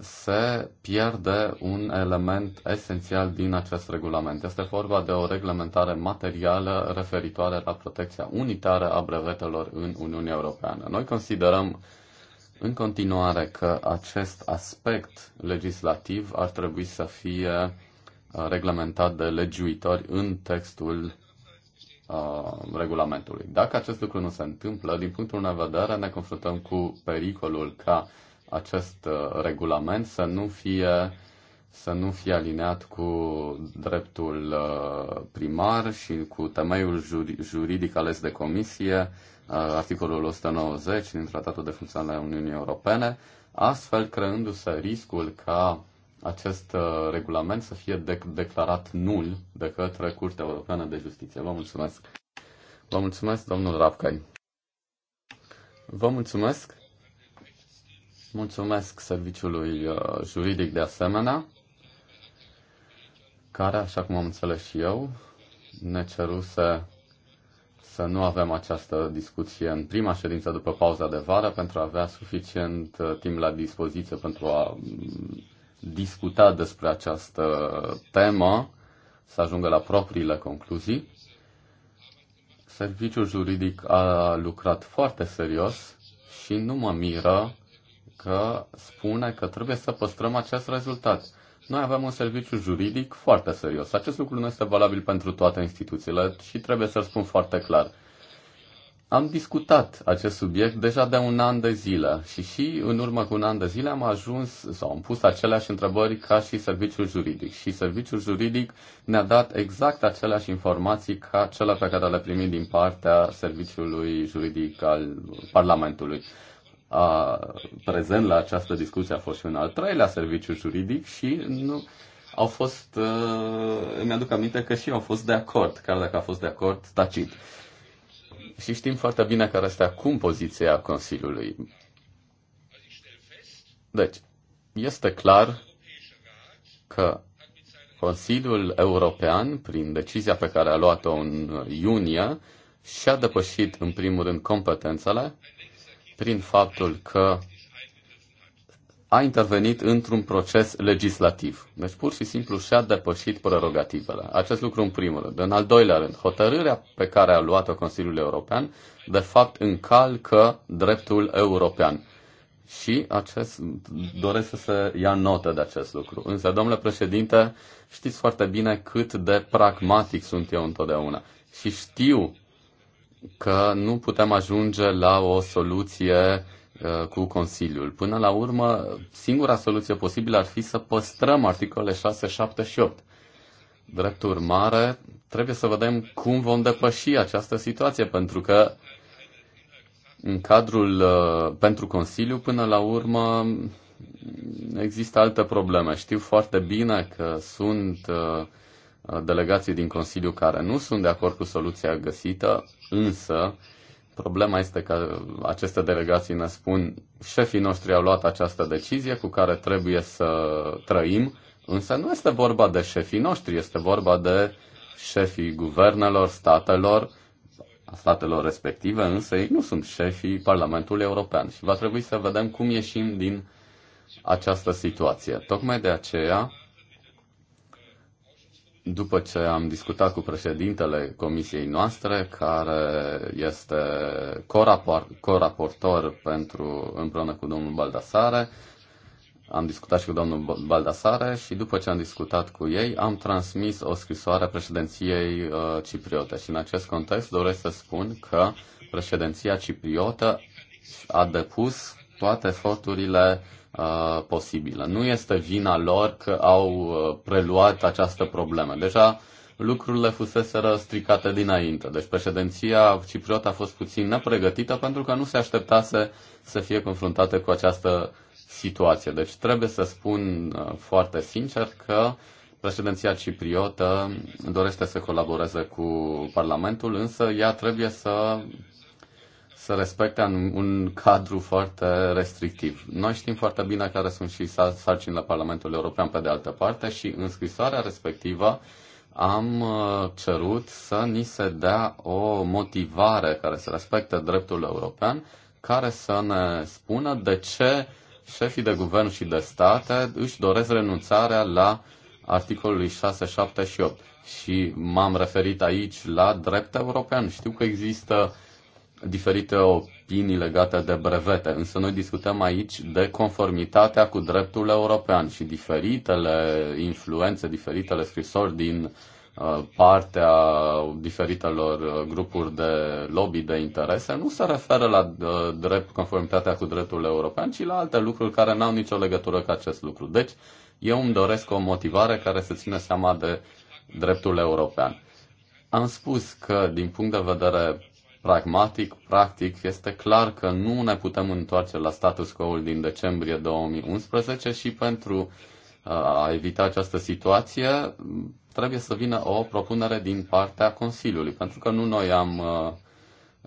[SPEAKER 1] se pierde un element esențial din acest regulament. Este vorba de o reglementare materială referitoare la protecția unitară a brevetelor în Uniunea Europeană. Noi considerăm în continuare că acest aspect legislativ ar trebui să fie uh, reglementat de legiuitori în textul uh, regulamentului. Dacă acest lucru nu se întâmplă, din punctul meu de vedere, ne confruntăm cu pericolul ca acest uh, regulament să nu fie să nu fie alineat cu dreptul uh, primar și cu temeiul juridic ales de comisie, uh, articolul 190 din Tratatul de Funcționare a Uniunii Europene, astfel creându-se riscul ca acest regulament să fie dec- declarat nul de către Curtea Europeană de Justiție. Vă mulțumesc! Vă mulțumesc, domnul Rapcai! Vă mulțumesc! Mulțumesc serviciului uh, juridic de asemenea, care, așa cum am înțeles și eu, ne ceruse să nu avem această discuție în prima ședință după pauza de vară pentru a avea suficient uh, timp la dispoziție pentru a mm, discuta despre această temă, să ajungă la propriile concluzii. Serviciul juridic a lucrat foarte serios și nu mă miră că spune că trebuie să păstrăm acest rezultat. Noi avem un serviciu juridic foarte serios. Acest lucru nu este valabil pentru toate instituțiile și trebuie să-l spun foarte clar. Am discutat acest subiect deja de un an de zile și și în urmă cu un an de zile am ajuns sau am pus aceleași întrebări ca și serviciul juridic. Și serviciul juridic ne-a dat exact aceleași informații ca cele pe care le primim din partea serviciului juridic al Parlamentului a, prezent la această discuție a fost și un al treilea serviciu juridic și nu au fost, uh, îmi aduc aminte că și au fost de acord, chiar dacă a fost de acord tacit. Și știm foarte bine care este acum poziția Consiliului. Deci, este clar că Consiliul European, prin decizia pe care a luat-o în iunie, și-a depășit în primul rând competențele prin faptul că a intervenit într-un proces legislativ. Deci pur și simplu și-a depășit prerogativele. Acest lucru în primul rând. În al doilea rând, hotărârea pe care a luat-o Consiliul European, de fapt încalcă dreptul european. Și acest, doresc să se ia notă de acest lucru. Însă, domnule președinte, știți foarte bine cât de pragmatic sunt eu întotdeauna. Și știu că nu putem ajunge la o soluție uh, cu Consiliul. Până la urmă, singura soluție posibilă ar fi să păstrăm articolele 6, 7 și 8. Drept urmare, trebuie să vedem cum vom depăși această situație, pentru că în cadrul uh, pentru Consiliu, până la urmă, există alte probleme. Știu foarte bine că sunt uh, delegații din Consiliu care nu sunt de acord cu soluția găsită, însă problema este că aceste delegații ne spun șefii noștri au luat această decizie cu care trebuie să trăim, însă nu este vorba de șefii noștri, este vorba de șefii guvernelor, statelor, a statelor respective, însă ei nu sunt șefii Parlamentului European și va trebui să vedem cum ieșim din această situație. Tocmai de aceea după ce am discutat cu președintele comisiei noastre, care este corapor, coraportor pentru împreună cu domnul Baldasare, am discutat și cu domnul Baldasare și după ce am discutat cu ei, am transmis o scrisoare președinției uh, cipriote. Și în acest context doresc să spun că președinția cipriotă a depus toate eforturile Uh, posibilă. Nu este vina lor că au uh, preluat această problemă. Deja lucrurile fuseseră stricate dinainte. Deci președinția cipriotă a fost puțin nepregătită pentru că nu se așteptase să fie confruntată cu această situație. Deci trebuie să spun uh, foarte sincer că președinția cipriotă dorește să colaboreze cu Parlamentul, însă ea trebuie să să respecte un cadru foarte restrictiv. Noi știm foarte bine care sunt și sarcinile Parlamentului European pe de altă parte și în scrisoarea respectivă am uh, cerut să ni se dea o motivare care să respecte dreptul european, care să ne spună de ce șefii de guvern și de state își doresc renunțarea la articolului 6, 7 și 8. Și m-am referit aici la drept european. Știu că există uh, diferite opinii legate de brevete, însă noi discutăm aici de conformitatea cu dreptul european și diferitele influențe, diferitele scrisori din uh, partea diferitelor uh, grupuri de lobby de interese nu se referă la uh, drept, conformitatea cu dreptul european, ci la alte lucruri care n-au nicio legătură cu acest lucru. Deci, eu îmi doresc o motivare care să țină seama de dreptul european. Am spus că, din punct de vedere pragmatic, practic, este clar că nu ne putem întoarce la status quo-ul din decembrie 2011 și pentru uh, a evita această situație trebuie să vină o propunere din partea Consiliului, pentru că nu noi am uh,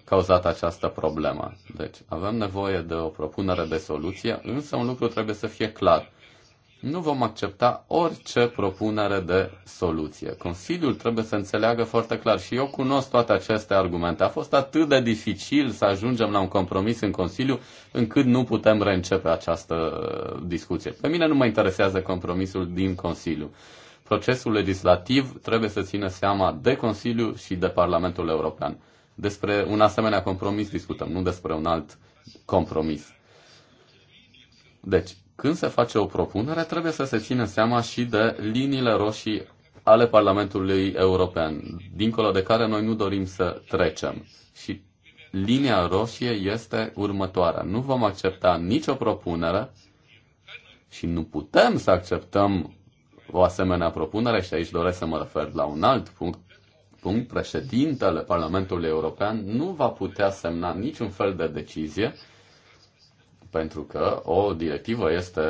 [SPEAKER 1] cauzat această problemă. Deci avem nevoie de o propunere de soluție, însă un lucru trebuie să fie clar nu vom accepta orice propunere de soluție. Consiliul trebuie să înțeleagă foarte clar și eu cunosc toate aceste argumente. A fost atât de dificil să ajungem la un compromis în Consiliu încât nu putem reîncepe această discuție. Pe mine nu mă interesează compromisul din Consiliu. Procesul legislativ trebuie să țină seama de Consiliu și de Parlamentul European. Despre un asemenea compromis discutăm, nu despre un alt compromis. Deci, când se face o propunere, trebuie să se țină seama și de liniile roșii ale Parlamentului European, dincolo de care noi nu dorim să trecem. Și linia roșie este următoarea. Nu vom accepta nicio propunere și nu putem să acceptăm o asemenea propunere și aici doresc să mă refer la un alt punct punct, președintele Parlamentului European nu va putea semna niciun fel de decizie pentru că o directivă este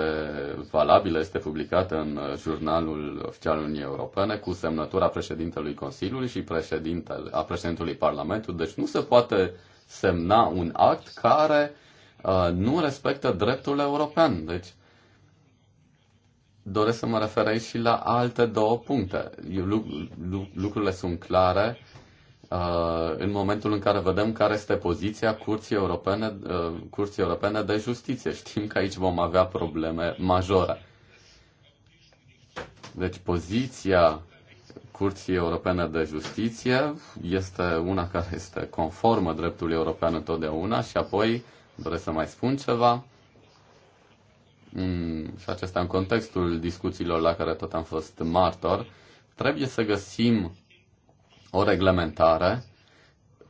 [SPEAKER 1] valabilă, este publicată în jurnalul oficial Uniunii Europene cu semnătura președintelui Consiliului și președintele, a președintelui Parlamentului. Deci nu se poate semna un act care uh, nu respectă dreptul european. Deci doresc să mă refer aici și la alte două puncte. Lucrurile sunt clare Uh, în momentul în care vedem care este poziția Curții Europene, uh, Curții Europene de Justiție. Știm că aici vom avea probleme majore. Deci poziția Curții Europene de Justiție este una care este conformă dreptului european întotdeauna și apoi doresc să mai spun ceva. Mm, și acesta în contextul discuțiilor la care tot am fost martor, trebuie să găsim o reglementare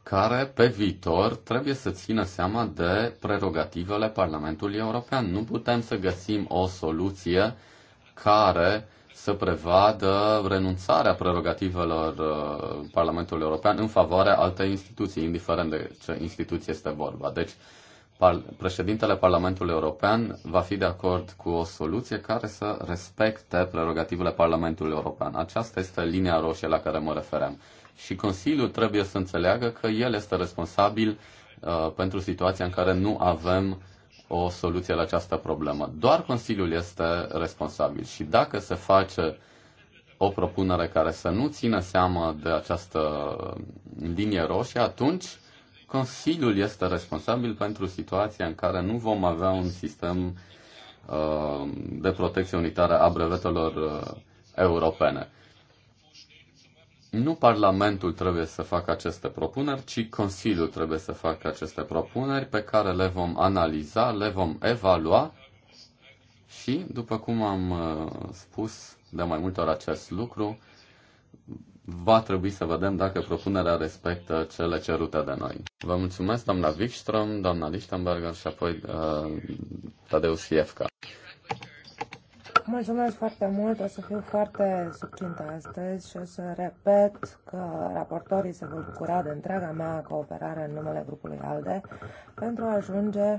[SPEAKER 1] care pe viitor trebuie să țină seama de prerogativele Parlamentului European. Nu putem să găsim o soluție care să prevadă renunțarea prerogativelor uh, Parlamentului European în favoarea altei instituții, indiferent de ce instituție este vorba. Deci, președintele Parlamentului European va fi de acord cu o soluție care să respecte prerogativele Parlamentului European. Aceasta este linia roșie la care mă refeream și Consiliul trebuie să înțeleagă că el este responsabil uh, pentru situația în care nu avem o soluție la această problemă. Doar Consiliul este responsabil și dacă se face o propunere care să nu țină seama de această linie roșie, atunci Consiliul este responsabil pentru situația în care nu vom avea un sistem uh, de protecție unitară a brevetelor uh, europene nu Parlamentul trebuie să facă aceste propuneri, ci Consiliul trebuie să facă aceste propuneri pe care le vom analiza, le vom evalua și, după cum am uh, spus de mai multe ori acest lucru, va trebui să vedem dacă propunerea respectă cele cerute de noi. Vă mulțumesc, doamna Wikström, doamna Lichtenberger și apoi uh, Tadeusz Iefka.
[SPEAKER 2] Mulțumesc foarte mult, o să fiu foarte subțintă astăzi și o să repet că raportorii se vor bucura de întreaga mea cooperare în numele grupului ALDE pentru a ajunge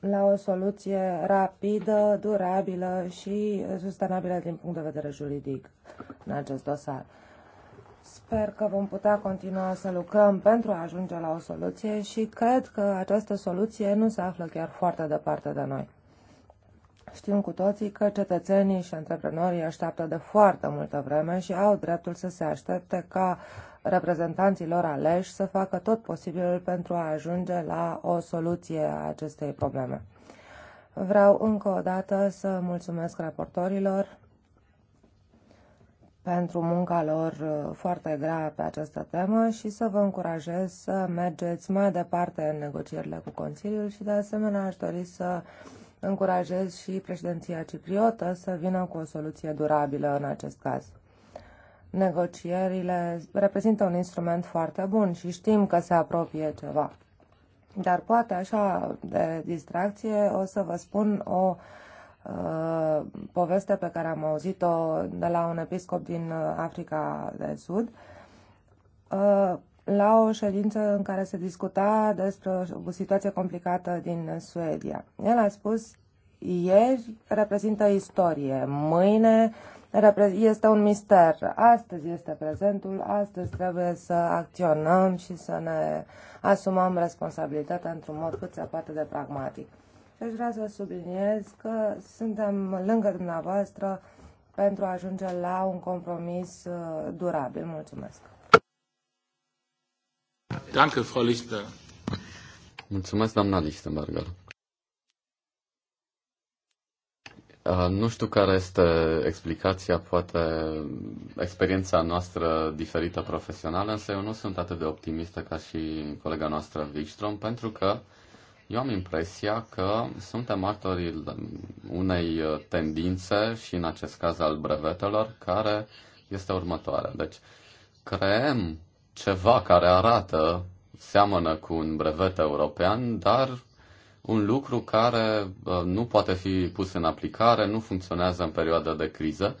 [SPEAKER 2] la o soluție rapidă, durabilă și sustenabilă din punct de vedere juridic în acest dosar. Sper că vom putea continua să lucrăm pentru a ajunge la o soluție și cred că această soluție nu se află chiar foarte departe de noi. Știm cu toții că cetățenii și antreprenorii așteaptă de foarte multă vreme și au dreptul să se aștepte ca reprezentanții lor aleși să facă tot posibilul pentru a ajunge la o soluție a acestei probleme. Vreau încă o dată să mulțumesc raportorilor pentru munca lor uh, foarte grea pe această temă și să vă încurajez să mergeți mai departe în negocierile cu Consiliul și de asemenea aș dori să încurajez și președinția cipriotă să vină cu o soluție durabilă în acest caz. Negocierile reprezintă un instrument foarte bun și știm că se apropie ceva. Dar poate așa de distracție o să vă spun o uh, poveste pe care am auzit-o de la un episcop din uh, Africa de Sud, uh, la o ședință în care se discuta despre o situație complicată din Suedia. El a spus, ieri reprezintă istorie, mâine este un mister, astăzi este prezentul, astăzi trebuie să acționăm și să ne asumăm responsabilitatea într-un mod cât se poate de pragmatic. aș vreau să subliniez că suntem lângă dumneavoastră pentru a ajunge la un compromis uh, durabil. Mulțumesc!
[SPEAKER 3] Danke, Frau
[SPEAKER 1] Lichter. Mulțumesc, doamna Lichtenberger. Uh, nu știu care este explicația, poate experiența noastră diferită profesională, însă eu nu sunt atât de optimistă ca și colega noastră Wikström, pentru că eu am impresia că suntem martorii unei tendințe și în acest caz al brevetelor, care este următoarea. Deci, creăm ceva care arată, seamănă cu un brevet european, dar un lucru care nu poate fi pus în aplicare, nu funcționează în perioada de criză,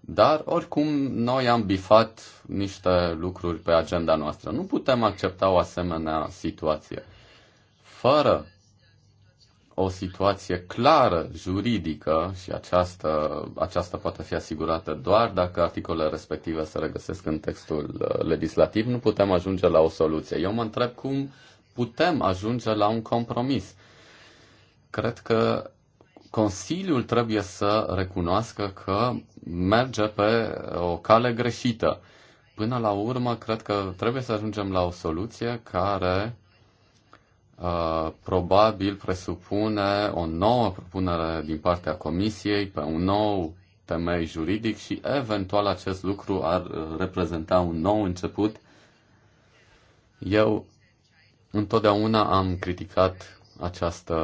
[SPEAKER 1] dar oricum noi am bifat niște lucruri pe agenda noastră. Nu putem accepta o asemenea situație. Fără o situație clară juridică și aceasta, aceasta poate fi asigurată doar dacă articolele respective se regăsesc în textul uh, legislativ, nu putem ajunge la o soluție. Eu mă întreb cum putem ajunge la un compromis. Cred că Consiliul trebuie să recunoască că merge pe uh, o cale greșită. Până la urmă, cred că trebuie să ajungem la o soluție care Uh, probabil presupune o nouă propunere din partea Comisiei pe un nou temei juridic și eventual acest lucru ar uh, reprezenta un nou început. Eu întotdeauna am criticat această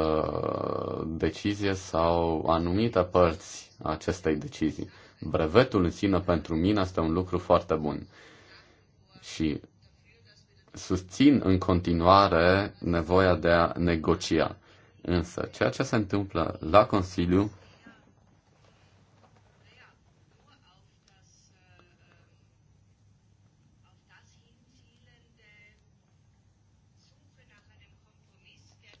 [SPEAKER 1] decizie sau anumite părți a acestei decizii. Brevetul în sine pentru mine este un lucru foarte bun. Și susțin în continuare nevoia de a negocia. Însă, ceea ce se întâmplă la Consiliu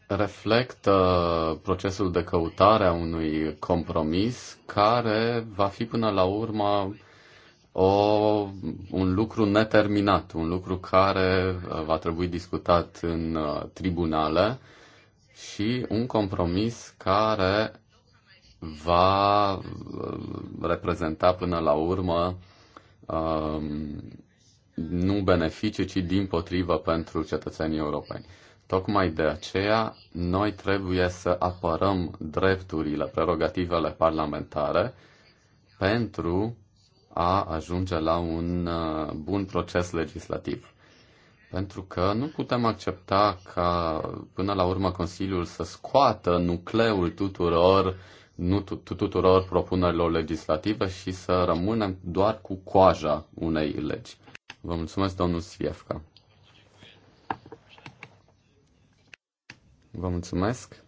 [SPEAKER 1] reflectă procesul de căutare a unui compromis care va fi până la urmă o, un lucru neterminat, un lucru care uh, va trebui discutat în uh, tribunale și un compromis care va uh, reprezenta până la urmă um, nu beneficii, ci din potrivă pentru cetățenii europeni. Tocmai de aceea, noi trebuie să apărăm drepturile, prerogativele parlamentare pentru a ajunge la un uh, bun proces legislativ. Pentru că nu putem accepta ca până la urmă Consiliul să scoată nucleul tuturor, nu tuturor propunerilor legislative și să rămânem doar cu coaja unei legi. Vă mulțumesc, domnul Siefka. Vă mulțumesc.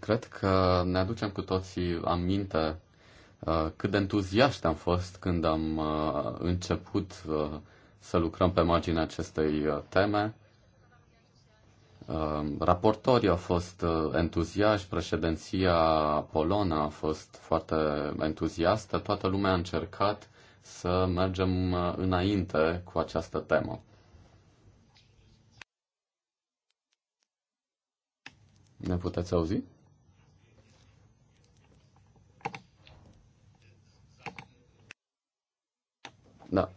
[SPEAKER 1] Cred că ne aducem cu toții aminte Uh, cât de entuziaști am fost când am uh, început uh, să lucrăm pe marginea acestei teme. Raportorii au fost entuziași, președinția polonă a fost foarte entuziastă, toată lumea a încercat să mergem înainte cu această temă. Ne puteți auzi? Da.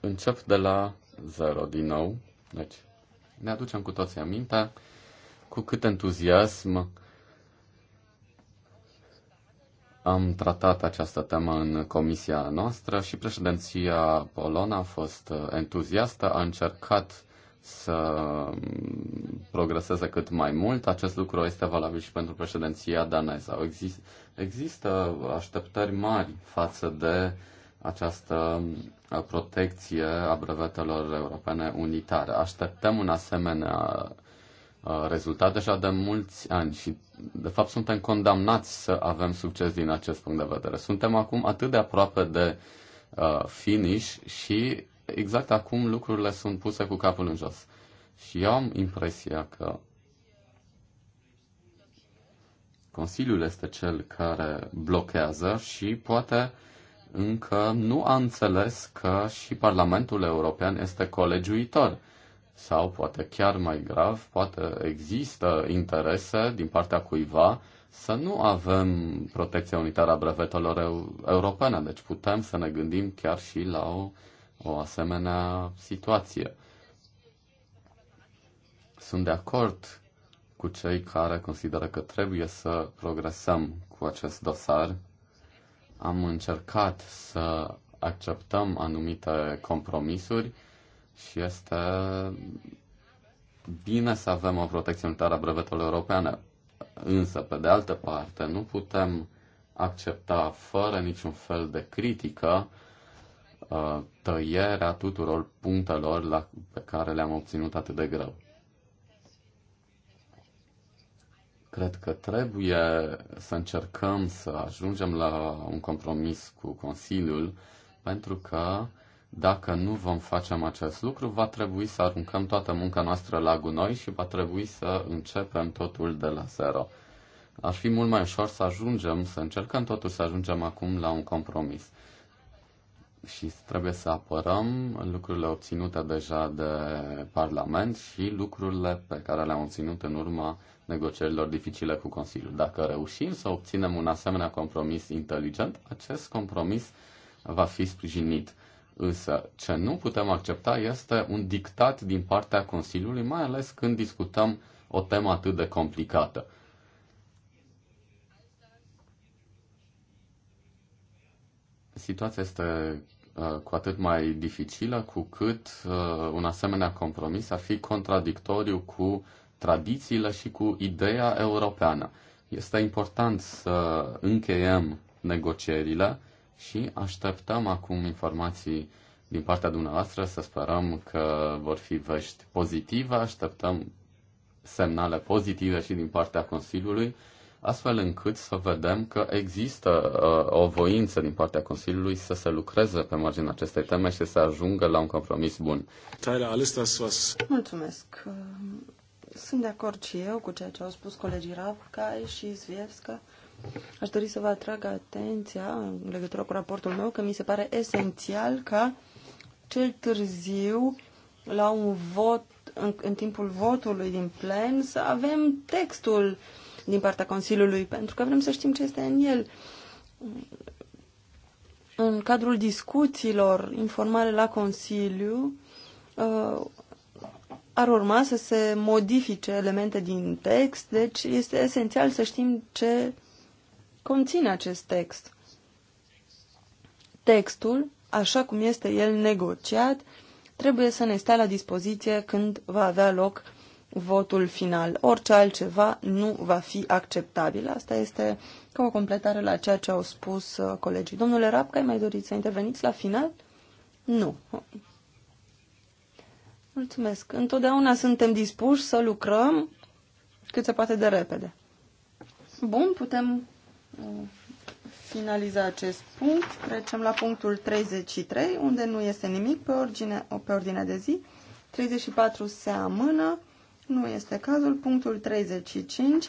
[SPEAKER 1] Încep de la zero din nou. Deci, ne aducem cu toții aminte cu cât entuziasm am tratat această temă în comisia noastră și președinția Polona a fost entuziastă, a încercat să progreseze cât mai mult. Acest lucru este valabil și pentru președinția daneză. Exist- există așteptări mari față de uh, această uh, protecție a brevetelor europene unitare. Așteptăm un asemenea uh, rezultat deja de mulți ani și, de fapt, suntem condamnați să avem succes din acest punct de vedere. Suntem acum atât de aproape de uh, finish și exact acum lucrurile sunt puse cu capul în jos. Și eu am impresia că Consiliul este cel care blochează și poate uh, încă nu a înțeles că și Parlamentul European este colegiuitor. Sau, poate chiar mai grav, poate există interese din partea cuiva să nu avem protecția unitară a brevetelor eu, europene. Deci putem să ne gândim chiar și la o, o asemenea situație. Sunt de acord cu cei care consideră că trebuie să progresăm cu acest dosar am încercat să acceptăm anumite compromisuri și este bine să avem o protecție unitară a brevetelor europene. Însă, pe de altă parte, nu putem accepta fără niciun fel de critică uh, tăierea tuturor punctelor la, pe care le-am obținut atât de greu. Cred că trebuie să încercăm să ajungem la un compromis cu Consiliul, pentru că dacă nu vom face acest lucru, va trebui să aruncăm toată munca noastră la gunoi și va trebui să începem totul de la zero. Ar fi mult mai ușor să ajungem, să încercăm totul să ajungem acum la un compromis și trebuie să apărăm lucrurile obținute deja de Parlament și lucrurile pe care le-am obținut în urma negocierilor dificile cu Consiliul. Dacă reușim să obținem un asemenea compromis inteligent, acest compromis va fi sprijinit. Însă, ce nu putem accepta este un dictat din partea Consiliului, mai ales când discutăm o temă atât de complicată. situația este uh, cu atât mai dificilă cu cât uh, un asemenea compromis ar fi contradictoriu cu tradițiile și cu ideea europeană. Este important să încheiem negocierile și așteptăm acum informații din partea dumneavoastră, să sperăm că vor fi vești pozitive, așteptăm semnale pozitive și din partea Consiliului astfel încât să vedem că există uh, o voință din partea Consiliului să se lucreze pe marginea acestei teme și să ajungă la un compromis bun.
[SPEAKER 3] Mulțumesc. Uh, sunt de acord și eu cu ceea ce au spus colegii Rapcai și Zvievska. Aș dori să vă atrag atenția în legătură cu raportul meu că mi se pare esențial ca cel târziu la un vot, în, în timpul votului din plen, să avem textul uh, din partea Consiliului, pentru că vrem să știm ce este în el. În cadrul discuțiilor informale la Consiliu, uh, ar urma să se modifice elemente din text, deci este esențial să știm ce conține acest text. Textul, așa cum este el negociat, trebuie să ne stea la dispoziție când va avea loc votul final. Orice altceva nu va fi acceptabil. Asta este ca o completare la ceea ce au spus uh, colegii. Domnule Rapca, ai mai dorit să interveniți la final? Nu. Mulțumesc. Întotdeauna suntem dispuși să lucrăm cât se poate de repede. Bun, putem uh, finaliza acest punct. Trecem la punctul 33, unde nu este nimic pe ordine, pe ordinea de zi. 34 se amână. Nu este cazul. Punctul 35,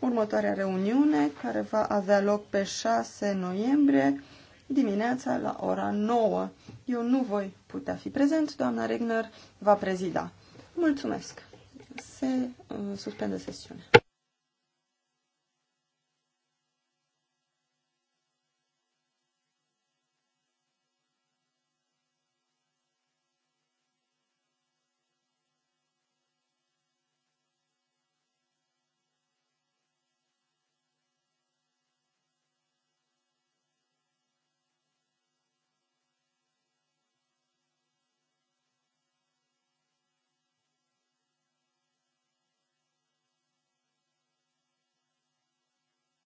[SPEAKER 3] următoarea reuniune, care va avea loc pe 6 noiembrie, dimineața la ora 9. Eu nu voi putea fi prezent, doamna Regner va prezida. Mulțumesc! Se uh, suspendă sesiunea.